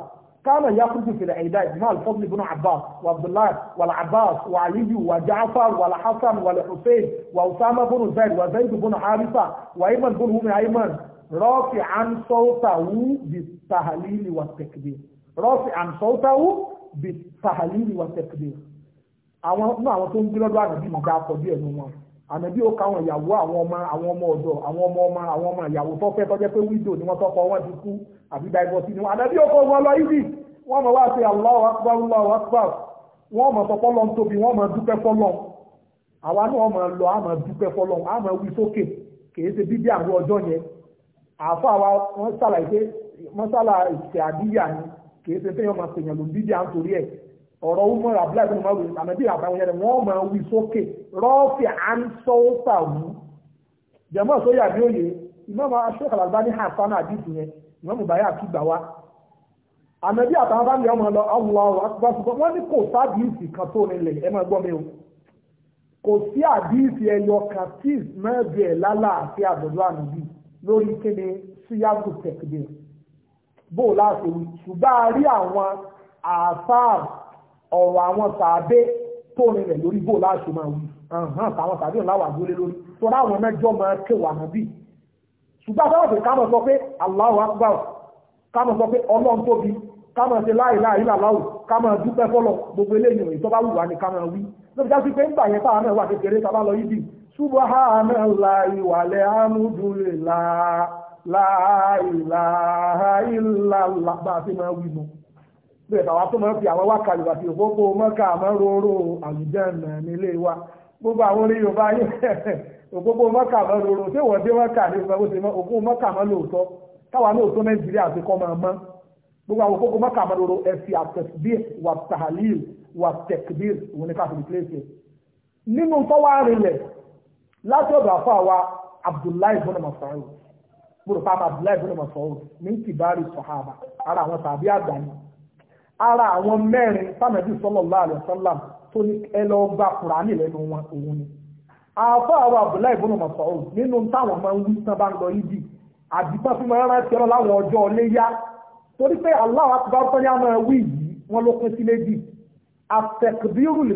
كان يخرج في العيداء مع الفضل بن عباس وعبد الله والعباس وعلي وجعفر والحسن والحسين وأسامة بن زيد وزيد بن حارثة وأيمن بن هم أيمن رافعا صوته بالتهليل والتكبير رافعا صوته بالتهليل والتكبير àwọn nínú àwọn tó ń gbé lọ́dọ̀ ànàbí mo dá akọ díẹ̀ nínú wọn ànàbí ó káwọn ìyàwó àwọn ọmọ àwọn ọmọ ọ̀dọ̀ àwọn ọmọ ọmọ àwọn ọmọ ìyàwó tó fẹ́ tọ́jẹ́ pé wíńdò ni wọ́n tọkọ wọn ti kú àbí dàgbọ́sí ni wọn ànàbí ó kọ wọn lọ ibi wọ́n mọ̀ wá sí Allahu Akbar Allahu Akbar wọ́n mọ̀ sọ fọ́lọ́n tóbi wọ́n mọ̀ dúpẹ́ fọ́lọ́n àwa náà mọ̀ lọ a mọ̀ dúpẹ́ fọ́lọ́n a mọ̀ wí sókè kìí ṣe bíbí àwọn ọjọ́ yẹn àfọ àwa wọ́n sàlàyé mọ́sálà ìṣẹ̀ àdíyà ni kìí ṣe tẹ́yọ̀ máa pèèyàn ló bíbí à ń torí ẹ̀ ọ̀rọ̀ umar abdullahi bin umar bin amadi àbáwọn yẹn wọ́n máa wí sókè rọ́ọ̀fì ansọ́ọ̀sà wù jẹ̀mọ́ sóyà bí òye ìmọ̀mọ́ aṣọ́kà làgbá ní hasan àdìsí yẹn ìmọ̀mọ́ báyà kí gbà wá amadi àtàwọn bá ń yọ ọmọ lọ Allahu akbar wọ́n ní kò sábìsì kan tó nílẹ̀ ẹ máa gbọ́ mi o kò sí àdìsí ẹyọ kan tí ìsìnmẹ́ẹ̀bì ẹ̀ lálàáfíà àdọ̀dọ̀ àmì lórí kíni síyàgò tẹ̀kídẹ̀ bó láti wí ṣùgbọ́n a rí àwọn àfáà ọ̀rọ̀ àwọn tàbí tó rìnrìn lórí bò láṣù máa wù hàn táwọn tàbí òun láwà gbólé lórí tó láwọn mẹ́jọ máa kéwàá náà bì ṣùgbọ́n àtàwọn pé ká mọ̀ sọ pé Allahu Akbar ká mọ̀ sọ pé Ọlọ́run tóbi ká mọ̀ sí láì láì làláwò ká mọ̀ dúpẹ́ fọ́lọ̀ gbogbo eléyìí rẹ̀ ìtọ́ba wù wá ní ká mọ̀ wí ló fi já sí pé ń gbà yẹn la ilaha illallah bá a ti bẹ́ẹ̀ bàbá tó máa ń fi àwọn wákàlù àti òpópó mọ́kà àmọ́ róró àlùjánnà nílé wa gbogbo àwọn orí yorùbá yìí òpópó mọ́kà àmọ́ róró ṣé wọ́n dé mọ́kà ní ìgbà gbèsè òpópó mọ́kà àmọ́ lóòótọ́ táwa lóòótọ́ nàìjíríà ti kọ́ máa mọ́ gbogbo àwọn òpópó mọ́kà àmọ́ róró ẹ fi àtẹ̀síbí wà tàhálíl wà tẹ̀kbír òun ní káfíń pléṣe nínú tọ́wá ara àwọn mẹ́rin sànàbí sallallahu alaihi wasallam tó ní ẹ lọ gba kùránì lẹ́nu wọn òun ni àfọ àwọn Abdullahi ibn Mas'ud nínú táwọn máa ń wí tán bá ń lọ yídì àdìpá fún mẹ́rin rántí ọ̀rọ̀ láwọn ọjọ́ ọléyá torí pé Allahu Akbar tó ní àwọn ẹwí yìí wọ́n ló pín sí méjì àtẹ̀kbírù lè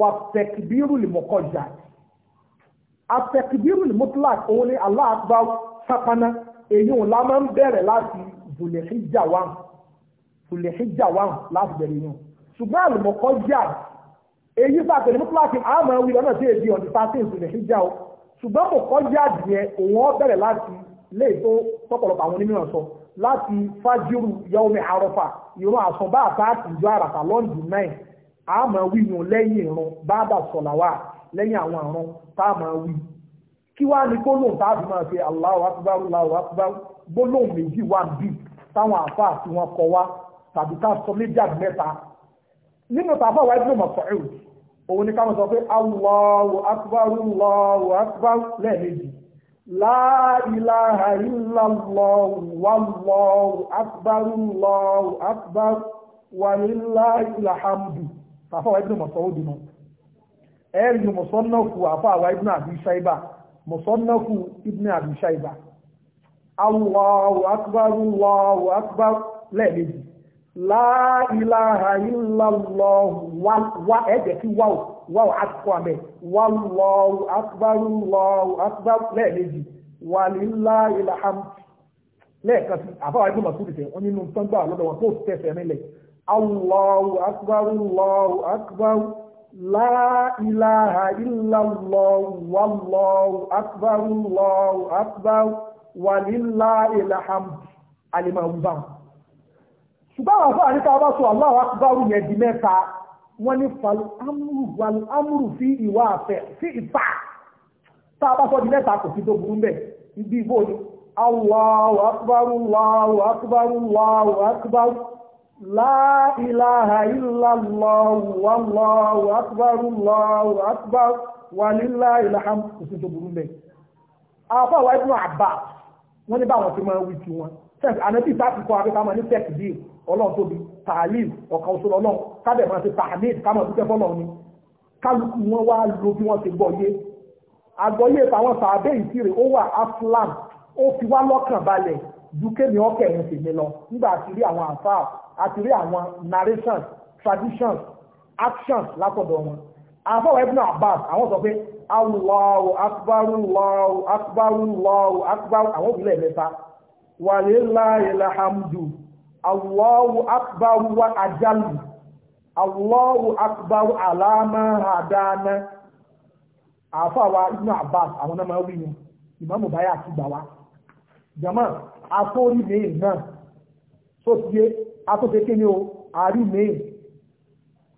wà tẹ̀kbírù lè mọ̀kọ́jà àtẹ̀kbírù òun ni Allahu Akbar sápáná èyí òun la máa ń bẹ̀rẹ̀ láti Dhul Hijjah wà kùlẹ̀ hijja wà láti bẹ̀rẹ̀ yàn ṣùgbọ́n àlùmọ̀kọ́ jà èyí pàtẹ́ ní pàtẹ́ àmọ́ wí lọ́nà tí èdè ọ̀dí pàtẹ́ kùlẹ̀ hijja o ṣùgbọ́n kò kọ́ jà díẹ̀ òun ọ bẹ̀rẹ̀ láti lè tó tọ́pọ̀lọpọ̀ àwọn onímọ̀ sọ láti fájírù yọmi àrọ́fà ìrún àsùnbá àtàkì ìjọ àràfà lọ́ndì náà àmọ́ wí yàn lẹ́yìn ìrún bábà sọ̀làwà lẹ́yìn àwọn àrùn tá a máa wí kí wá ní gbólóhùn tá a fi máa ṣe Allahu akbar Allahu akbar gbólóhùn méjì wà bí táwọn àfáà tí wọ́n kọ wá tàbí ká sọ méjàdì mẹ́ta nínú tàfà wáyé ló mọ̀ sọ̀rọ̀ òun ni káwọn sọ pé Allahu akbar Allahu akbar lẹ́ẹ̀mejì la ilaha illallah wallahu akbar Allahu akbar walillahil hamdu tàfà wáyé ló mọ̀ sọ̀rọ̀ dùnú ẹ̀rì mọ̀sọ́nàkù àfáàwà ibn Abi Shayba mọ̀sọ́nàkù ibn Abi Shayba Allahu akbar Allahu akbar lẹ́ẹ̀mejì La ilaha illallah wa ẹ̀jẹ̀ tí wáwù wáwù àtìkọ́ àmẹ́ wallahu akbar Allahu akbar lẹ́ẹ̀mejì wà nílá lẹ́ẹ̀kan sí ẹgbẹ́ nínú tán gbà lọ́dọ̀ wọn tó tẹ̀sẹ̀ wà nílá ṣùgbọ́n àwọn afọ àríkà bá sọ Allahu yẹn di mẹ́ta wọ́n ní amúrù fi ìwà àfẹ́ sí ìfà tá a bá sọ di mẹ́ta kò sí tó burú mbẹ́ ibi ìbò ni la ilaha illallah kò sí tó burú mbẹ́ àwọn àwọn tẹ́sí ànábì bá ti kọ́ abẹ́ká máa ní tẹ́sí bíi ọlọ́run tóbi tààlì ọ̀kan òṣèlú ọlọ́run kábẹ̀ máa ti tààmìd kámọ̀ dúpẹ́ fọ́lọ́run ni kálukú wọn wá lo bí wọ́n ti gbọ́yé àgbọ́yé táwọn sàábẹ́ ìtìrè ó wà aflam ó fi wá lọ́kàn balẹ̀ ju kémi ọkẹ̀ yẹn sì mi lọ nígbà àti rí àwọn àfáà àti rí àwọn narrations traditions actions látọ̀dọ̀ wọn àfọwọ́ ẹ̀bùn Abbas àwọn sọ pé Allahu akbar Allahu akbar Allahu akbar àwọn òbí lẹ́ẹ̀mẹ́ta walillahi alhamdu allahu akbar wa ajalu allahu akbar alama hadana àfàwà ibn abbas àwọn náà máa wí ni ìmáàmù báyà ti gbà wá jama àtórí mail náà tó ti yé atókèké ni o àárí mail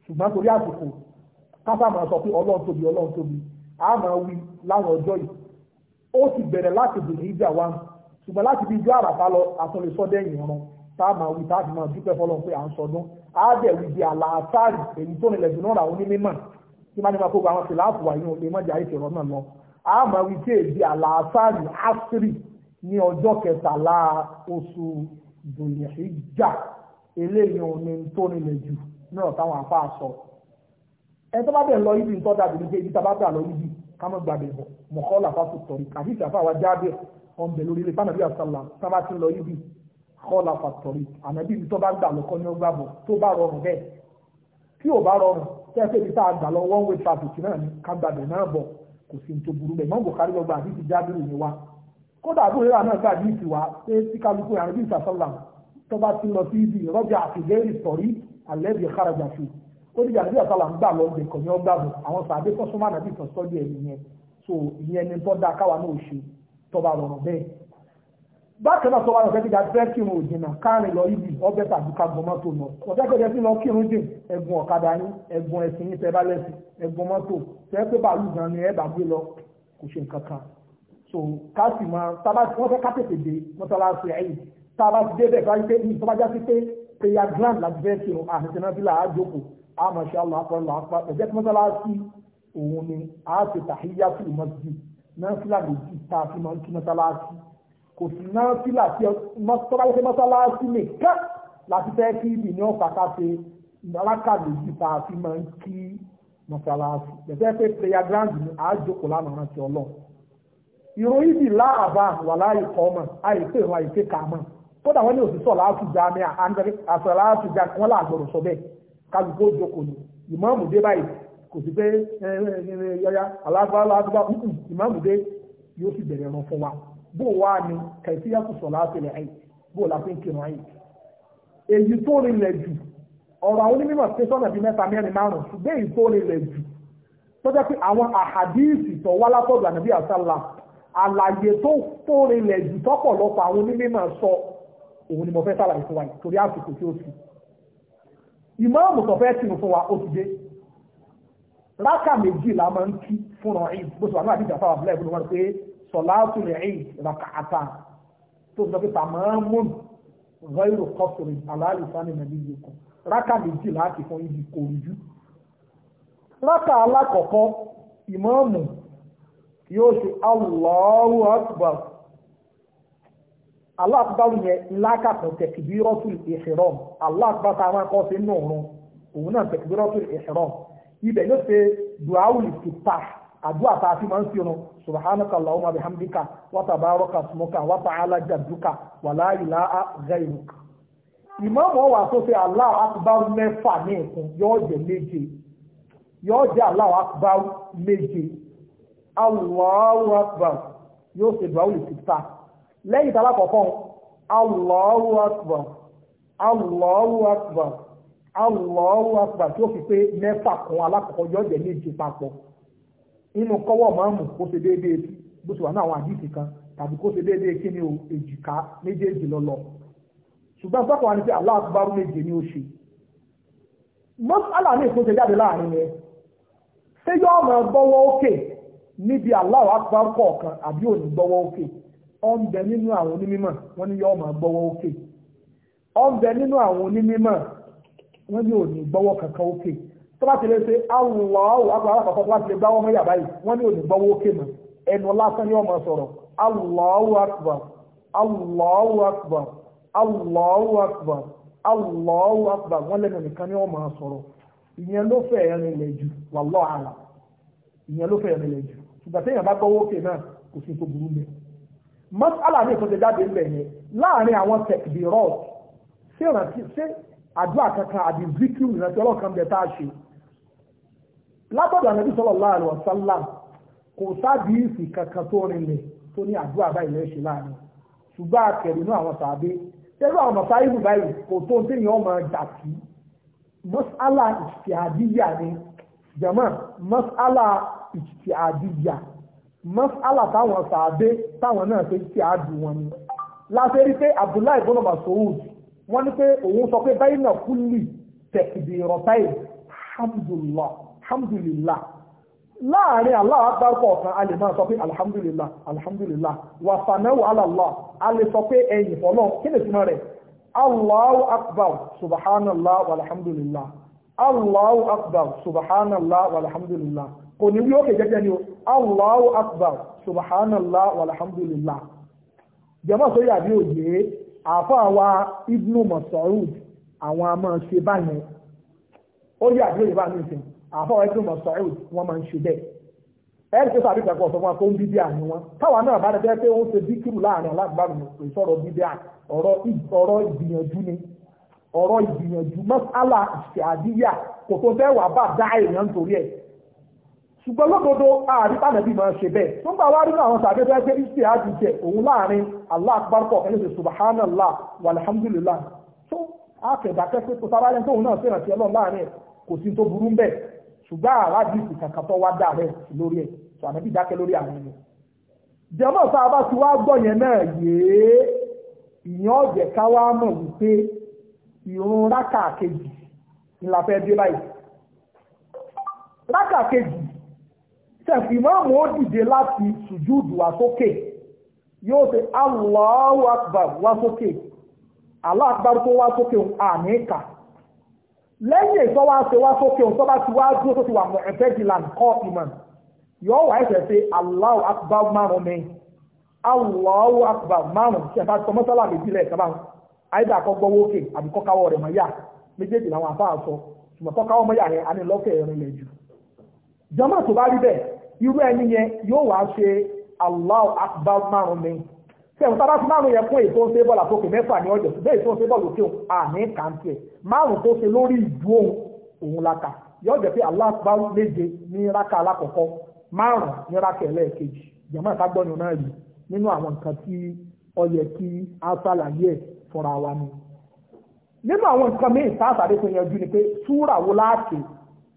ṣùgbọ́n torí àsìkò káfà máa sọ pé ọlọ́run tóbi ọlọ́run tóbi a máa wí láwọn ọjọ́ yìí ó bẹ̀rẹ̀ láti ìjà wa ṣùgbọ́n láti bí ijó àràbá lọ àtúnlẹ̀sọ́ dẹ́yìn ọ̀run tá a máa wí tá a fi máa dúpẹ́ fọlọ́n pé à ń sọdún á dẹ̀ wí di àlàáfáàrì èyí tó nílẹ̀ dùn náà ní mímọ̀ tí má ní máa kókò àwọn fìlà àfùwà yìí lè mọ́jà ètò ọ̀rọ̀ náà lọ á máa wí tí èdè àlàáfáàrì ásírì ní ọjọ́ kẹtàlá oṣù dùnìyà eléyìí òní tó nílẹ̀ jù náà táwọn àfáà sọ ẹ tó bá bẹ̀ lọ ibi ìtọ́jà bìí kámọ́ gbàgbé bọ̀ mọ̀kọ́lá fásitì tọ̀rí àfihàn àfáwà jáde ọ̀nbẹ̀ lórí ilé fánàbí àsálà sábà ti lọ ibi kọ́lá fàtọ̀rí ànábì ní tó bá gbà lọ́kọ́ ní ọgbà bọ̀ tó bá rọrùn bẹ́ẹ̀ tí ò bá rọrùn tẹ́ẹ̀fẹ́ ibi tá a gbà lọ one way traffic náà ní kágbàdé náà bọ̀ kò sí tó burú bẹ́ẹ̀ mọ́ngò kárí lọ́gbà àbí ti jáde òní wa kódà àbúrò rẹ̀ náà gbàdí ìtì wa pé tí kálukú ó ní yàrá àtàlà ń gbà lọ ibẹ̀ kọ̀ ní ọgbà àwọn sàdé kan súnmọ́ àdàbí kan sọ́jú ẹ̀mí yẹn so ìyẹn ni tó dáa káwa náà ṣe tọba rọrùn bẹ́ẹ̀. bákan náà tọba rọrùn kẹ́kẹ́ fẹ́ kírun òjìnà káàrin lọ ibi ọbẹ̀ tàbí ká gbọ́n mọ́tò lọ ọ̀tẹ́ kẹ́kẹ́ sí lọ kírun dè ẹ̀gbọ́n ọ̀kadà yín ẹ̀gbọ́n ẹ̀sìn yín tẹ́bá lẹ́sìn ẹ̀gbọ́n mọ́tò tẹ́ pé bàálù so ká sì máa tábà wọ́n fẹ́ ká tètè dé mọ́tàláṣí ẹ̀yìn tábà dé bẹ́ẹ̀ ká rí pé ní ìtọ́bájá sí pé prayer ground àmọ̀ṣẹ́ aláàpọ̀lọ́ apá ẹ̀jẹ̀ tí mọ́sálásí òun ni a ti tàhíyá sí ìmọ̀sí náfìlà méjì tá a fi máa ń kí mọ́sálásí kò sí náfìlà tí mọ́sálásí mọ́sálásí nìkan láti fẹ́ kí ibì ní ọ̀fà káfẹ́ rákà méjì tá a fi máa ń kí mọ́sálásí ẹ̀jẹ̀ pé prayer ground ni a jókòó lánàá rántí ọlọ́run ìròyìn bíi láàbà wà láàyè kọ́ mọ̀ àìpé ìrọ̀ àìpé kà mọ̀ kódà wọ́n ní òṣìṣọ́ láàtújà ní àṣẹ láàtújà kí wọ́n láàgbọ̀rọ̀ sọ bẹ́ẹ̀ kálukó jókòó ni ìmáàmù dé báyìí kò sí pé yọya alágbára àdúgbà ìmáàmù dé yóò sì bẹ̀rẹ̀ ẹ̀rọ fún wa bó wà ní kẹ̀síyàtù sọ̀lá àtẹlẹ̀ àyè bó la fi ń kírun àyè èyí tó rinlẹ̀ jù ọ̀rọ̀ àwọn onímọ̀ ṣe sọ́nà bíi mẹ́ta mẹ́rin márùn-ún ṣùgbọ́n èyí tó rinlẹ̀ jù tó jẹ́ pé àwọn àhàdíìsì tó wá látọ̀dọ̀ ànábì àṣàlà àlàyé tó tó rinlẹ̀ jù tọ́pọ̀lọpọ̀ àwọn onímọ̀ sọ òun ni mo fẹ́ sàlàyé fún wa torí àsìkò tí ó sì ìmáàmù tó fẹ́ sínú fún wa ó ti dé rákà méjì la máa ń kí fúnra ẹ̀yìn bó ṣe wà náà àdìjà fáwọn abúlé ìbúdó wọn pé sọ̀láàtù rẹ̀ ẹ̀yìn rákà àtà tó sọ pé tàmámùn ghayru qasrin aláàlú sani nàbí yìí kan rákà méjì láti fún ibi kò rújú rákà alákọ̀ọ́kọ́ ìmáàmù yóò ṣe Allahu akbar aláàbáwò yẹn lákàtọ̀ tẹ̀kìbírọ́tù ìṣẹ̀rọ̀m aláàbáta wọn kọ́ sí inú òun òun náà tẹ̀kìbírọ́tù ìṣẹ̀rọ̀m ibẹ̀ ló ṣe duawul fita àdúrà tá a fi máa ń fìrun subhanaka allahumma bihamdika wa tabaraka smuka wa ta'ala jadduka wa la ilaha ghayruka ìmọ̀mọ̀ wà tó ṣe Allahu akbar mẹ́fà ní ìkún yóò jẹ́ méje yóò jẹ́ Allahu akbar méje Allahu akbar yóò ṣe duawul fita lẹ́yìn tàbá kọ̀ọ̀kan Allahu Akbar Allahu Akbar Allahu Akbar tí ó fi pé mẹ́fà kan alákọ̀ọ́kọ́ yọ jẹ́ méje papọ̀ inú kọ́wọ́ mọ́ọ̀mù kó ṣe náà àwọn kan tàbí kó ṣe kí ni o èjìká méjèèjì lọ́lọ́ ṣùgbọ́n sọ́kọ̀ wa ni pé méje ni ó ṣe mọ́sálà ní jáde láàrin ṣé gbọ́wọ́ òkè níbi kọ̀ọ̀kan àbí gbọ́wọ́ òkè ọ̀nbẹ nínú àwọn onímọ̀ wọ́n ní yóò máa gbọ́wọ́ òkè ọ̀nbẹ nínú àwọn onímọ̀ wọ́n ní ò ní gbọ́wọ́ kankan òkè tó bá ti lè ṣe àwọn ọ̀wọ́ alákọ̀ọ́kọ́ tó bá ti lè gbáwọ́ mọ́yà báyìí wọ́n ní ò ní gbọ́wọ́ òkè mọ́ ẹnu lásán ni wọ́n máa sọ̀rọ̀ Allahu akbar Allahu akbar Allahu akbar Allahu akbar wọ́n lẹ́nu ni wọ́n máa sọ̀rọ̀ ìyẹn ló fẹ́ ẹ̀rìnlẹ̀ mọ́sálà ní ìtọ́jú jáde ńlẹ̀ yẹn láàrin àwọn tẹ̀kìdìrọ́ọ̀t ṣé ìrántí ṣé àdúrà kankan àbí zikiru ìrántí ọlọ́kan bẹ̀ tá a ṣe látọ̀dọ̀ ànábì sallallahu alaihi wasallam kò sábìísì kankan tó rinlẹ̀ tó ní àdúrà báyìí lẹ́ṣẹ̀ láàrin ṣùgbọ́n akẹ̀rì inú àwọn sàbí ẹgbẹ́ àwọn ọ̀nà sáyébù báyìí kò tó ń téèyàn ọmọ jà sí mọ́sálà ìtìtì àdíyà ni jàmọ́ mọ́sálà ìtìtì àdíyà mọ́sálà táwọn sàábé táwọn náà ṣe ti àádùn wọn ni láti rí pé Abdullahi ibn Mas'ud wọ́n ní pé òun sọ pé báyìí náà kúlì tẹ̀kìdì ìrọ̀táì hamdulillah hamdulillah láàrin Allahu Akbar kọ̀ọ̀kan a lè máa sọ pé alhamdulillah alhamdulillah wà sànáwó alàlá a lè sọ pé ẹ̀yìn fọlọ́ kí ni túmọ̀ rẹ̀ Allahu Akbar subhanallah walhamdulillah Allahu Akbar subhanallah walhamdulillah kò ní wí òkè jẹ́jẹ́ ni o Allahu akbar subhanallah walhamdulillah jẹ́mọ́ sórí àbí òye àfọ́ ibnu Mas'ud àwọn a máa ṣe báyẹn ó yẹ àbí òye bá mi àfọ́ àwa ibnu Mas'ud wọ́n máa ń ṣe bẹ́ẹ̀ ẹ̀rí tó sàbí sọ fún wa tó ń bíbí àní wọn táwa náà bá dẹ́gbẹ́ pé ó ń ṣe díkìrù láàrin alágbàrún òṣèré bíbí ọ̀rọ̀ ìgbìyànjú ni ọ̀rọ̀ ìgbìyànjú mọ́sálà kò tó fẹ́ wà bá ṣùgbọ́n lódodo àríkà nàbí máa ṣe bẹ́ẹ̀ tó ń bá wá rí àwọn sàbẹ́ tó ẹgbẹ́ ìṣe òun láàrin allah akbar pọ̀ ẹni ṣe subhanallah walhamdulillah tó àkẹ́dà kẹ́kẹ́ tó sábà lẹ́nu tóun náà ṣe ìrántí ọlọ́run láàrin kò sí tó burú bẹ́ẹ̀ ṣùgbọ́n àràdì ìkàkàn tó wá dà rẹ̀ lórí ẹ̀ tó ànábì dákẹ́ lórí àwọn ẹni. jẹ́mọ̀ tá a bá ti wá gbọ́ yẹn náà yéé ìyẹn ọ̀jẹ̀ ká wá wípé ìrun rákà kejì ńlá fẹ́ dé báyìí rákà kejì sẹ̀fì ìmáàmù ó dìde láti asoke wá sókè yóò ṣe Allahu Akbar wá sókè Allahu tó wá sókè àmì ìkà lẹ́yìn ìsọ́ wá sókè òun ti wá dúró tó ti wà mu'tajilan qa'iman yóò wá ẹ̀sẹ̀ ṣe Allahu Akbar márùn mi Allahu Akbar márùn ṣe àbá sọ mọ́sálà méjì lẹ́ẹ̀kan báwọn àìdá kọ́ gbọ́wọ́ òkè àbí kọ́káwọ́ rẹ̀ mọ́ yá méjèèjì iru ẹni yẹn yóò wá ṣe márùn mi sẹ́wọ̀n a márùn yẹn fún èyí tó ń ṣe bọ́ọ̀lù àfọkè mẹ́fà ní ọjọ́ bẹ́ẹ̀ tó ń ṣe bọ́ọ̀lù òkè òun àní kàǹtì ẹ̀ márùn tó ṣe lórí ìdú òun òun la kà yóò jẹ́ pé Allahu Akbar méje ní rákà alákọ̀ọ́kọ́ márùn ní rákà ẹlẹ́ẹ̀kejì jẹ̀mọ́ náà nínú àwọn nǹkan tí yẹ kí ẹ̀ fúnra wa ni nínú àwọn nǹkan míì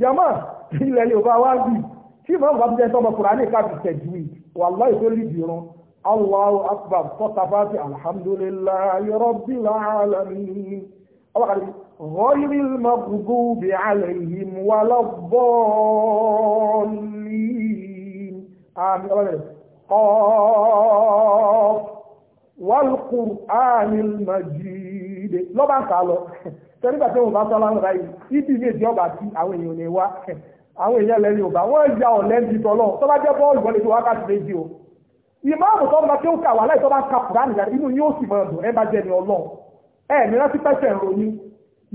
jama ilẹ̀ yorùbá wá bì tí màmú bá bíjẹ́ tọ́mọ kùránì káàpì tẹ̀jú yìí wàláhì tó lè dìrún Allahu akbar tọ́ta bá ti alhamdulillahi rabbil alamin ọlọ́kàdé rọ́ìrì mọ́gbùgbù bí alayhim wà lọ́bọ̀ọ́lì àmì ọlọ́rẹ̀ ọ̀ọ́ wal Qur'anil majid lọ́bàǹkà lọ tẹ́lifà tí wọ́n bá sọ́lá ń ra yìí ibi ilé ìdí ọba tí àwọn èèyàn lè wá àwọn èèyàn lẹ́ni ọba wọ́n ya ọ̀lẹ́ ń bitọ̀ lọ tó bá jẹ́ bọ́ọ̀lù wọlé tó wákàtí méjì o ìmáàmù tó ń bá tí ó kà wà láì tó bá ń ka kùrá nìyà inú yóò sì mọ̀ ẹ̀dùn ẹ bá jẹ́ ni ọlọ́run ẹ ní rántí pẹ́sẹ̀ ń ronyìn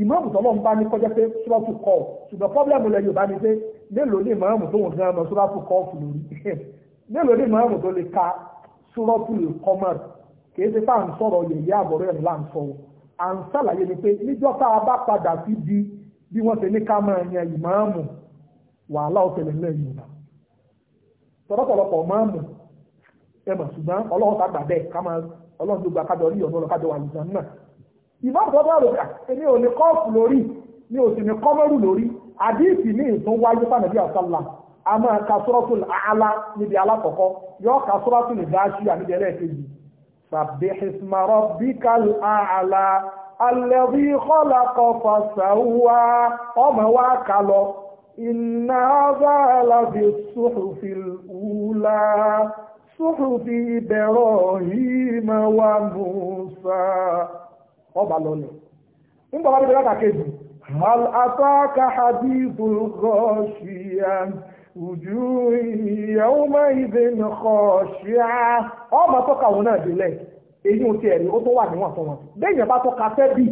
ìmáàmù tó lọ́n bá ní kọjá pé súrọ́tù kọ́ ṣùgbọ́n pọ́blẹ́mù lẹ́yìn ọba ni pé mélòó ní ìmáàmù tó wọ̀n gan-an súrọ́tù kọ́ fún lórí mélòó à ń ṣàlàyé ni pé níjọ́ tá a bá padà sí di bí wọ́n ṣe ní ká máa yan ìmáàmù wàhálà ọ̀sẹ̀lẹ̀ ńlẹ̀ yorùbá tọ́lọ́pọ̀lọpọ̀ máàmù ẹ̀mọ̀ ṣùgbọ́n ọlọ́run tàgbà bẹ́ẹ̀ ká máa ọlọ́run tó gba kájọ rí ọ̀nà ọlọ́kájọ wà lùsàn náà ìmáàmù tó bá rò kà èmi ò ní kọ́ọ̀fù lórí mi ò sì ní kọ́mọ́rù lórí ní ìtún wáyé fànàbí ka sọ́rọ́tù níbi alákọ̀ọ́kọ́ yọ sọ́rọ́tù níbi سبح اسم ربك الأعلى الذي خلق فسوى ọmọ wa kà lọ إن هذا لفي الصحف الأولى صحف إبراهيم وموسى ọba lọ ni ń bọ̀ bá dé bẹ́ẹ̀ kàkéjì hal ataka hadithul ghashiya ojú ìyàwó máa ìdè nìkọ̀ ṣe á ọmọ tó kàwọn náà délẹ̀ èyí ò ti ẹ̀rí ó tó wà níwọ̀n tó wọn lẹ́yìn bá tó ka fẹ́bì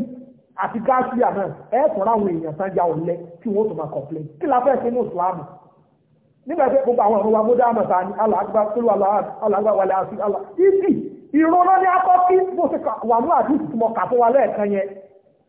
àti gáàsìyà náà ẹ tún ráwọn èèyàn tán já òun lẹ kí wọn ó tún máa complain kí la fẹ́ ṣe ní ìsìlámù nígbà tí gbogbo àwọn ọ̀rọ̀ wa mọ́dá àmọ̀ ta ni alágbá kílò alágbá wàlẹ̀ àti alá ìdí ìrora ní akọ́kí bó ṣe wà ní àdúgbò tí mo kà fún wa lẹ́ẹ̀kan yẹn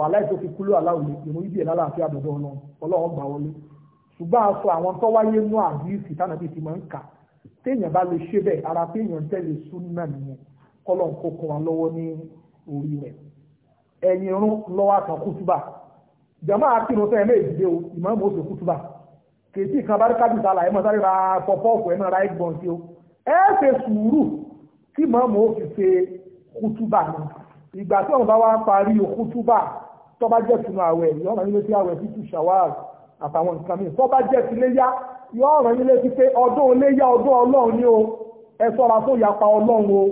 wàhálà ètò fi kúlò aláwòye ìrún ibi ìlànà àti àdọ̀dọ̀ ọ̀nà ọlọ́run gbà wọlé ṣùgbọ́n aṣọ àwọn tó wáyé nú àdìsí tánà bíi ti máa ń kà téèyàn bá lè ṣe bẹ́ẹ̀ ara téèyàn tẹ̀lé súnà nìyẹn kọ́lọ̀ ń kókun wa lọ́wọ́ ní orí rẹ̀ ẹ̀yìn irun lọ́wọ́ àtàn kútúbà jàmọ́ akínú tẹ́ ẹ méjìdé o ìmáàmù oṣù kútúbà kèétí kan bá rí kábíyèsí o ẹ ṣe sùúrù kí ìmáàmù ó fi ṣe kútúbà náà ìgbà tí wọn bá wá parí kútúbà tó bá jẹ́ sínú àwẹ̀ yóò ràn yín létí àwẹ̀ títú ṣàwáàrù àtàwọn nǹkan mi tó bá jẹ́ sí léyá yóò ràn yín létí pé ọdún léyá ọdún ọlọ́run ni o ẹ sọ́ra tó yapa ọlọ́run o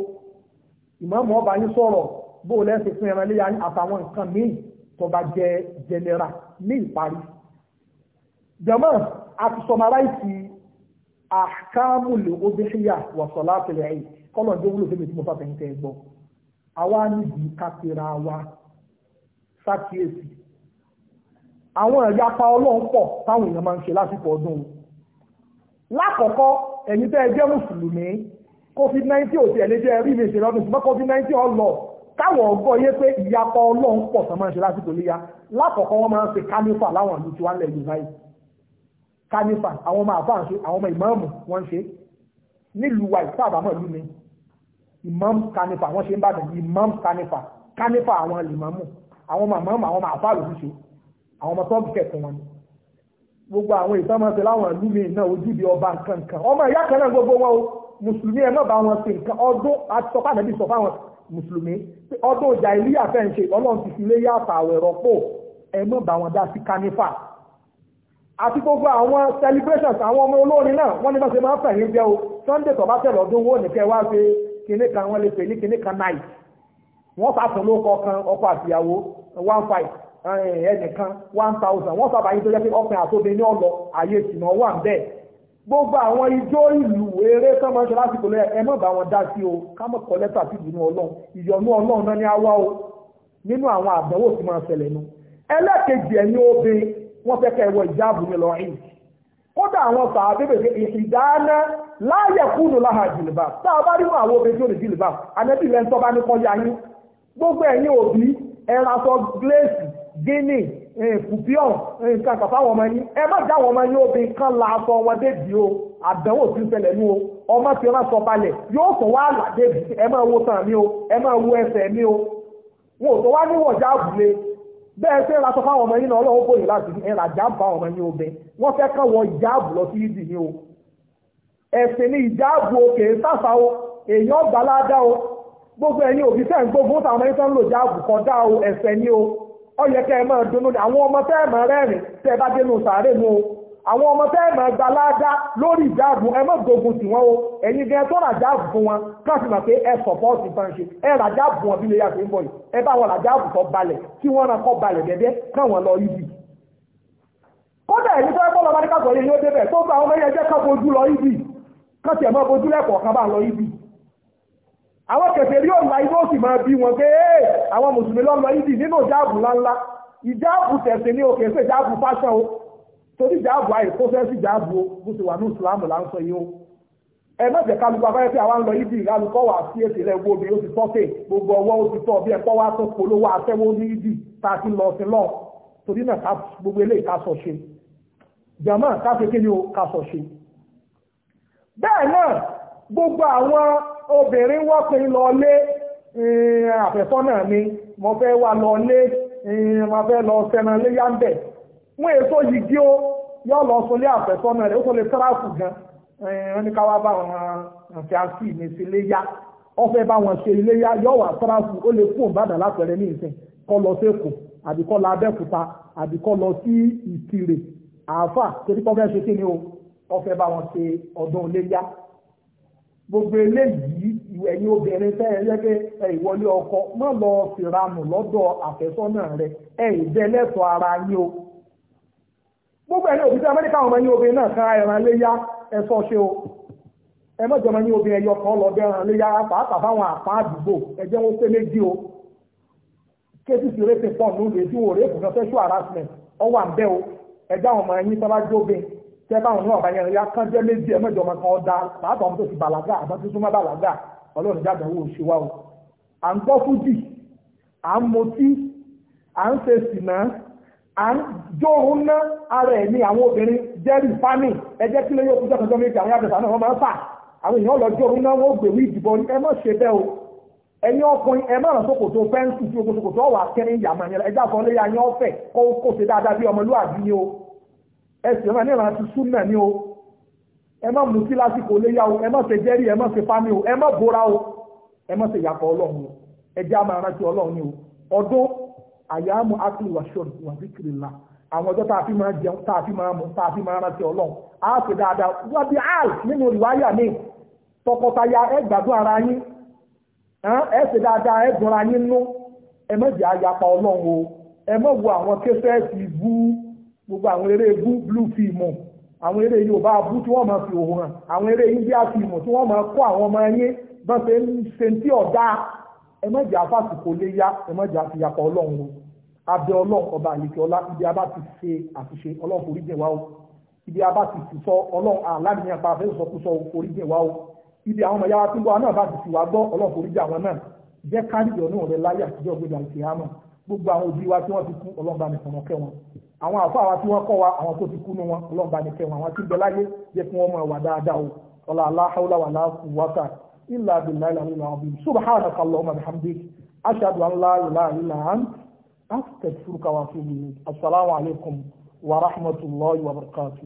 ìmọ̀ọ́mọ́ ọba yín sọ̀rọ̀ bó o lẹ́sìn fún ẹran léyá àtàwọn nǹkan mi tó bá jẹ́ general ní ìparí jẹ̀mọ́ àti àkàmùlẹ̀ obìnrin wà sọ̀lá àtẹlẹ́yìn kọ́lọ̀ ń sákìyèsí àwọn ìyapa ọlọ́run pọ̀ táwọn èèyàn máa ń ṣe lásìkò ọdún lákọ̀ọ́kọ́ ẹ̀yin tẹ́ ẹ jẹ́ mùsùlùmí covid-19 ò tiẹ̀ lè jẹ́ rí mi ṣe lọ́dún ṣùgbọ́n covid-19 ọlọ káwọn ọgbọ́ yé pé ìyapa ọlọ́run pọ̀ tán máa ń ṣe lásìkò léyà lákọ̀ọ́kọ́ wọ́n máa ń ṣe kánífà láwọn ìlú tí wọ́n ń lẹ̀ yorùbá yìí kánífà àwọn ọmọ àfáà ń ṣe àwọn ọmọ ìmáàmù wọ́n ń ṣe nílùú wa ìsáàbàmọ̀ ìlú mi imam kanifa wọ́n ṣe ń bàdàn imam kanifa kanifa àwọn limamu àwọn ọmọ àmọ́ àwọn ọmọ àfáà lòdì ṣe àwọn ọmọ tọ́ọ̀bù kẹ̀kọ́ wọn ni gbogbo àwọn ìtọ́mọ̀sẹ̀ láwọn ìlú mi náà ojúde ọba nǹkan kan ọmọ ìyá kan náà gbogbo wọn o mùsùlùmí ẹ̀ má bá wọn ṣe nǹkan ọdún àtọ́pá nàbí sọ fáwọn mùsùlùmí ọdún ìjà ilé àfẹ́ ń ṣe ọlọ́run ti fi lé yàtọ̀ àwẹ̀ rọ́pò ẹ̀ má bá wọn dá sí kánífà àti gbogbo àwọn celebrations àwọn ọmọ olórin náà wọ́n ní bá ṣe máa ń fẹ̀yìn jẹ́ o Sunday tó bá tẹ̀ lọ́dún wo nìkẹ́ wá ṣe kinní kan wọ́n lè pè ní kinní kan night wọ́n sàtún ló kọ kan ọkọ àtìyàwó one five eh, ẹnìkan one thousand wọ́n sábà yí tó jẹ́ pé ọkùnrin àtòbí ní ọlọ ààyè ìsìnà wà ń bẹ́ẹ̀ gbogbo àwọn ijó ìlú eré sọmọ ṣe lásìkò lẹ ẹ mọ bá wọn dá sí o ká mọ kọ lẹ́tà sí ìdùnnú Ọlọ́run ìyọnú Ọlọ́run náà ní àwa o nínú àwọn àdánwò tí máa ṣẹlẹ̀ nu ẹlẹ́kejì ẹ̀yìn obìnrin wọ́n fẹ́ kẹ́ ẹ̀wọ̀ ìjáàbù mi lọ rìn kódà àwọn sàábé bèbè ìdáná láàyè kúnnù láhà jìlìbà tá a bá rí mọ àwọn obìnrin tí ó ní jìlìbà ànẹ́bí rẹ̀ ń tọ́ bá ní kọ́ yá yín gbogbo ẹ̀yin òbí ẹ̀rọ aṣọ gíléèsì gíní pùpíọ̀n nǹkan kàfáwọn ọmọ yín ẹ má jáwọn obìnrin kan la aṣọ wọn o àdánwò tí ń ṣẹlẹ̀ nú o ọmọ tí wọn sọ balẹ̀ yóò sọ wá àlàdé ẹ máa wo tàn mí o ẹ máa wo ẹsẹ̀ mí o wọn ò sọ wá níwọ̀n já àbúlé bẹ́ẹ̀ ṣe fáwọn ni o ni ìjáàbù o o èèyàn gbogbo ẹ̀yin òbí tẹ́ ń gbogbo táwọn ẹni tó lò já àbùkọ́ dá o ni o ọ yẹ kẹ́ ẹ máa dunnú ni àwọn ọmọ tẹ́ máa rẹ́rìn tẹ́ ẹ bá dénú sàárè o àwọn ọmọ tẹ́ máa gba láàdá lórí ẹ tì wọ́n o ẹ̀yin ẹ sọ̀pọ́ọ̀tì bá ń ṣe ẹ rà bí lè ń bọ̀ ẹ bá wọn rà balẹ̀ kí wọ́n kọ́ balẹ̀ ẹni tó àwọn kẹfẹ́ rí ọ̀la inú òsì máa bí wọn pé àwọn mùsùlùmí lọ́lọ́ ìdí nínú ìjáàbù ńláńlá ìjáàbù tẹ̀sí ní òkè sí ìjáàbù fáṣọ o torí ìjáàbù ayè kó fẹ́ sí ìjáàbù o bó ti wà ní ìsìlámù là ń sọ yìí o ẹ má jẹ́ kálukú abáyé pé àwa ń lọ ìdí ìránukọ́ wà sí èsì rẹ̀ gbogbo ó ti tọ́kè gbogbo ọwọ́ ó ti tọ́ bí ẹ̀kọ́ wá tó polówó afẹ́wó ní ìdí tá a ti lọ sí lọ torí náà ká gbogbo eléyìí ká sọ ṣe jàmáà ká fi kí ni o ká sọ obìnrin wọ́n pe lọlé eh, àfẹ́fọ́nà mi mo fẹ́ wà lọlé eh, mo fẹ́ lọ sẹ́ran léyà ń bẹ̀ wọ́n èso yìí gí ó yọ́ lọ sọlé àfẹ́fọ́nà rẹ̀ ó tó lè sáráàfù gan eh, wọ́n ní ká wá bá wọn àti àti ìmísí léyà ọfẹ́ bá wọn ṣe iléyà yọ́ wà sáráàfù ó lè fún Ìbàdàn lápẹ̀rẹ̀ ní ìsìn kọ́ lọ sí Èkó àbí kọ́ lọ Abẹ́òkúta àbí kọ́ lọ sí Ìkirè àáfà torí pọ́fẹ́ ṣe kí ni o ọfẹ́ bá wọn ṣe ọdún iléyà gbogbo eléyìí ẹ̀yin obìnrin tẹ́ ẹ lẹ́gbẹ́ ẹ ìwọlé ọkọ má lọ fìranù lọ́dọ̀ àfẹ́sọ́nà rẹ ẹ ìdẹ́lẹ́tọ̀ ara yín o. gbogbo ẹ̀yin òbí tí amẹ́ríkà ọmọ yín obìnrin náà kan ẹran léyá ẹ sọ ṣe o. ẹ mọ̀jọ̀ ọmọ yín obìnrin ẹyọ kan lọ́dọ̀ ẹran léyá pàápàá fáwọn àpá àdúgbò ẹjẹ́ wọn pé méjì o. kéésì sì rẹ́sìn pọ̀ nínú ìdíwọ̀ rẹ́sìn kan sexual harassment ọwọ́ àbẹ́ o ẹ̀dá ọmọ yín sábà tẹ́ báwọn náà yẹn ya kán jẹ́ méjì ẹ̀mẹ́jọ ọmọ kan ọ̀dà pàápàá ọmọ tó ti bàlágà àmọ́ tó súnmọ́ bàlágà ọlọ́run jáde owó ṣe wá o à ń gbọ́ fújì à ń mutí à ń ṣe sìnà à ń jó ohun ná ara ẹ̀ ní àwọn obìnrin jẹ́rìí fámì ẹjẹ́ kílé yóò fújọ́ kan jọ méjì àwọn yàtọ̀ sànà wọn máa ń fà àwọn èèyàn lọ jó ohun ná wọn ó ìdìbò ẹ má ṣe bẹ́ẹ̀ o ẹni ọkùnrin ẹ má lọ sókòtò fẹ́ǹsì tí ogun sókòtò ọ̀wà kẹrin ìyàmọ̀ ẹ̀yẹn ẹjá kan léyà yẹn ọ̀fẹ́ kó ṣe dáadáa bí ọmọlúwàbí ni o ẹsẹ̀ máa nílànà ti súnà ní o ẹ má mú sí lásìkò léyà o ẹ má ṣe jẹ́rí ẹ má ṣe fámi o ẹ má bóra o ẹ má ṣe yàpọ̀ ọlọ́run o ẹ jẹ́ àmà rántí ọlọ́run ni o ọdún àyàmú ápìlì wàṣọ́ọ̀nù wà síkìrì ńlá àwọn ọjọ́ tá a fi máa jẹun tá a fi máa mú tá a fi máa rántí ọlọ́run á ṣe dáadáa wá bí al nínú ìwáyà mi tọkọtaya ẹ gbádùn ara yín ẹ ṣe dáadáa ẹ dùnra yín nú ẹ má jẹ́ àyàpọ̀ ọlọ́run o ẹ má wo àwọn kẹsẹ́ẹ̀sì bú gbogbo àwọn eré blue film àwọn eré yorùbá abú tí wọ́n máa fi òun hàn àwọn eré india film tí wọ́n máa kó àwọn ọmọ ẹyẹ bá ṣe ń ṣe tí ọ̀dá ẹmọ́jà fásitì lè yá ẹmọ́jà ti yàpọ̀ ọlọ́run o abẹ́ ọlọ́run ọba àlejò ọlá ibi abá ti ṣe àṣìṣe ọlọ́run forí jìn wá o ibi abá ti ti sọ ọlọ́run aláàbíyàn pa afẹ́ ìsọkúsọ forí jìn wá o ibi àwọn ọmọ yàrá tí ń bọ́ náà bá ti ti wá gbọ́ ọlọ́run forí jìn àwọn náà jẹ́ káàdì àwọn àfa àwa tí wọ́n kọ́ wa àwọn tó ti kú nu wọn ọlọ́run bá ní kẹ́ wọn àwọn tí ń bẹ láyé jẹ́ kí wọ́n mọ̀ wà dáadáa o ọlá aláhàwùlà wà láàkú wákà ilà abilà ilà ilà ọbí subahana kàlọ́ ọmọ alhamdi ashadu anla ilà ilà an astaghfiruka wa atubu ilayk assalamu alaikum wa rahmatullahi wa barakatuh.